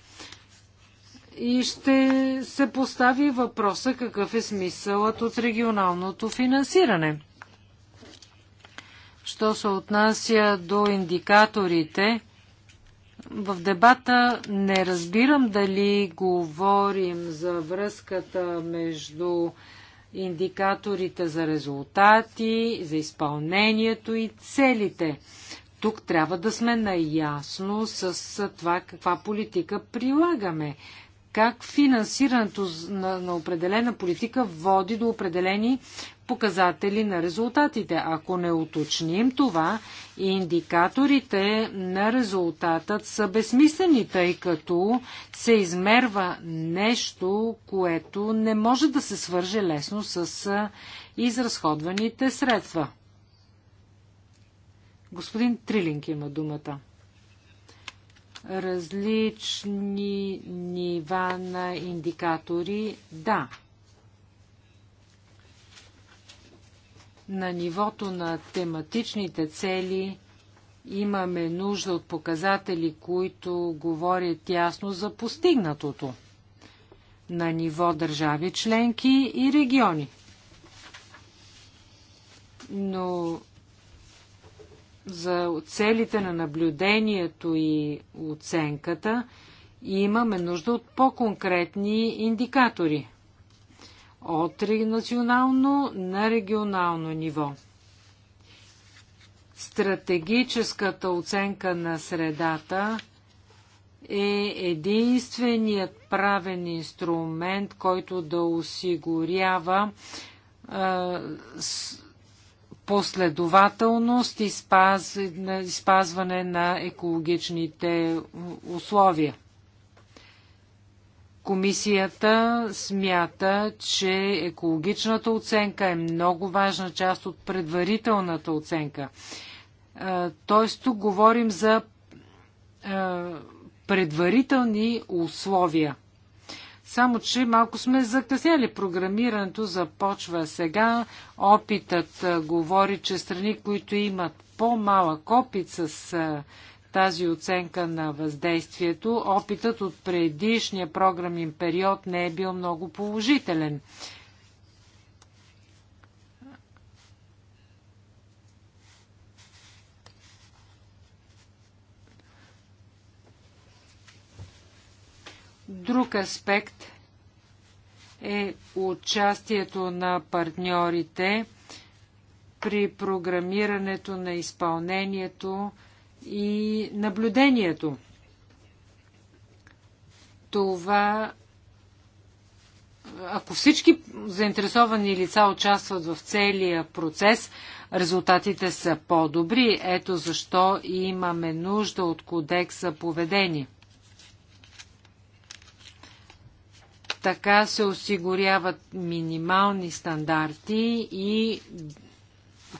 И ще се постави въпроса какъв е смисълът от регионалното финансиране. Що се отнася до индикаторите, в дебата не разбирам дали говорим за връзката между индикаторите за резултати, за изпълнението и целите. Тук трябва да сме наясно с това каква политика прилагаме. Как финансирането на, на определена политика води до определени показатели на резултатите. Ако не уточним това, индикаторите на резултатът са безсмислени, тъй като се измерва нещо, което не може да се свърже лесно с изразходваните средства. Господин Трилинг има думата. Различни нива на индикатори, да. На нивото на тематичните цели имаме нужда от показатели, които говорят ясно за постигнатото на ниво държави членки и региони. Но за целите на наблюдението и оценката имаме нужда от по-конкретни индикатори от национално на регионално ниво. Стратегическата оценка на средата е единственият правен инструмент, който да осигурява последователност и спаз, на екологичните условия. Комисията смята, че екологичната оценка е много важна част от предварителната оценка. Т.е. тук говорим за е, предварителни условия. Само, че малко сме закъсняли. Програмирането започва сега. Опитът е, говори, че страни, които имат по-малък опит с е, тази оценка на въздействието, опитът от предишния програмен период не е бил много положителен. Друг аспект е участието на партньорите при програмирането на изпълнението и наблюдението. Това, ако всички заинтересовани лица участват в целия процес, резултатите са по-добри. Ето защо имаме нужда от кодекса поведение. Така се осигуряват минимални стандарти и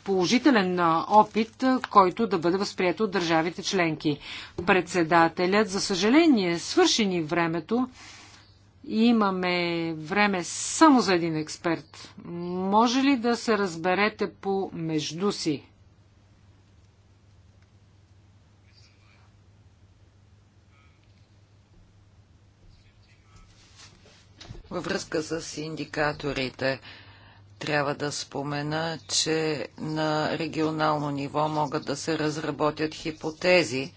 положителен опит, който да бъде възприят от държавите членки. Председателят, за съжаление, свърши ни времето. Имаме време само за един експерт. Може ли да се разберете по между си? Във връзка с индикаторите, трябва да спомена, че на регионално ниво могат да се разработят хипотези,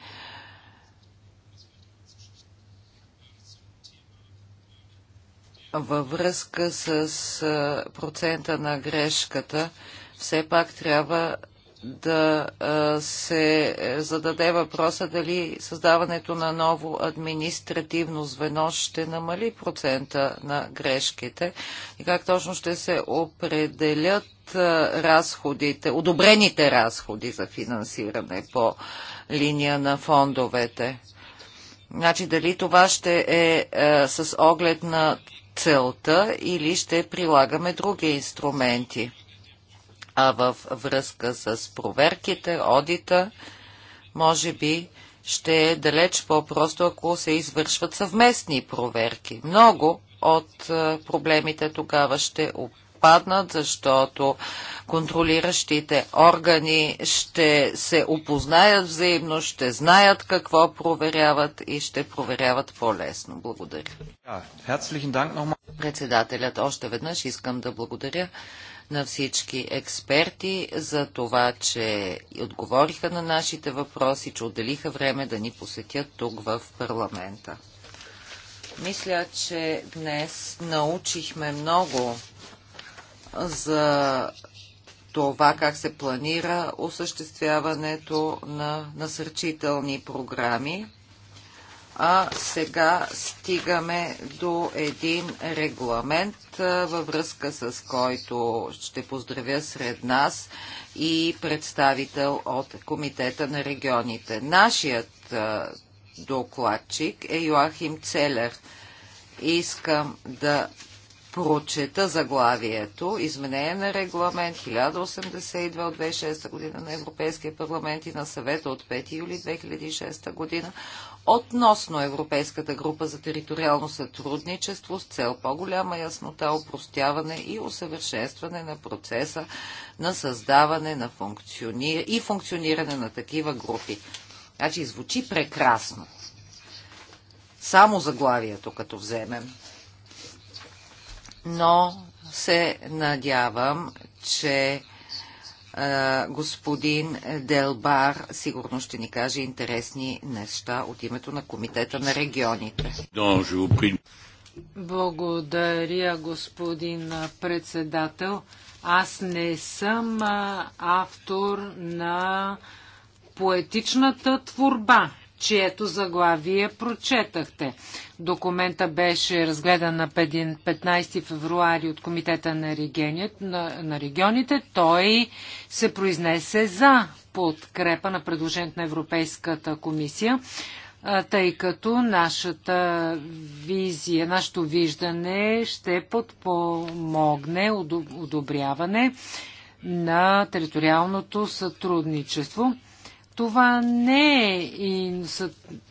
във връзка с процента на грешката, все пак трябва да се е, зададе въпроса дали създаването на ново административно звено ще намали процента на грешките и как точно ще се определят разходите, одобрените разходи за финансиране по линия на фондовете. Значи дали това ще е, е с оглед на целта или ще прилагаме други инструменти. А във връзка с проверките, одита, може би ще е далеч по-просто, ако се извършват съвместни проверки. Много от е, проблемите тогава ще опаднат, защото контролиращите органи ще се опознаят взаимно, ще знаят какво проверяват и ще проверяват по-лесно. Благодаря. Председателят, още веднъж искам да благодаря на всички експерти за това, че отговориха на нашите въпроси, че отделиха време да ни посетят тук в парламента. Мисля, че днес научихме много за това как се планира осъществяването на насърчителни програми а сега стигаме до един регламент, във връзка с който ще поздравя сред нас и представител от Комитета на регионите. Нашият докладчик е Йоахим Целер. Искам да прочета заглавието Изменение на регламент 1082 от 2006 година на Европейския парламент и на съвета от 5 юли 2006 година относно Европейската група за териториално сътрудничество с цел по-голяма яснота, упростяване и усъвършенстване на процеса на създаване на функциони... и функциониране на такива групи. Значи звучи прекрасно. Само заглавието, като вземем. Но се надявам, че господин Делбар сигурно ще ни каже интересни неща от името на Комитета на регионите. Благодаря, господин председател. Аз не съм автор на поетичната творба чието заглавие прочетахте. Документа беше разгледан на 15 февруари от Комитета на, региони, на, на регионите. Той се произнесе за подкрепа на предложението на Европейската комисия, тъй като нашата визия, нашето виждане ще подпомогне одобряване на териториалното сътрудничество това не е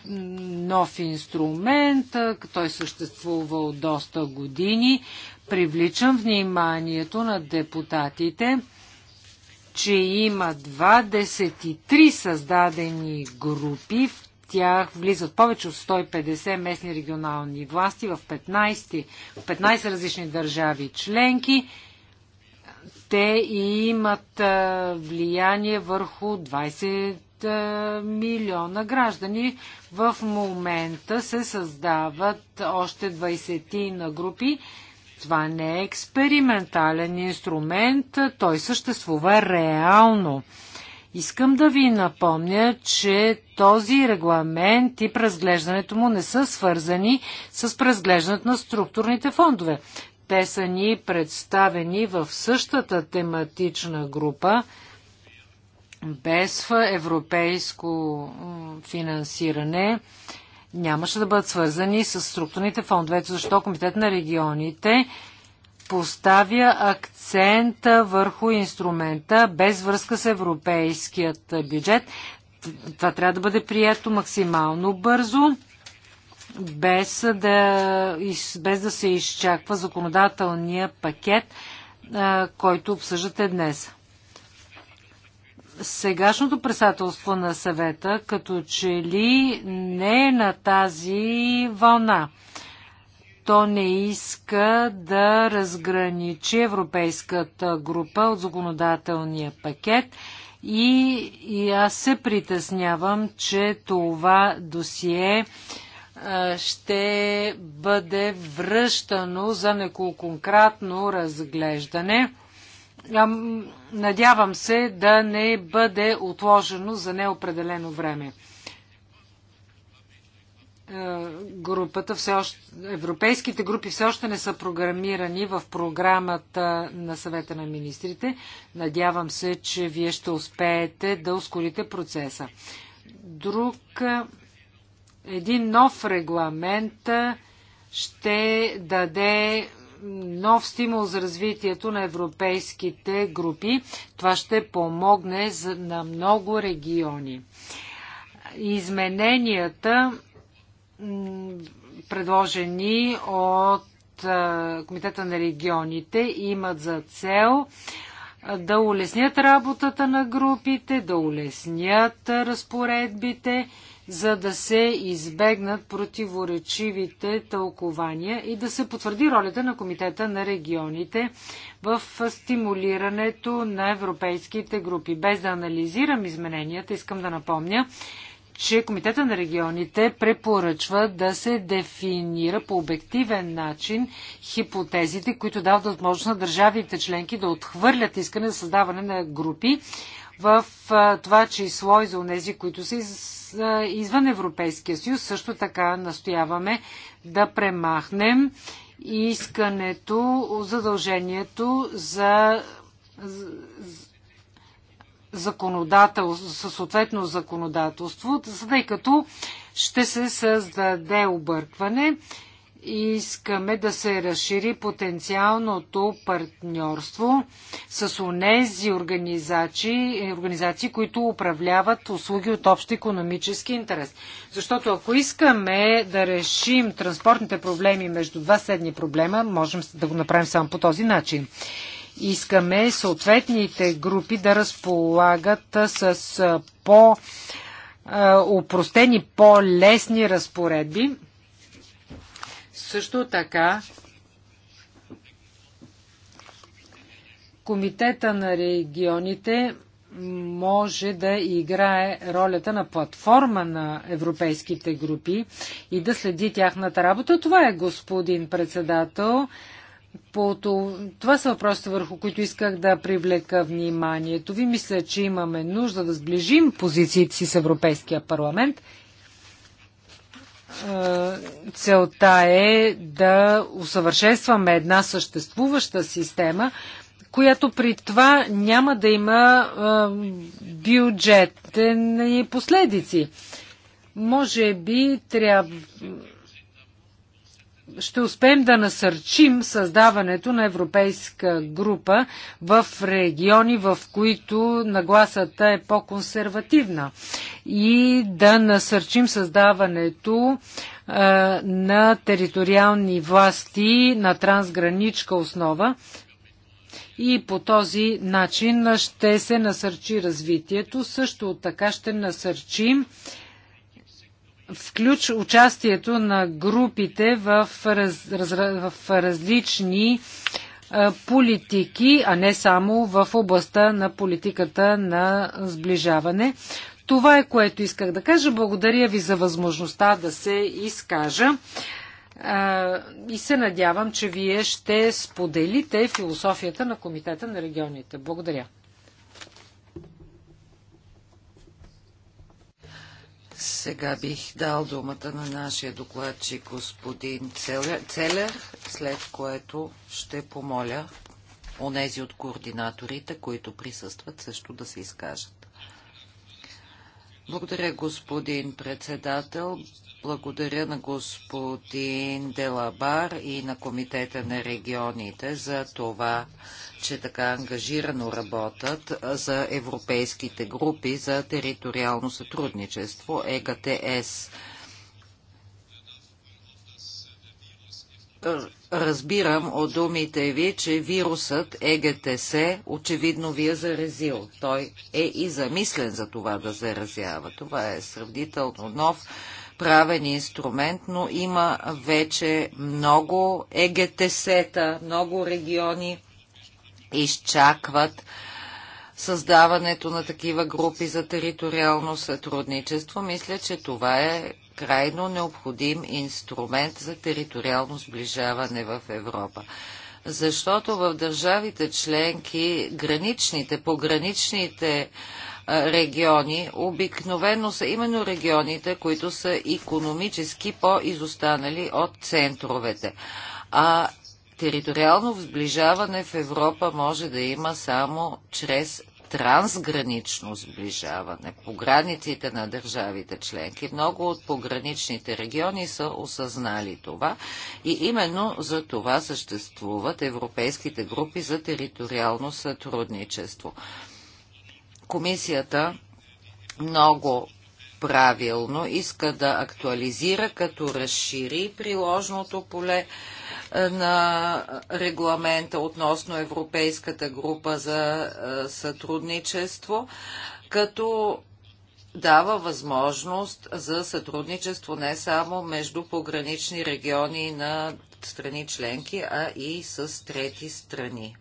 нов инструмент, той съществува от доста години. Привличам вниманието на депутатите, че има 23 създадени групи, в тях влизат повече от 150 местни регионални власти в 15, в 15 различни държави членки. Те имат влияние върху 20 5 е, милиона граждани. В момента се създават още 20 на групи. Това не е експериментален инструмент, той съществува реално. Искам да ви напомня, че този регламент и преразглеждането му не са свързани с преразглеждането на структурните фондове. Те са ни представени в същата тематична група без европейско финансиране нямаше да бъдат свързани с структурните фондове. Защо Комитет на регионите поставя акцент върху инструмента без връзка с европейският бюджет. Това трябва да бъде прието максимално бързо, без да, без да се изчаква законодателния пакет, който обсъждате днес сегашното председателство на съвета като че ли не е на тази вълна. То не иска да разграничи европейската група от законодателния пакет и, и аз се притеснявам, че това досие ще бъде връщано за неколкократно разглеждане Надявам се да не бъде отложено за неопределено време. Е, групата все още, европейските групи все още не са програмирани в програмата на съвета на министрите. Надявам се, че вие ще успеете да ускорите процеса. Друг е, един нов регламент е, ще даде нов стимул за развитието на европейските групи. Това ще помогне на много региони. Измененията, предложени от Комитета на регионите, имат за цел да улеснят работата на групите, да улеснят разпоредбите за да се избегнат противоречивите тълкования и да се потвърди ролята на Комитета на регионите в стимулирането на европейските групи. Без да анализирам измененията, искам да напомня, че Комитета на регионите препоръчва да се дефинира по обективен начин хипотезите, които дават възможност на държавите членки да отхвърлят искане за създаване на групи в това число и за онези, които са извън Европейския съюз. Също така настояваме да премахнем искането, задължението за законодателство, със съответно законодателство, тъй като ще се създаде объркване искаме да се разшири потенциалното партньорство с онези организации, организации, които управляват услуги от общ економически интерес. Защото ако искаме да решим транспортните проблеми между два седни проблема, можем да го направим само по този начин. Искаме съответните групи да разполагат с по-упростени, по-лесни разпоредби, също така Комитета на регионите може да играе ролята на платформа на европейските групи и да следи тяхната работа. Това е господин председател. По това са въпросите, върху които исках да привлека вниманието ви. Мисля, че имаме нужда да сближим позициите си с Европейския парламент. Е, целта е да усъвършенстваме една съществуваща система, която при това няма да има е, бюджетни последици. Може би трябва ще успеем да насърчим създаването на европейска група в региони, в които нагласата е по-консервативна и да насърчим създаването е, на териториални власти на трансграничка основа и по този начин ще се насърчи развитието. Също така ще насърчим включ участието на групите в, раз, раз, в различни а, политики, а не само в областта на политиката на сближаване. Това е което исках да кажа. Благодаря ви за възможността да се изкажа. и се надявам, че вие ще споделите философията на Комитета на регионите. Благодаря. Сега бих дал думата на нашия докладчик господин Целер, след което ще помоля онези от координаторите, които присъстват, също да се изкажат. Благодаря, господин председател. Благодаря на господин Делабар и на Комитета на регионите за това, че така ангажирано работят за европейските групи за териториално сътрудничество ЕГТС. Е, разбирам от думите ви, че вирусът ЕГТС очевидно ви е заразил. Той е и замислен за това да заразява. Това е сравнително нов правен инструмент, но има вече много ЕГТС-та, много региони, изчакват създаването на такива групи за териториално сътрудничество. Мисля, че това е крайно необходим инструмент за териториално сближаване в Европа. Защото в държавите членки граничните, пограничните региони обикновено са именно регионите, които са економически по-изостанали от центровете. А Териториално сближаване в Европа може да има само чрез трансгранично сближаване по границите на държавите членки. Много от пограничните региони са осъзнали това и именно за това съществуват европейските групи за териториално сътрудничество. Комисията много правилно иска да актуализира, като разшири приложното поле е, на регламента относно Европейската група за е, сътрудничество, като дава възможност за сътрудничество не само между погранични региони на страни членки, а и с трети страни.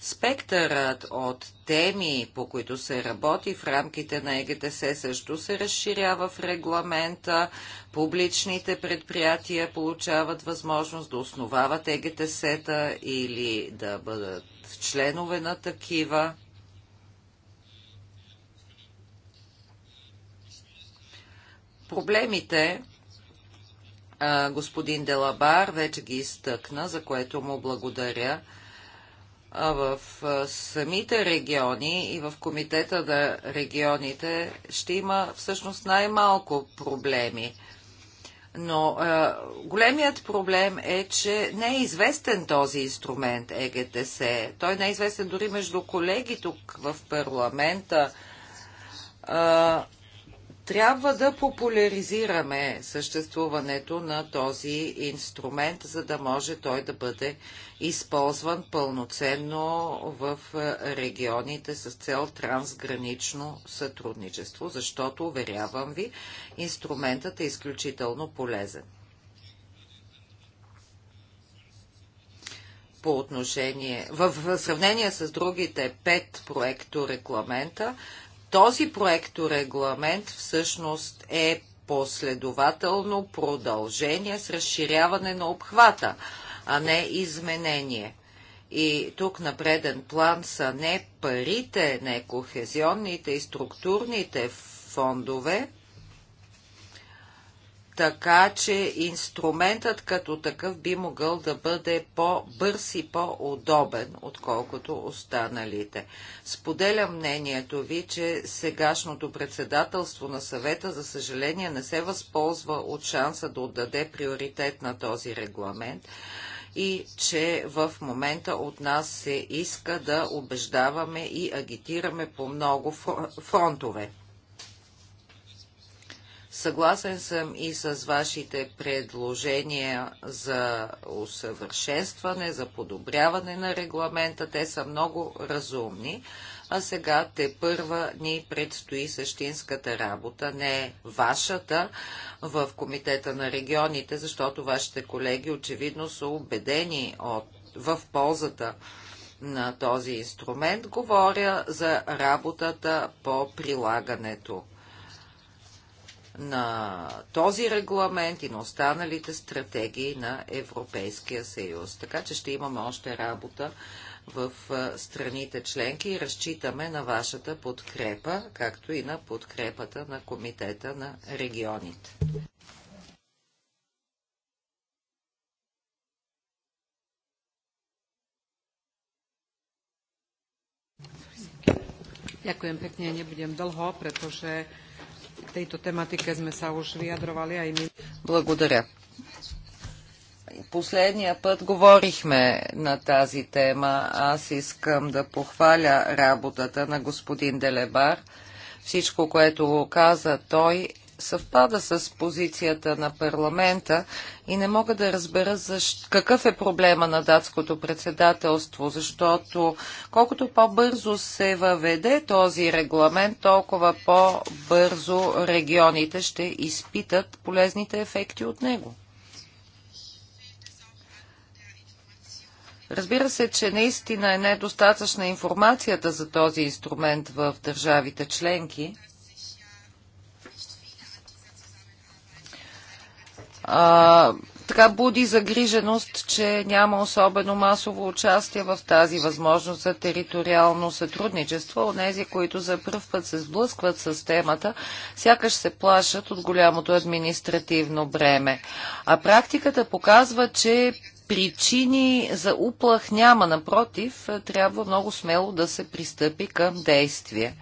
Спектърът от теми, по които се работи в рамките на ЕГТС също се разширява в регламента. Публичните предприятия получават възможност да основават ЕГТС-та или да бъдат членове на такива. Проблемите, господин Делабар вече ги изтъкна, за което му благодаря – в самите региони и в комитета на регионите ще има всъщност най-малко проблеми. Но а, големият проблем е, че не е известен този инструмент ЕГТС. Той не е известен дори между колеги тук в парламента. А, трябва да популяризираме съществуването на този инструмент, за да може той да бъде използван пълноценно в е, регионите с цел трансгранично сътрудничество, защото, уверявам ви, инструментът е изключително полезен. по отношение, в сравнение с другите пет проекто регламента, този проекторегламент всъщност е последователно продължение с разширяване на обхвата, а не изменение. И тук на преден план са не парите, не кохезионните и структурните фондове, така че инструментът като такъв би могъл да бъде по-бърз и по-удобен, отколкото останалите. Споделям мнението ви, че сегашното председателство на съвета, за съжаление, не се възползва от шанса да отдаде приоритет на този регламент и че в момента от нас се иска да убеждаваме и агитираме по много фронтове. Съгласен съм и с вашите предложения за усъвършенстване, за подобряване на регламента. Те са много разумни. А сега те първа ни предстои същинската работа, не вашата в Комитета на регионите, защото вашите колеги очевидно са убедени от, в ползата на този инструмент. Говоря за работата по прилагането на този регламент и на останалите стратегии на Европейския съюз. Така че ще имаме още работа в страните членки и разчитаме на вашата подкрепа, както и на подкрепата на Комитета на регионите. Ďakujem pekne, nebudem dlho, pretože благодаря. Последния път говорихме на тази тема. Аз искам да похваля работата на господин Делебар. Всичко, което каза той съвпада с позицията на парламента и не мога да разбера защ... какъв е проблема на датското председателство, защото колкото по-бързо се въведе този регламент, толкова по-бързо регионите ще изпитат полезните ефекти от него. Разбира се, че наистина е недостатъчна информацията за този инструмент в държавите членки. а, така буди загриженост, че няма особено масово участие в тази възможност за териториално сътрудничество. Онези, които за първ път се сблъскват с темата, сякаш се плашат от голямото административно бреме. А практиката показва, че причини за уплах няма. Напротив, трябва много смело да се пристъпи към действие.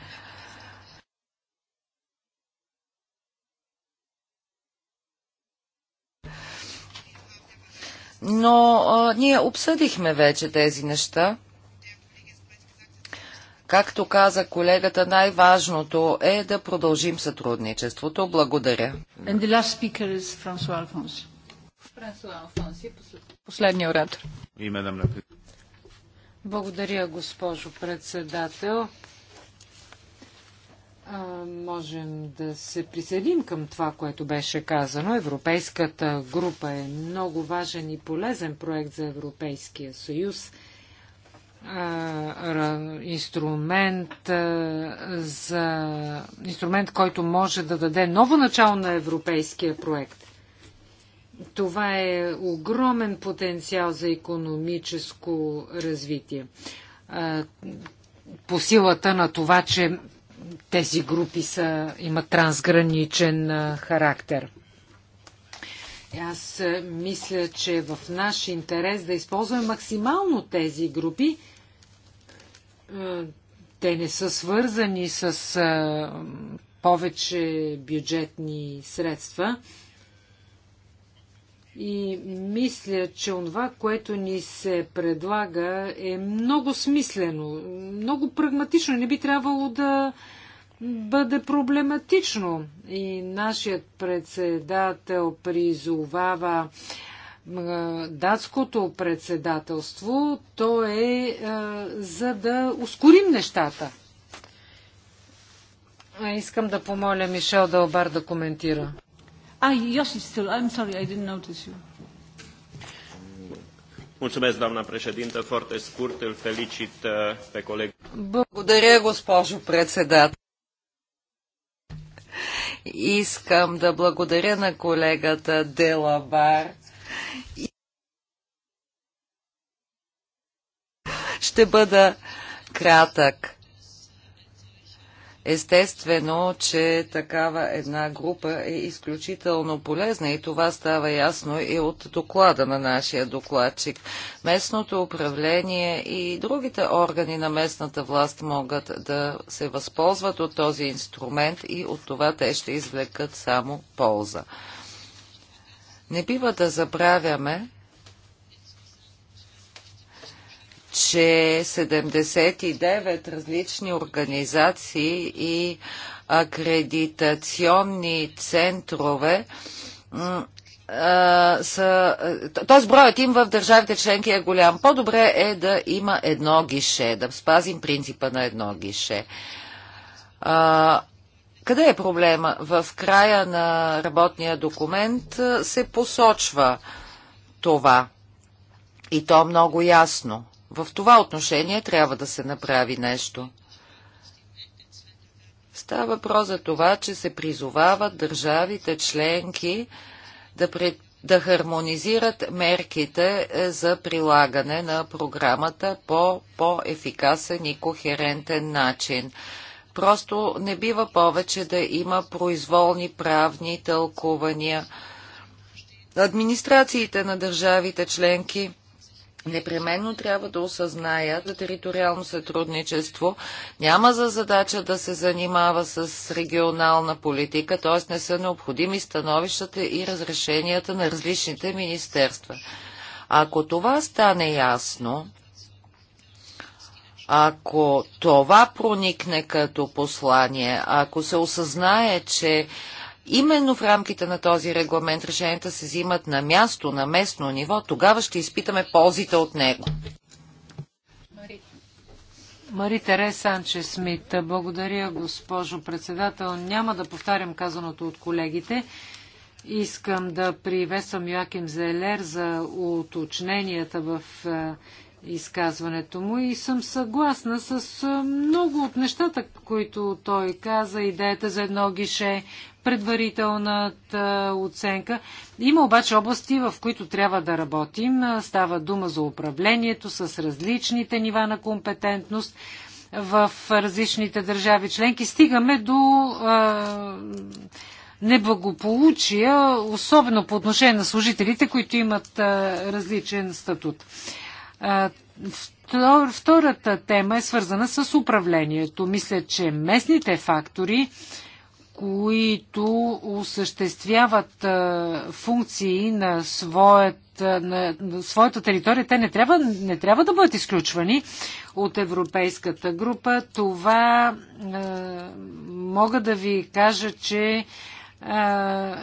Но а, ние обсъдихме вече тези неща. Както каза колегата, най-важното е да продължим сътрудничеството. Благодаря. And the last speaker is François Alphonse. Е последния оратор. Благодаря, госпожо председател можем да се присъединим към това, което беше казано. Европейската група е много важен и полезен проект за Европейския съюз. Инструмент, за... инструмент, който може да даде ново начало на европейския проект. Това е огромен потенциал за економическо развитие по силата на това, че тези групи са, имат трансграничен характер. Аз мисля, че в наш интерес да използваме максимално тези групи. Те не са свързани с повече бюджетни средства. И мисля, че това, което ни се предлага, е много смислено, много прагматично. Не би трябвало да бъде проблематично. И нашият председател призовава датското председателство, то е, е, за да ускорим нещата. Искам да помоля Мишел Дълбар да коментира. Ah, Iosif still. I'm sorry, I didn't notice you. Mulțumesc, doamna președintă. Foarte scurt, îl felicit pe coleg. Благодаря, госпожо председател. Искам да благодаря на колегата Делабар. Ще бъда кратък. Естествено, че такава една група е изключително полезна и това става ясно и от доклада на нашия докладчик. Местното управление и другите органи на местната власт могат да се възползват от този инструмент и от това те ще извлекат само полза. Не бива да забравяме, че 79 различни организации и акредитационни центрове т.е. броят им в държавите членки е голям. По-добре е да има едно гише, да спазим принципа на едно гише. А, къде е проблема? В края на работния документ се посочва това. И то много ясно в това отношение трябва да се направи нещо. Става въпрос за това, че се призовават държавите членки да, пред, да хармонизират мерките е, за прилагане на програмата по по-ефикасен и кохерентен начин. Просто не бива повече да има произволни правни тълкувания. Администрациите на държавите членки – непременно трябва да осъзнаят за териториално сътрудничество. Няма за задача да се занимава с регионална политика, т.е. не са необходими становищата и разрешенията на различните министерства. Ако това стане ясно, ако това проникне като послание, ако се осъзнае, че именно в рамките на този регламент решенията се взимат на място, на местно ниво, тогава ще изпитаме ползите от него. Мари Терес Санче Смит. Благодаря, госпожо председател. Няма да повтарям казаното от колегите. Искам да приветствам Йоаким Зелер за уточненията в е, изказването му и съм съгласна с е, много от нещата, които той каза. Идеята за едно гише, предварителната оценка. Има обаче области, в които трябва да работим. Става дума за управлението с различните нива на компетентност в различните държави членки. Стигаме до неблагополучия, особено по отношение на служителите, които имат различен статут. Втората тема е свързана с управлението. Мисля, че местните фактори които осъществяват функции на, своят, на, на своята територия, те не трябва, не трябва да бъдат изключвани от европейската група. Това мога да ви кажа, че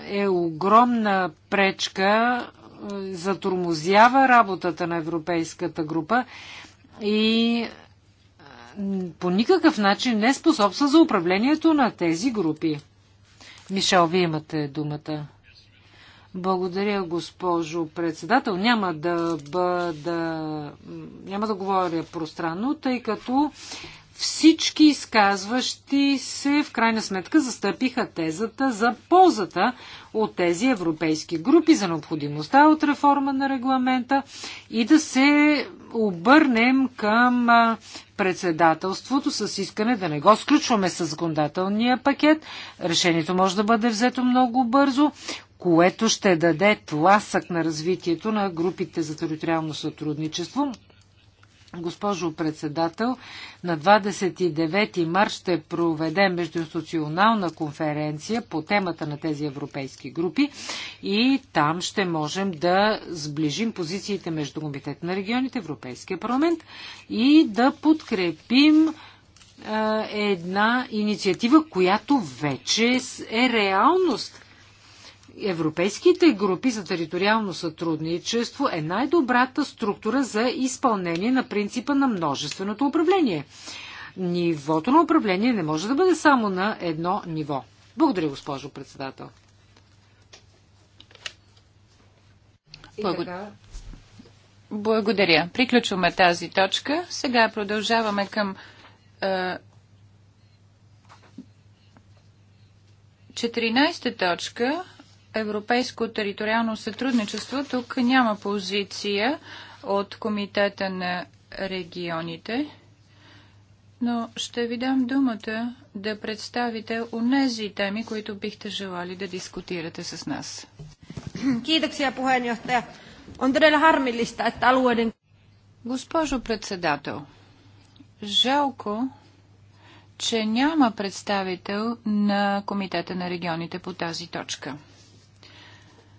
е огромна пречка, затормозява работата на Европейската група и по никакъв начин не способства за управлението на тези групи. Мишел, вие имате думата. Благодаря, госпожо председател. Няма да бъда, няма да говоря пространно, тъй като всички изказващи се в крайна сметка застъпиха тезата за ползата от тези европейски групи, за необходимостта от реформа на регламента и да се обърнем към председателството с искане да не го сключваме с законодателния пакет. Решението може да бъде взето много бързо, което ще даде тласък на развитието на групите за териториално сътрудничество. Госпожо председател, на 29 март ще проведем междуинституционална конференция по темата на тези европейски групи и там ще можем да сближим позициите между Комитет на регионите, Европейския парламент и да подкрепим е, една инициатива, която вече е реалност европейските групи за териториално сътрудничество е най-добрата структура за изпълнение на принципа на множественото управление. Нивото на управление не може да бъде само на едно ниво. Благодаря, госпожо председател. Благодаря. Благодаря. Приключваме тази точка. Сега продължаваме към 14 е, точка европейско териториално сътрудничество. Тук няма позиция от Комитета на регионите, но ще ви дам думата да представите онези теми, които бихте желали да дискутирате с нас. Госпожо председател, жалко, че няма представител на Комитета на регионите по тази точка.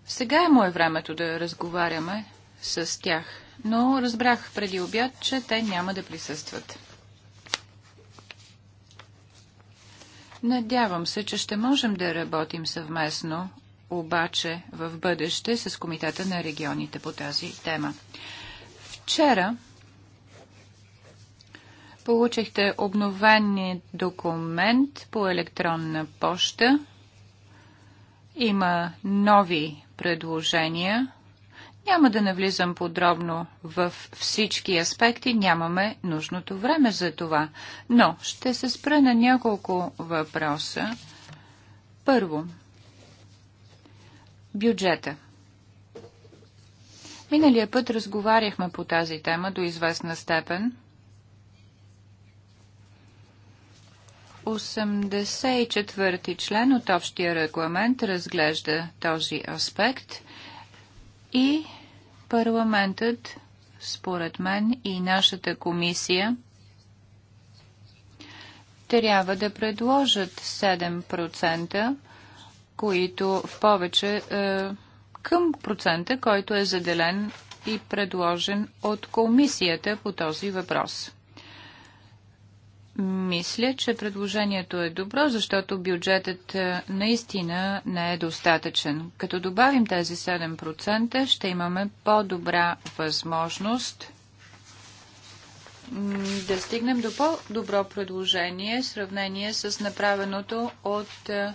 Сега му е времето да разговаряме с тях, но разбрах преди обяд, че те няма да присъстват. Надявам се, че ще можем да работим съвместно, обаче в бъдеще с Комитета на регионите по тази тема. Вчера получихте обновен документ по електронна поща. Има нови предложения. Няма да навлизам подробно в всички аспекти, нямаме нужното време за това, но ще се спра на няколко въпроса. Първо, бюджета. Миналия път разговаряхме по тази тема до известна степен – 84 ти член от общия регламент разглежда този аспект и парламентът, според мен и нашата комисия, трябва да предложат 7%, които в повече е, към процента, който е заделен и предложен от комисията по този въпрос. Мисля, че предложението е добро, защото бюджетът е, наистина не е достатъчен. Като добавим тези 7%, ще имаме по-добра възможност да стигнем до по-добро предложение в сравнение с направеното от а,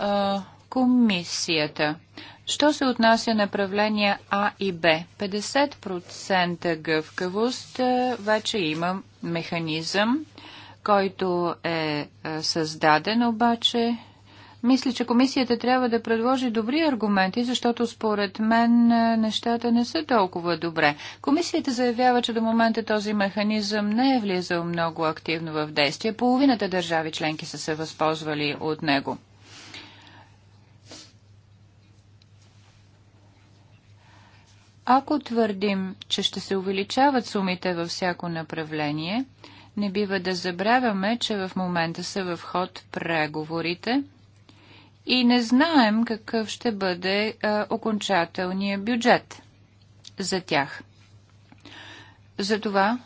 е, е, комисията. Що се отнася направления А и Б? 50% гъвкавост вече имам механизъм, който е, е създаден обаче. Мисля, че комисията трябва да предложи добри аргументи, защото според мен е, нещата не са толкова добре. Комисията заявява, че до момента този механизъм не е влизал много активно в действие. Половината държави членки са се възползвали от него. Ако твърдим, че ще се увеличават сумите във всяко направление, не бива да забравяме, че в момента са в ход преговорите и не знаем какъв ще бъде а, окончателният бюджет за тях. Затова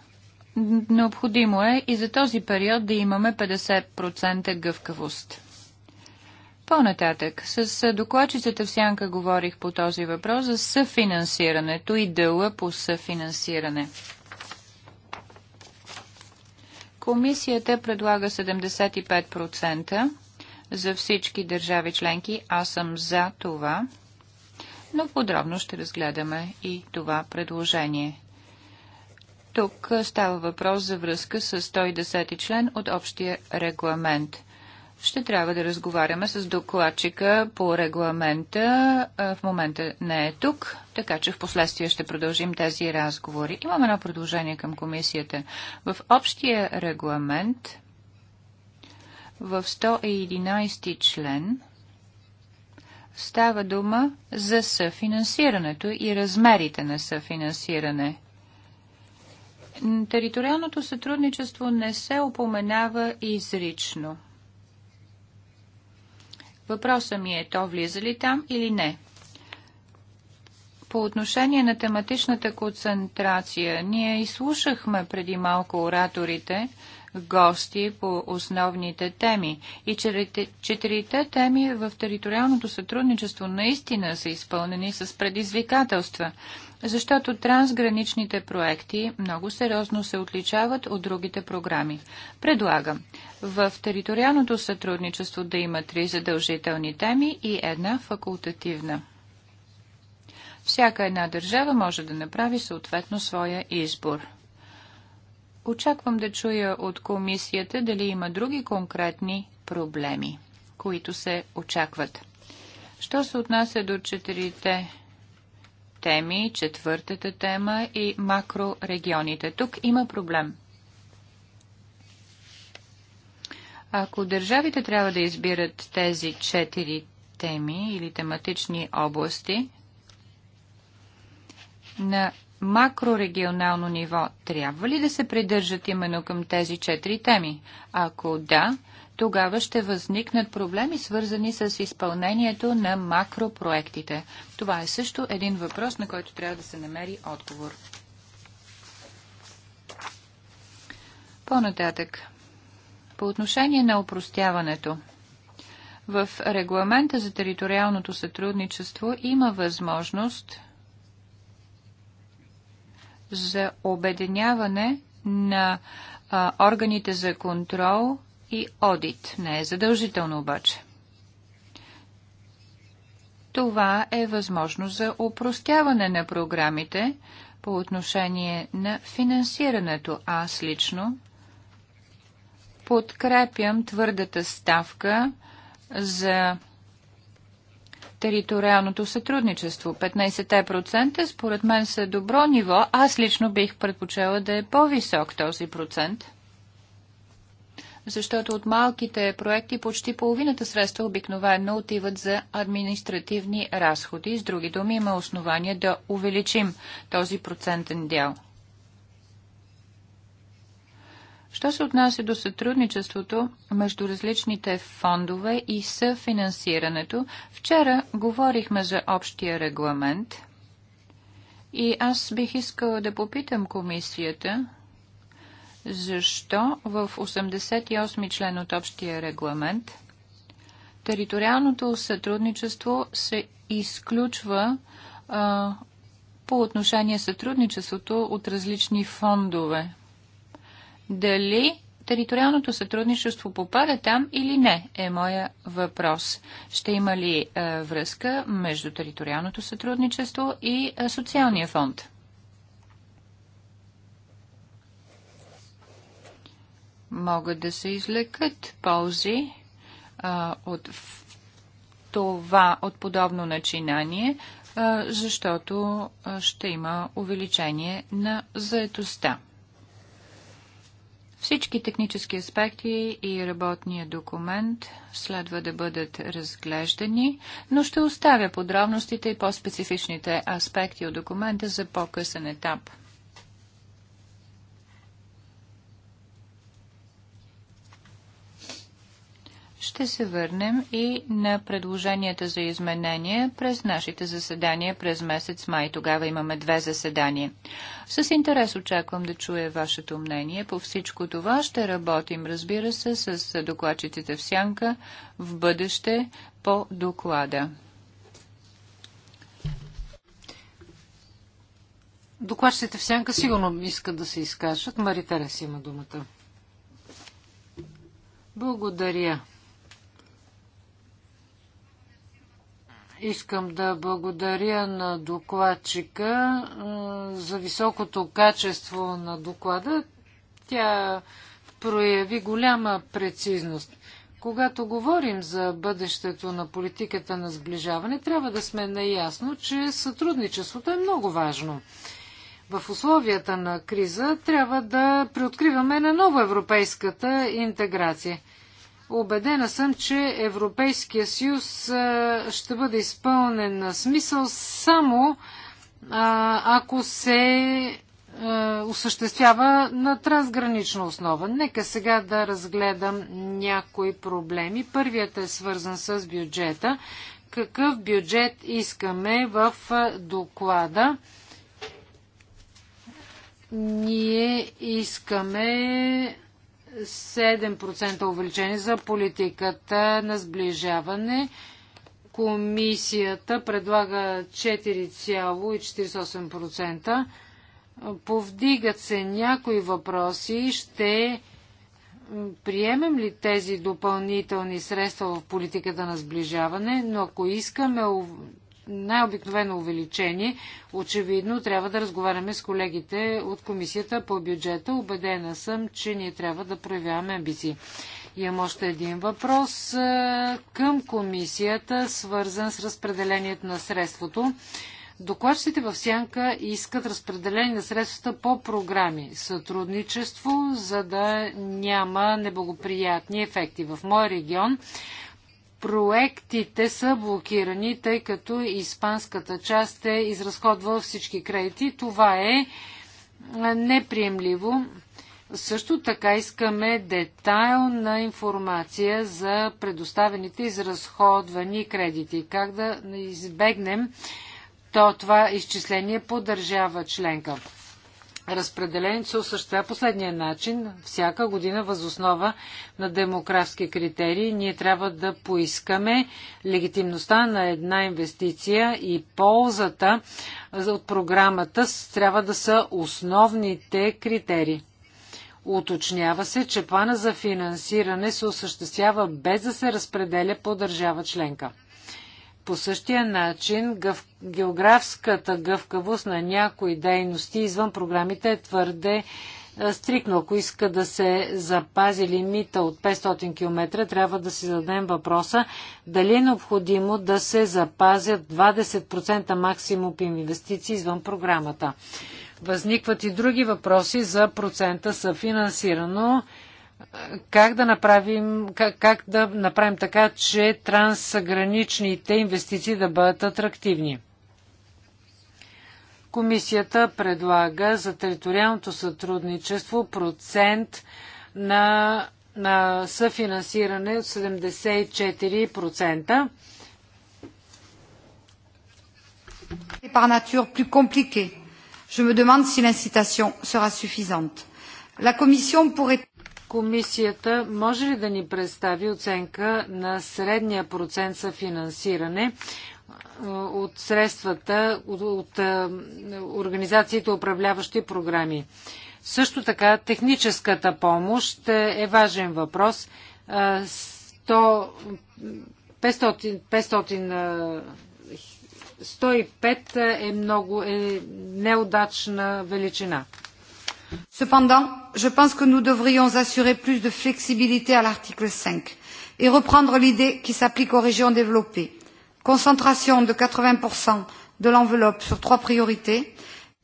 необходимо е и за този период да имаме 50% гъвкавост. По-нататък, с докладчицата в Сянка говорих по този въпрос за съфинансирането и дъла по съфинансиране. Комисията предлага 75% за всички държави членки. Аз съм за това, но подробно ще разгледаме и това предложение. Тук става въпрос за връзка с 110 член от общия регламент – ще трябва да разговаряме с докладчика по регламента. В момента не е тук, така че в последствие ще продължим тези разговори. Имам едно предложение към комисията. В общия регламент в 111 член става дума за съфинансирането и размерите на съфинансиране. Териториалното сътрудничество не се упоменава изрично – Въпросът ми е, то влиза ли там или не? По отношение на тематичната концентрация, ние изслушахме преди малко ораторите, гости по основните теми. И четирите теми в териториалното сътрудничество наистина са изпълнени с предизвикателства, защото трансграничните проекти много сериозно се отличават от другите програми. Предлагам в териториалното сътрудничество да има три задължителни теми и една факултативна. Всяка една държава може да направи съответно своя избор. Очаквам да чуя от комисията дали има други конкретни проблеми, които се очакват. Що се отнася до четирите теми, четвъртата тема и макрорегионите. Тук има проблем. Ако държавите трябва да избират тези четири теми или тематични области, на макрорегионално ниво трябва ли да се придържат именно към тези четири теми? Ако да, тогава ще възникнат проблеми, свързани с изпълнението на макропроектите. Това е също един въпрос, на който трябва да се намери отговор. По-нататък. По отношение на опростяването. В регламента за териториалното сътрудничество има възможност за обединяване на а, органите за контрол и одит. Не е задължително обаче. Това е възможно за упростяване на програмите по отношение на финансирането. Аз лично подкрепям твърдата ставка за териториалното сътрудничество. 15% е, според мен са добро ниво. Аз лично бих предпочела да е по-висок този процент. Защото от малките проекти почти половината средства обикновено отиват за административни разходи. С други думи има основания да увеличим този процентен дял. Що се отнася до сътрудничеството между различните фондове и съфинансирането, вчера говорихме за общия регламент и аз бих искала да попитам комисията, защо в 88 член от общия регламент териториалното сътрудничество се изключва а, по отношение сътрудничеството от различни фондове. Дали териториалното сътрудничество попада там или не, е моя въпрос. Ще има ли е, връзка между териториалното сътрудничество и е, социалния фонд? Могат да се излекат ползи а, е, от това, от подобно начинание, а, е, защото е, ще има увеличение на заетостта. Всички технически аспекти и работния документ следва да бъдат разглеждани, но ще оставя подробностите и по-специфичните аспекти от документа за по-късен етап – ще се върнем и на предложенията за изменения през нашите заседания през месец май. Тогава имаме две заседания. С интерес очаквам да чуя вашето мнение. По всичко това ще работим, разбира се, с докладчиците в сянка в бъдеще по доклада. Докладчиците в сянка сигурно искат да се изкажат. Мари Терес има думата. Благодаря. Искам да благодаря на докладчика за високото качество на доклада. Тя прояви голяма прецизност. Когато говорим за бъдещето на политиката на сближаване, трябва да сме наясно, че сътрудничеството е много важно. В условията на криза трябва да приоткриваме на ново европейската интеграция – Обедена съм, че Европейския съюз ще бъде изпълнен на смисъл само ако се осъществява на трансгранична основа. Нека сега да разгледам някои проблеми. Първият е свързан с бюджета. Какъв бюджет искаме в доклада? Ние искаме 7% увеличение за политиката на сближаване. Комисията предлага 4,48%. Повдигат се някои въпроси. Ще приемем ли тези допълнителни средства в политиката на сближаване, но ако искаме най-обикновено увеличение. Очевидно трябва да разговаряме с колегите от комисията по бюджета. Обедена съм, че ние трябва да проявяваме амбиции. Имам още един въпрос към комисията, свързан с разпределението на средството. Докладчите в Сянка искат разпределение на средствата по програми, сътрудничество, за да няма неблагоприятни ефекти. В моя регион проектите са блокирани, тъй като испанската част е изразходвала всички кредити. Това е неприемливо. Също така искаме детайлна информация за предоставените изразходвани кредити. Как да избегнем то това изчисление по държава членка разпределението се осъществява последния начин. Всяка година възоснова на демографски критерии ние трябва да поискаме легитимността на една инвестиция и ползата от програмата трябва да са основните критерии. Уточнява се, че плана за финансиране се осъществява без да се разпределя по държава членка. По същия начин гъв... географската гъвкавост на някои дейности извън програмите е твърде е, стрикно. Ако иска да се запази лимита от 500 км, трябва да си зададем въпроса дали е необходимо да се запазят 20% максимум по инвестиции извън програмата. Възникват и други въпроси за процента съфинансирано. финансирано как да направим, как, как да направим така, че трансграничните инвестиции да бъдат атрактивни. Комисията предлага за териториалното сътрудничество процент на, на съфинансиране от 74%. par nature plus комплике Je me demande si l'incitation sera suffisante. La Commission pourrait Комисията може ли да ни представи оценка на средния процент за финансиране от средствата от, от организациите, управляващи програми? Също така, техническата помощ е, е важен въпрос. 100, 500, 500 105 е много е неудачна величина. Cependant, je pense que nous devrions assurer plus de flexibilité à l'article 5 et reprendre l'idée qui s'applique aux régions développées. Concentration de 80% de l'enveloppe sur trois priorités.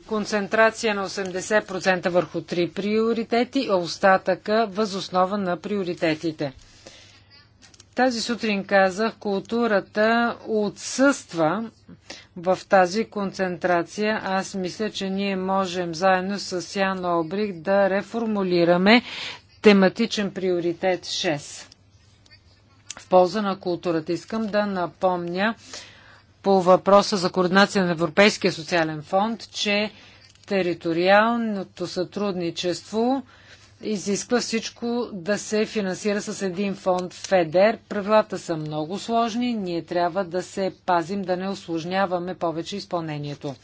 Концентрация на 80% върху три приоритети, а остатъка възоснова на приоритетите. Тази сутрин казах, културата отсъства в тази концентрация. Аз мисля, че ние можем заедно с Ян Обрик да реформулираме тематичен приоритет 6 в полза на културата. Искам да напомня по въпроса за координация на Европейския социален фонд, че териториалното сътрудничество изисква всичко да се финансира с един фонд ФЕДЕР. Правилата са много сложни, ние трябва да се пазим, да не осложняваме повече изпълнението.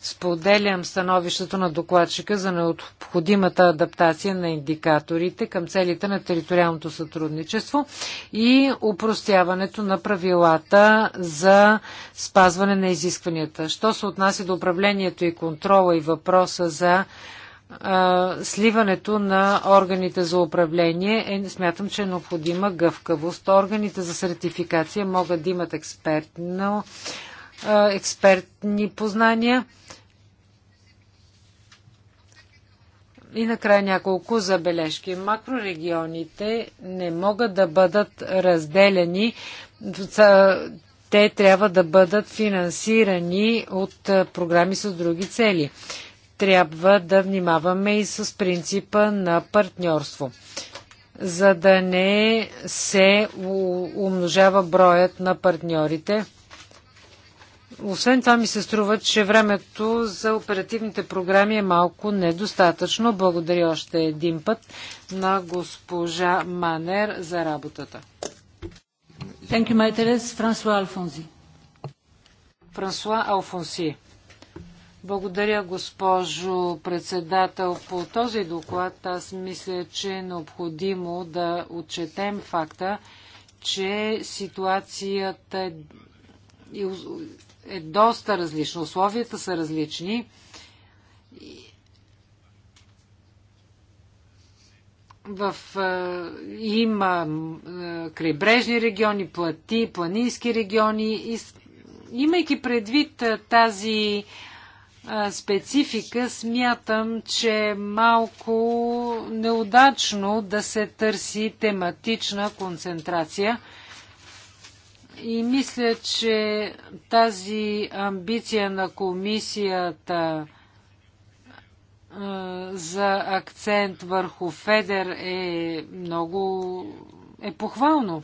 Споделям становището на докладчика за необходимата адаптация на индикаторите към целите на териториалното сътрудничество и упростяването на правилата за спазване на изискванията. Що се отнася до управлението и контрола и въпроса за сливането на органите за управление е, смятам, че е необходима гъвкавост. Органите за сертификация могат да имат експертно, експертни познания. И накрая няколко забележки. Макрорегионите не могат да бъдат разделени. Те трябва да бъдат финансирани от програми с други цели трябва да внимаваме и с принципа на партньорство, за да не се умножава броят на партньорите. Освен това ми се струва, че времето за оперативните програми е малко недостатъчно. Благодаря още един път на госпожа Манер за работата. Thank you, Франсуа Алфонси. Франсуа Алфонси. Благодаря, госпожо председател. По този доклад аз мисля, че е необходимо да отчетем факта, че ситуацията е, е доста различна. Условията са различни. в, е, има е, крайбрежни региони, плати, планински региони и имайки предвид е, тази специфика, смятам, че е малко неудачно да се търси тематична концентрация. И мисля, че тази амбиция на комисията за акцент върху Федер е много е похвално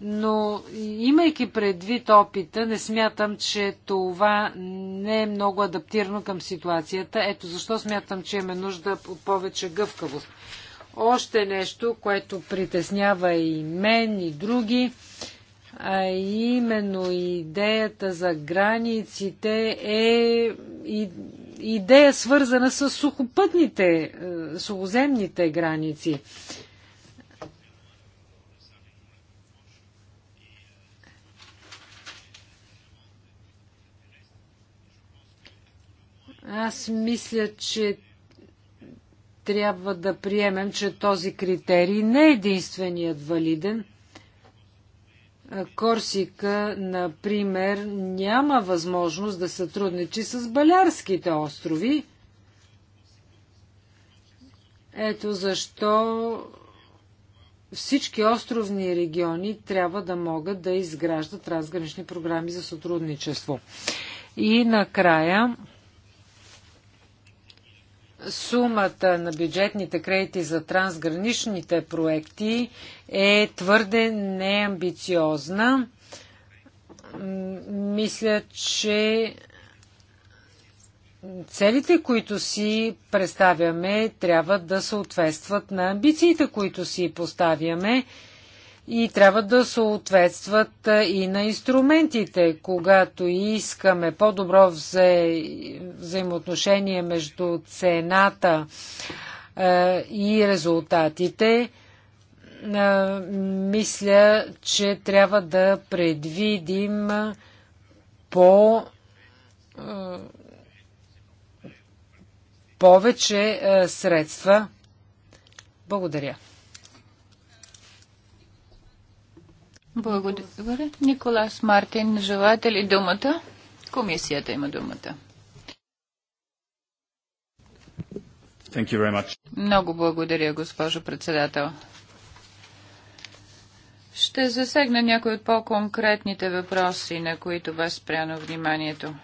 но имайки предвид опита, не смятам, че това не е много адаптирано към ситуацията. Ето защо смятам, че имаме нужда от повече гъвкавост. Още нещо, което притеснява и мен, и други, а именно идеята за границите е идея свързана с сухопътните, е, сухоземните граници. Аз мисля, че трябва да приемем, че този критерий не е единственият валиден. Корсика, например, няма възможност да сътрудничи с Балярските острови. Ето защо всички островни региони трябва да могат да изграждат разгранични програми за сътрудничество. И накрая сумата на бюджетните кредити за трансграничните проекти е твърде неамбициозна. Мисля, че целите, които си представяме, трябва да съответстват на амбициите, които си поставяме и трябва да съответстват и на инструментите. Когато искаме по-добро вза... взаимоотношение между цената е, и резултатите, е, мисля, че трябва да предвидим по повече средства. Благодаря. Благодаря. Николас Мартин, желаете ли думата? Комисията има думата. Thank you very much. Много благодаря, госпожо председател. Ще засегна някои от по-конкретните въпроси, на които бе спряно вниманието.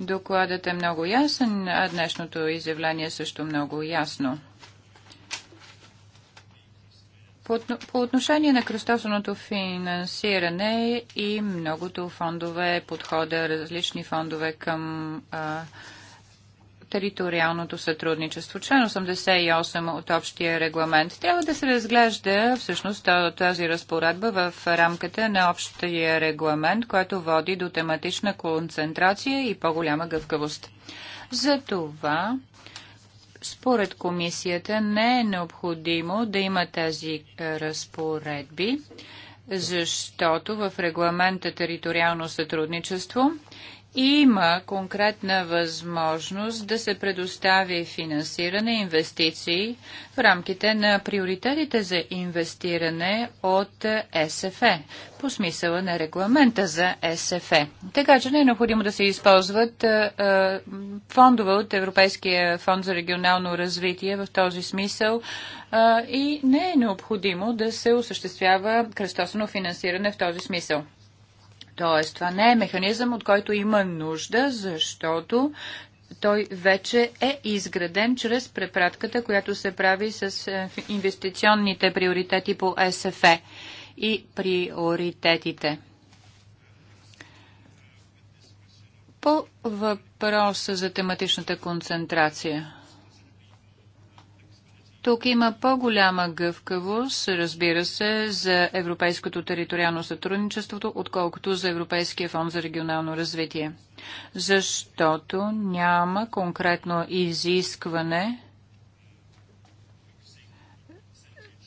Докладът е много ясен, а днешното изявление е също много ясно. По, по отношение на кръстосаното финансиране и многото фондове, подхода, различни фондове към а, териториалното сътрудничество. Член 88 от общия регламент трябва да се разглежда всъщност тази разпоредба в рамката на общия регламент, който води до тематична концентрация и по-голяма гъвкавост. За това според комисията не е необходимо да има тези е, разпоредби, защото в регламента териториално сътрудничество има конкретна възможност да се предостави финансиране, инвестиции в рамките на приоритетите за инвестиране от СФЕ по смисъла на регламента за СФЕ. Така че не е необходимо да се използват фондове от Европейския фонд за регионално развитие в този смисъл и не е необходимо да се осъществява кръстосано финансиране в този смисъл. Тоест, това не е механизъм, от който има нужда, защото той вече е изграден чрез препратката, която се прави с е, инвестиционните приоритети по СФЕ и приоритетите. По въпроса за тематичната концентрация. Тук има по-голяма гъвкавост, разбира се, за европейското териториално сътрудничеството, отколкото за Европейския фонд за регионално развитие. Защото няма конкретно изискване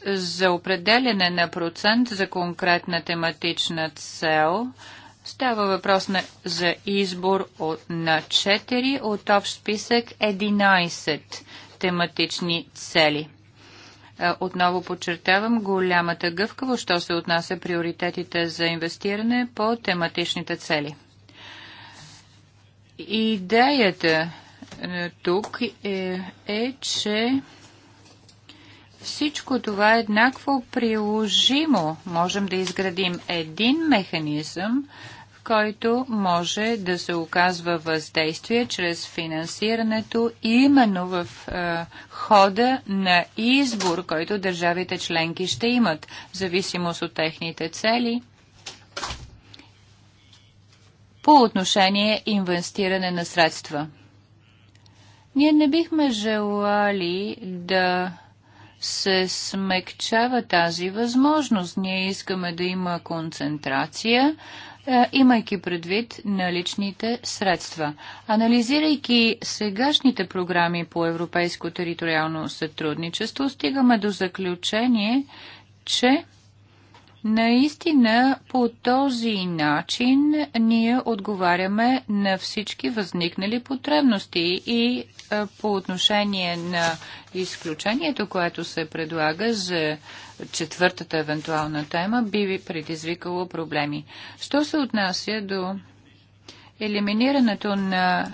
за определене на процент за конкретна тематична цел. Става въпрос на, за избор от, на 4 от общ списък 11 тематични цели. Е, отново подчертавам голямата гъвкаво, що се отнася приоритетите за инвестиране по тематичните цели. Идеята е, тук е, е че всичко това е еднакво приложимо. Можем да изградим един механизъм който може да се оказва въздействие чрез финансирането именно в е, хода на избор, който държавите членки ще имат, в зависимост от техните цели по отношение инвестиране на средства. Ние не бихме желали да се смекчава тази възможност. Ние искаме да има концентрация е, имайки предвид наличните средства. Анализирайки сегашните програми по европейско териториално сътрудничество, стигаме до заключение, че Наистина по този начин ние отговаряме на всички възникнали потребности и е, по отношение на изключението, което се предлага за е, четвъртата евентуална тема би ви предизвикало проблеми. Що се отнася до елиминирането на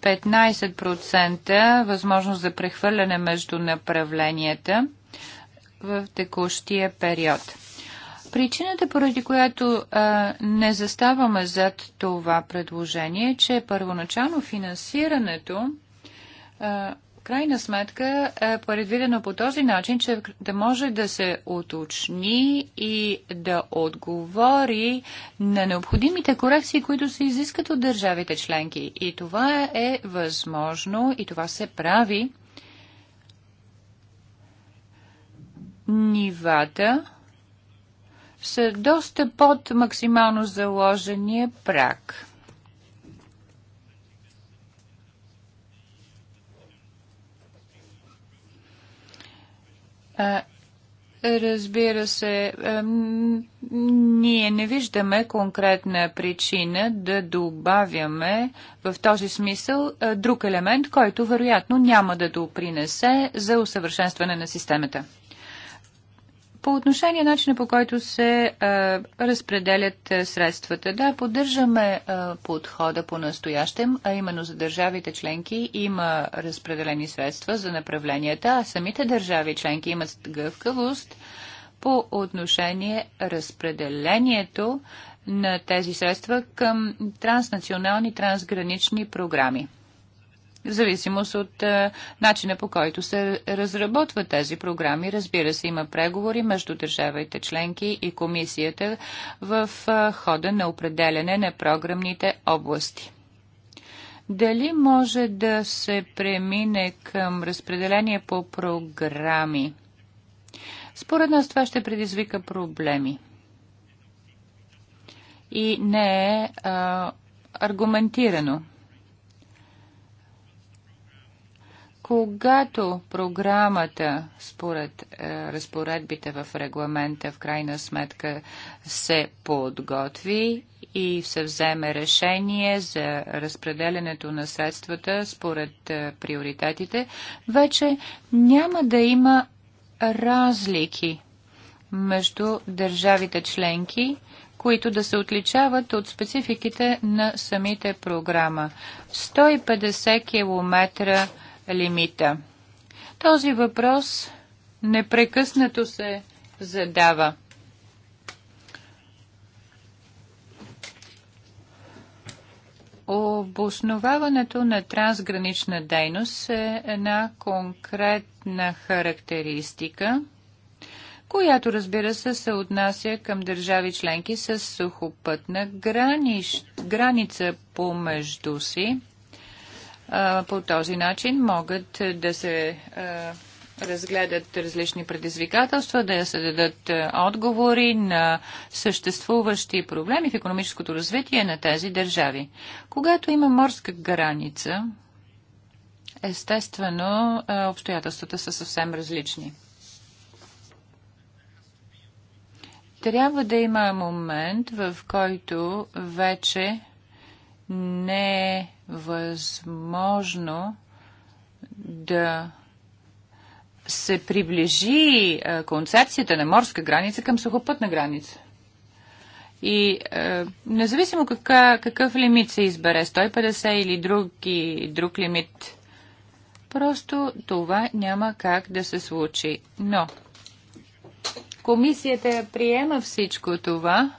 15% възможност за прехвърляне между направленията в текущия период. Причината, поради която а, не заставаме зад това предложение, е, че първоначално финансирането а, крайна сметка е предвидено по този начин, че да може да се уточни и да отговори на необходимите корекции, които се изискат от държавите членки. И това е възможно и това се прави. Нивата са доста под максимално заложения прак. Разбира се, ние не виждаме конкретна причина да добавяме в този смисъл друг елемент, който вероятно няма да допринесе за усъвършенстване на системата. По отношение начина по който се а, е, разпределят а, е, средствата, да, поддържаме а, е, подхода по настоящем, а именно за държавите членки има разпределени средства за направленията, а самите държави членки имат гъвкавост по отношение разпределението на тези средства към транснационални трансгранични програми в зависимост от е, начина по който се разработват тези програми. Разбира се, има преговори между държавите членки и комисията в е, хода на определене на програмните области. Дали може да се премине към разпределение по програми? Според нас това ще предизвика проблеми. И не е аргументирано. когато програмата според е, разпоредбите в регламента в крайна сметка се подготви и се вземе решение за разпределенето на средствата според е, приоритетите, вече няма да има разлики между държавите членки, които да се отличават от спецификите на самите програма. 150 км лимита. Този въпрос непрекъснато се задава. Обосноваването на трансгранична дейност е една конкретна характеристика, която разбира се се отнася към държави членки с сухопътна граниш, граница помежду си по този начин могат да се разгледат различни предизвикателства, да се дадат отговори на съществуващи проблеми в економическото развитие на тези държави. Когато има морска граница, естествено обстоятелствата са съвсем различни. Трябва да има момент, в който вече не е възможно да се приближи концепцията на морска граница към сухопътна граница. И е, независимо кака, какъв лимит се избере, 150 или друг, и друг лимит, просто това няма как да се случи. Но комисията приема всичко това,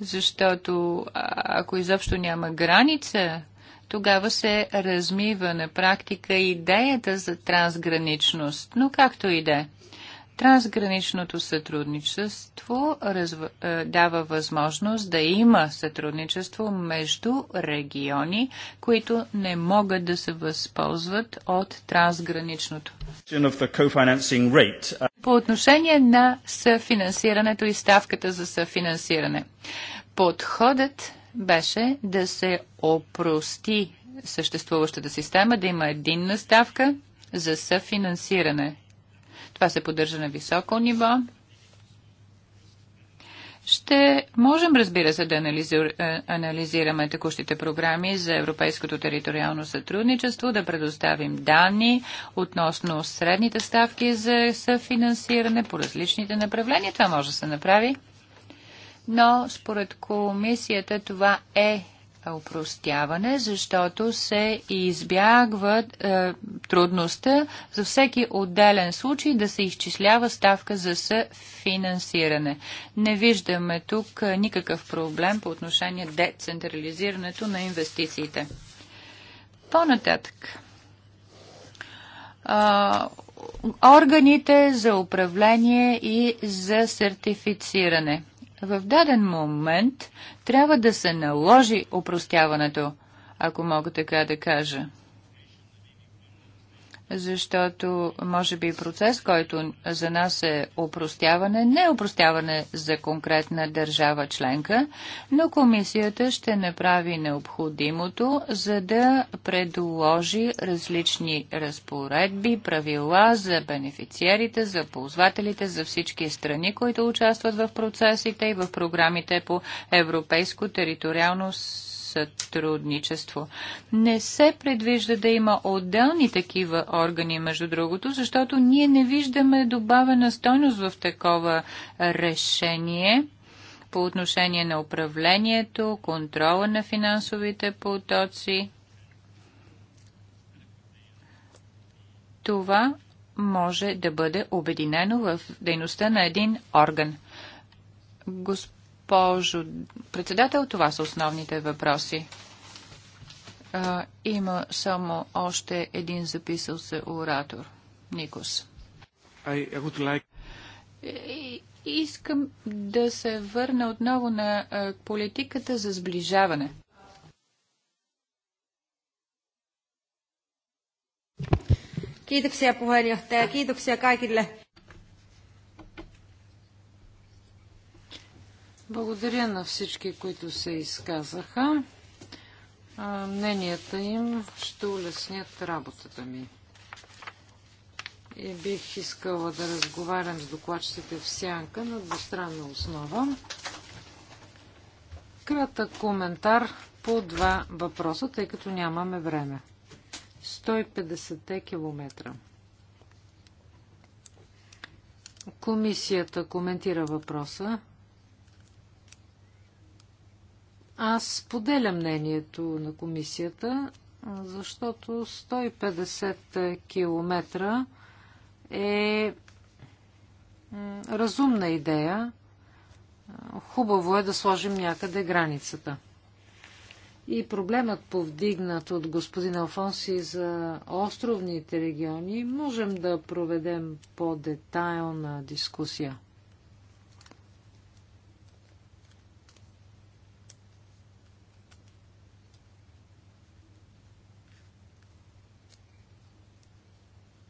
защото ако изобщо няма граница, тогава се размива на практика идеята за трансграничност. Но както и да е. Трансграничното сътрудничество разв... Е, дава възможност да има сътрудничество между региони, които не могат да се възползват от трансграничното. По отношение на съфинансирането и ставката за съфинансиране. Подходът беше да се опрости съществуващата система, да има единна ставка за съфинансиране. Това се поддържа на високо ниво. Ще можем, разбира се, да е, анализираме текущите програми за европейското териториално сътрудничество, да предоставим данни относно средните ставки за съфинансиране по различните направления. Това може да се направи но според комисията това е опростяване, защото се избягва е, трудността за всеки отделен случай да се изчислява ставка за съфинансиране. Не виждаме тук е, никакъв проблем по отношение децентрализирането на инвестициите. По-нататък. органите за управление и за сертифициране в даден момент трябва да се наложи опростяването, ако мога така да кажа защото може би процес, който за нас е опростяване, не е опростяване за конкретна държава членка, но комисията ще направи необходимото, за да предложи различни разпоредби, правила за бенефициерите, за ползвателите, за всички страни, които участват в процесите и в програмите по европейско териториално сътрудничество. Не се предвижда да има отделни такива органи, между другото, защото ние не виждаме добавена стойност в такова решение по отношение на управлението, контрола на финансовите потоци. Това може да бъде обединено в дейността на един орган. Господин госпожо председател. Това са основните въпроси. А, има само още един записал се оратор. Никос. I, I like... И, искам да се върна отново на а, политиката за сближаване. Kiitoksia puheenjohtaja, kiitoksia kaikille Благодаря на всички, които се изказаха. Мненията им ще улеснят работата ми. И бих искала да разговарям с докладчиците в сянка на двустранна основа. Кратък коментар по два въпроса, тъй като нямаме време. 150 километра. Комисията коментира въпроса. Аз поделя мнението на комисията, защото 150 км е разумна идея. Хубаво е да сложим някъде границата. И проблемът повдигнат от господин Алфонси за островните региони можем да проведем по-детайлна дискусия.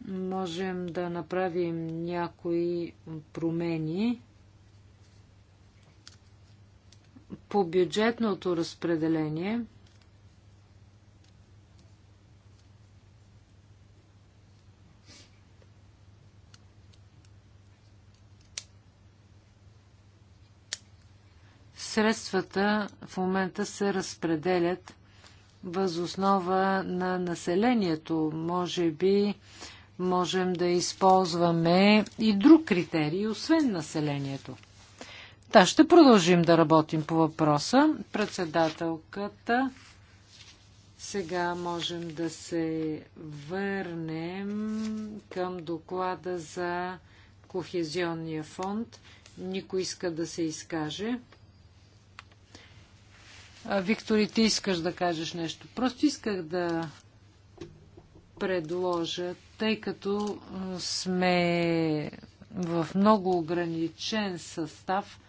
можем да направим някои промени по бюджетното разпределение. Средствата в момента се разпределят възоснова на населението. Може би можем да използваме и друг критерий, освен населението. Та, да, ще продължим да работим по въпроса. Председателката, сега можем да се върнем към доклада за Кохезионния фонд. Никой иска да се изкаже. Виктори, ти искаш да кажеш нещо. Просто исках да предложа, тъй като сме в много ограничен състав,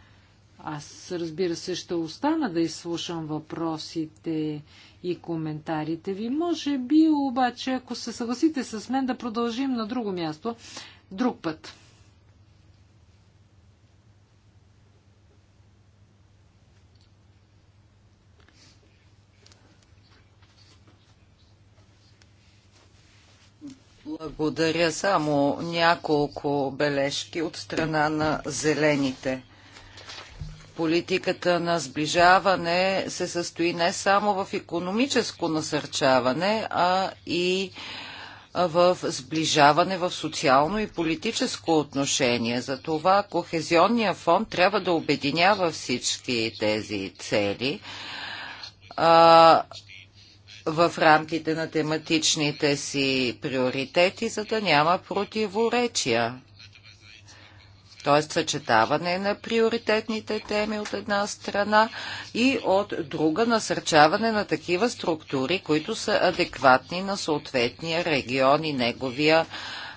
аз разбира се ще остана да изслушам въпросите и коментарите ви. Може би обаче, ако се съгласите с мен, да продължим на друго място, друг път. Благодаря само няколко бележки от страна на зелените. Политиката на сближаване се състои не само в економическо насърчаване, а и в сближаване в социално и политическо отношение. Затова Кохезионния фонд трябва да обединява всички тези цели в рамките на тематичните си приоритети, за да няма противоречия. Тоест съчетаване на приоритетните теми от една страна и от друга насърчаване на такива структури, които са адекватни на съответния регион и неговия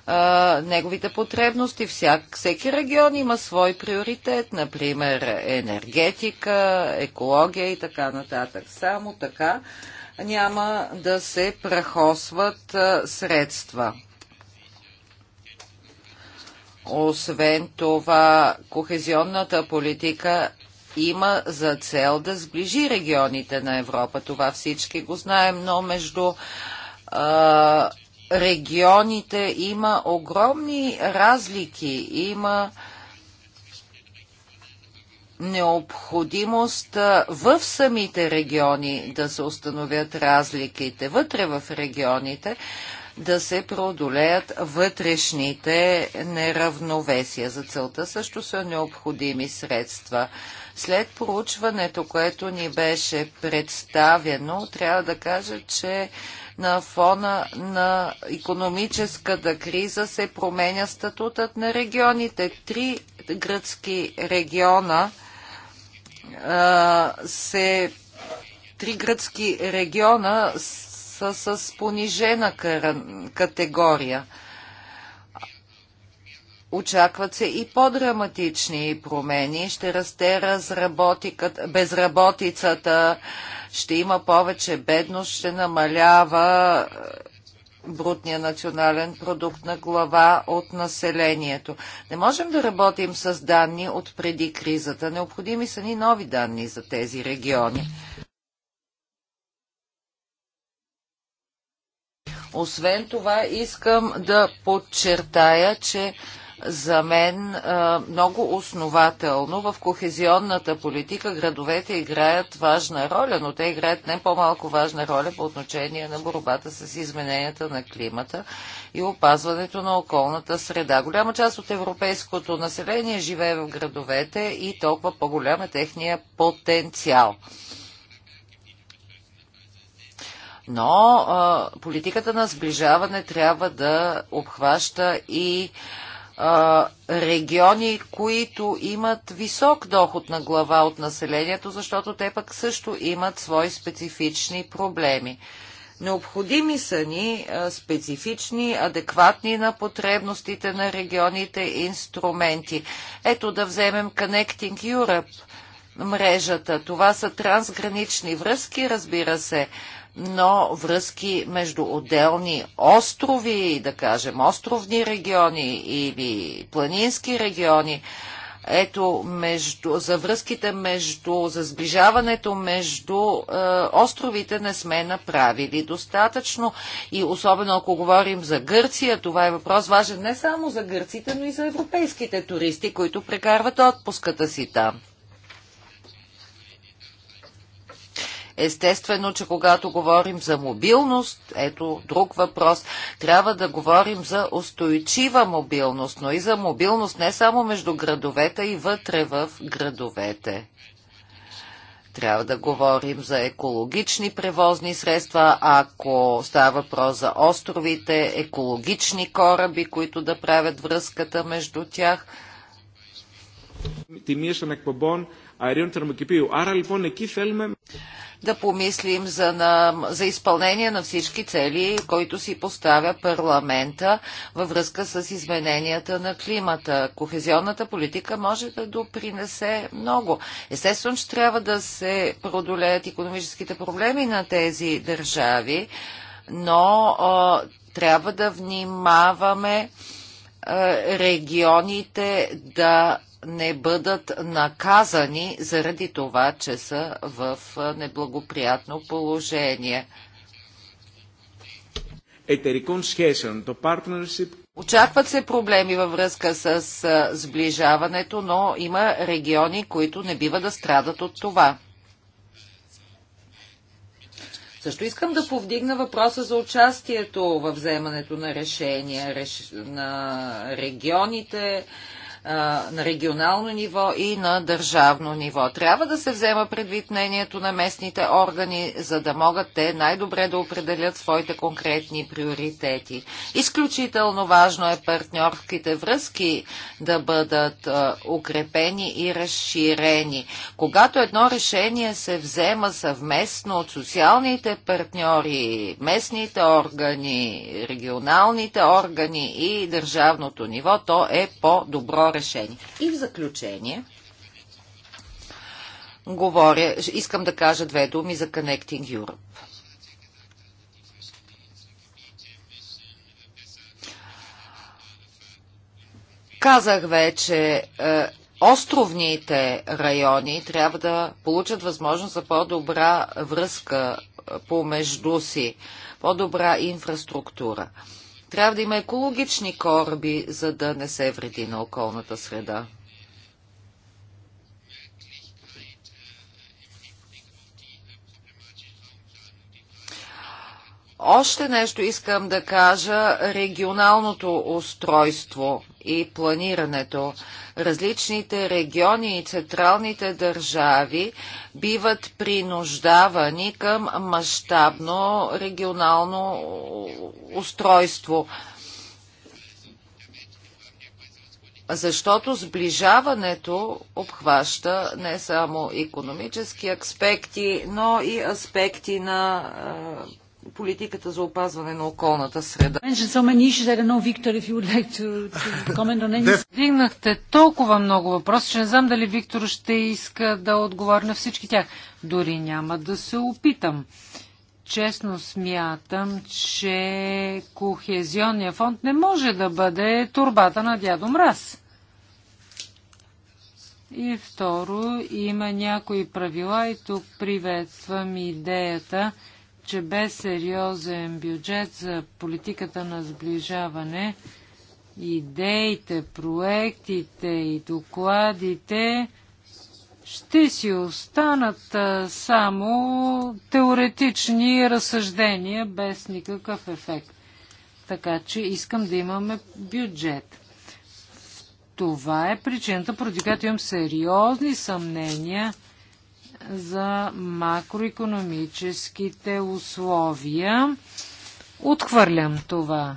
а, неговите потребности. Всяк, всеки регион има свой приоритет, например енергетика, екология и така нататък. Само така няма да се прахосват средства. Освен това, кохезионната политика има за цел да сближи регионите на Европа. Това всички го знаем, но между а, регионите има огромни разлики. Има а, необходимост в самите региони да се установят разликите вътре в регионите, да се преодолеят вътрешните неравновесия. За целта също са необходими средства. След проучването, което ни беше представено, трябва да кажа, че на фона на економическата криза се променя статутът на регионите. Три гръцки региона се три гръцки региона са с понижена категория. Очакват се и по-драматични промени. Ще расте безработицата, ще има повече бедност, ще намалява брутния национален продукт на глава от населението. Не можем да работим с данни от преди кризата. Необходими са ни нови данни за тези региони. Освен това, искам да подчертая, че за мен много основателно. В кохезионната политика градовете играят важна роля, но те играят не по-малко важна роля по отношение на борбата с измененията на климата и опазването на околната среда. Голяма част от европейското население живее в градовете и толкова по-голям е техния потенциал. Но а, политиката на сближаване трябва да обхваща и а, региони, които имат висок доход на глава от населението, защото те пък също имат свои специфични проблеми. Необходими са ни специфични, адекватни на потребностите на регионите инструменти. Ето да вземем Connecting Europe мрежата. Това са трансгранични връзки, разбира се, но връзки между отделни острови, да кажем островни региони или планински региони, ето между, за връзките между, за сближаването между е, островите не сме направили достатъчно и особено ако говорим за Гърция, това е въпрос важен не само за гърците, но и за европейските туристи, които прекарват отпуската си там. Естествено, че когато говорим за мобилност, ето друг въпрос, трябва да говорим за устойчива мобилност, но и за мобилност не само между градовете и вътре в градовете. Трябва да говорим за екологични превозни средства, ако става въпрос за островите, екологични кораби, които да правят връзката между тях. Τη μείωση των εκπομπών αερίων θερμοκηπίου. Άρα λοιπόν да помислим за, на, за изпълнение на всички цели, които си поставя парламента във връзка с измененията на климата. Кохезионната политика може да допринесе много. Естествено, че трябва да се продолеят економическите проблеми на тези държави, но а, трябва да внимаваме а, регионите да не бъдат наказани заради това, че са в неблагоприятно положение. Очакват се проблеми във връзка с сближаването, но има региони, които не бива да страдат от това. Също искам да повдигна въпроса за участието в вземането на решения на регионите, на регионално ниво и на държавно ниво. Трябва да се взема предвид мнението на местните органи, за да могат те най-добре да определят своите конкретни приоритети. Изключително важно е партньорските връзки да бъдат укрепени и разширени. Когато едно решение се взема съвместно от социалните партньори, местните органи, регионалните органи и държавното ниво, то е по-добро решение. И в заключение, говоря, искам да кажа две думи за Connecting Europe. Казах вече, е, островните райони трябва да получат възможност за по-добра връзка е, помежду си, по-добра инфраструктура. Трябва да има екологични кораби, за да не се вреди на околната среда. Още нещо искам да кажа регионалното устройство и планирането. Различните региони и централните държави биват принуждавани към мащабно регионално устройство защото сближаването обхваща не само економически аспекти, но и аспекти на политиката за опазване на околната среда. Дигнахте толкова много въпроси, че не знам дали Виктор ще иска да отговори на всички тях. Дори няма да се опитам. Честно смятам, че Кохезионния фонд не може да бъде турбата на дядо Мраз. И второ, има някои правила и тук приветствам идеята – че без сериозен бюджет за политиката на сближаване, идеите, проектите и докладите ще си останат само теоретични разсъждения без никакъв ефект. Така че искам да имаме бюджет. Това е причината, поради която имам сериозни съмнения – за макроекономическите условия. Отхвърлям това.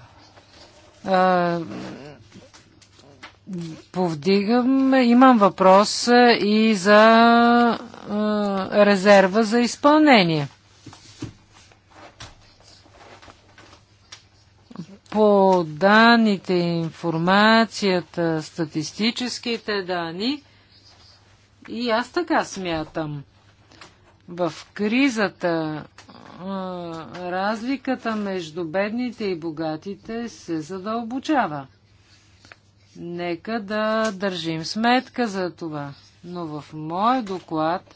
Повдигам, имам въпрос и за резерва за изпълнение. по данните, информацията, статистическите данни. И аз така смятам. В кризата разликата между бедните и богатите се задълбочава. Нека да държим сметка за това. Но в мой доклад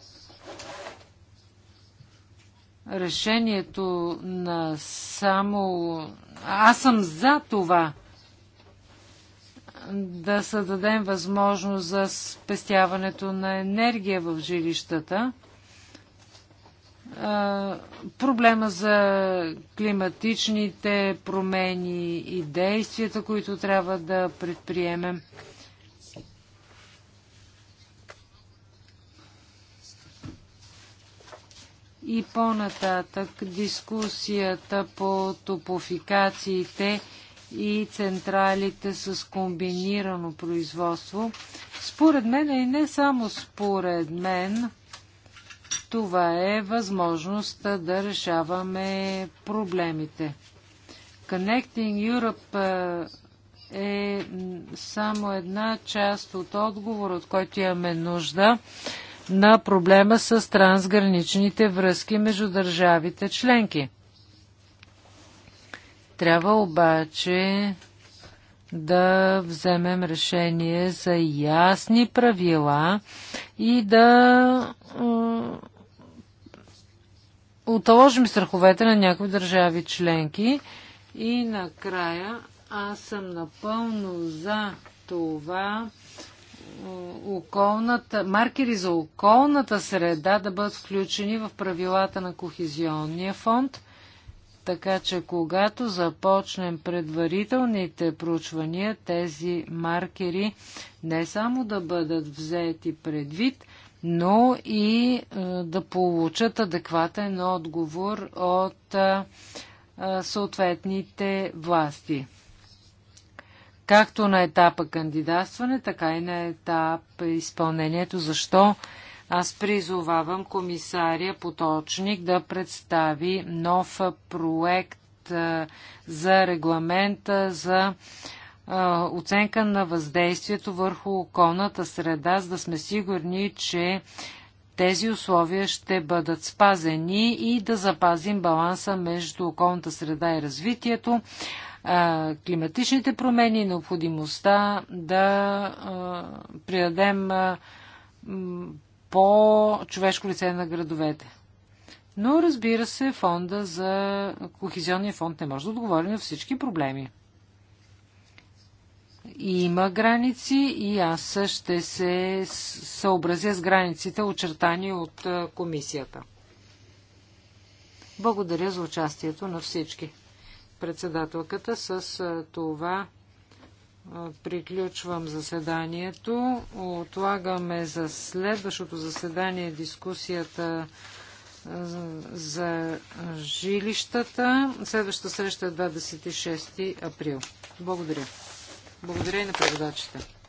решението на само... Аз съм за това да създадем възможност за спестяването на енергия в жилищата – проблема за климатичните промени и действията, които трябва да предприемем. И по-нататък дискусията по топофикациите и централите с комбинирано производство. Според мен и не само според мен, това е възможност да решаваме проблемите. Connecting Europe е, е само една част от отговор, от който имаме нужда на проблема с трансграничните връзки между държавите членки. Трябва обаче да вземем решение за ясни правила и да отложим страховете на някои държави членки. И накрая аз съм напълно за това околната, маркери за околната среда да бъдат включени в правилата на Кохезионния фонд. Така че когато започнем предварителните проучвания, тези маркери не само да бъдат взети предвид, но и е, да получат адекватен отговор от е, е, съответните власти. Както на етапа кандидатстване, така и на етап изпълнението. Защо? Аз призовавам комисаря Поточник да представи нов проект за регламента за оценка на въздействието върху околната среда, за да сме сигурни, че тези условия ще бъдат спазени и да запазим баланса между околната среда и развитието, климатичните промени и необходимостта да придадем по-човешко лице на градовете. Но, разбира се, фонда за Кохизионния фонд не може да отговори на всички проблеми. Има граници и аз ще се съобразя с границите, очертани от комисията. Благодаря за участието на всички. Председателката с това приключвам заседанието. Отлагаме за следващото заседание дискусията за жилищата. Следващата среща е 26 април. Благодаря. Благодаря и на преводачите.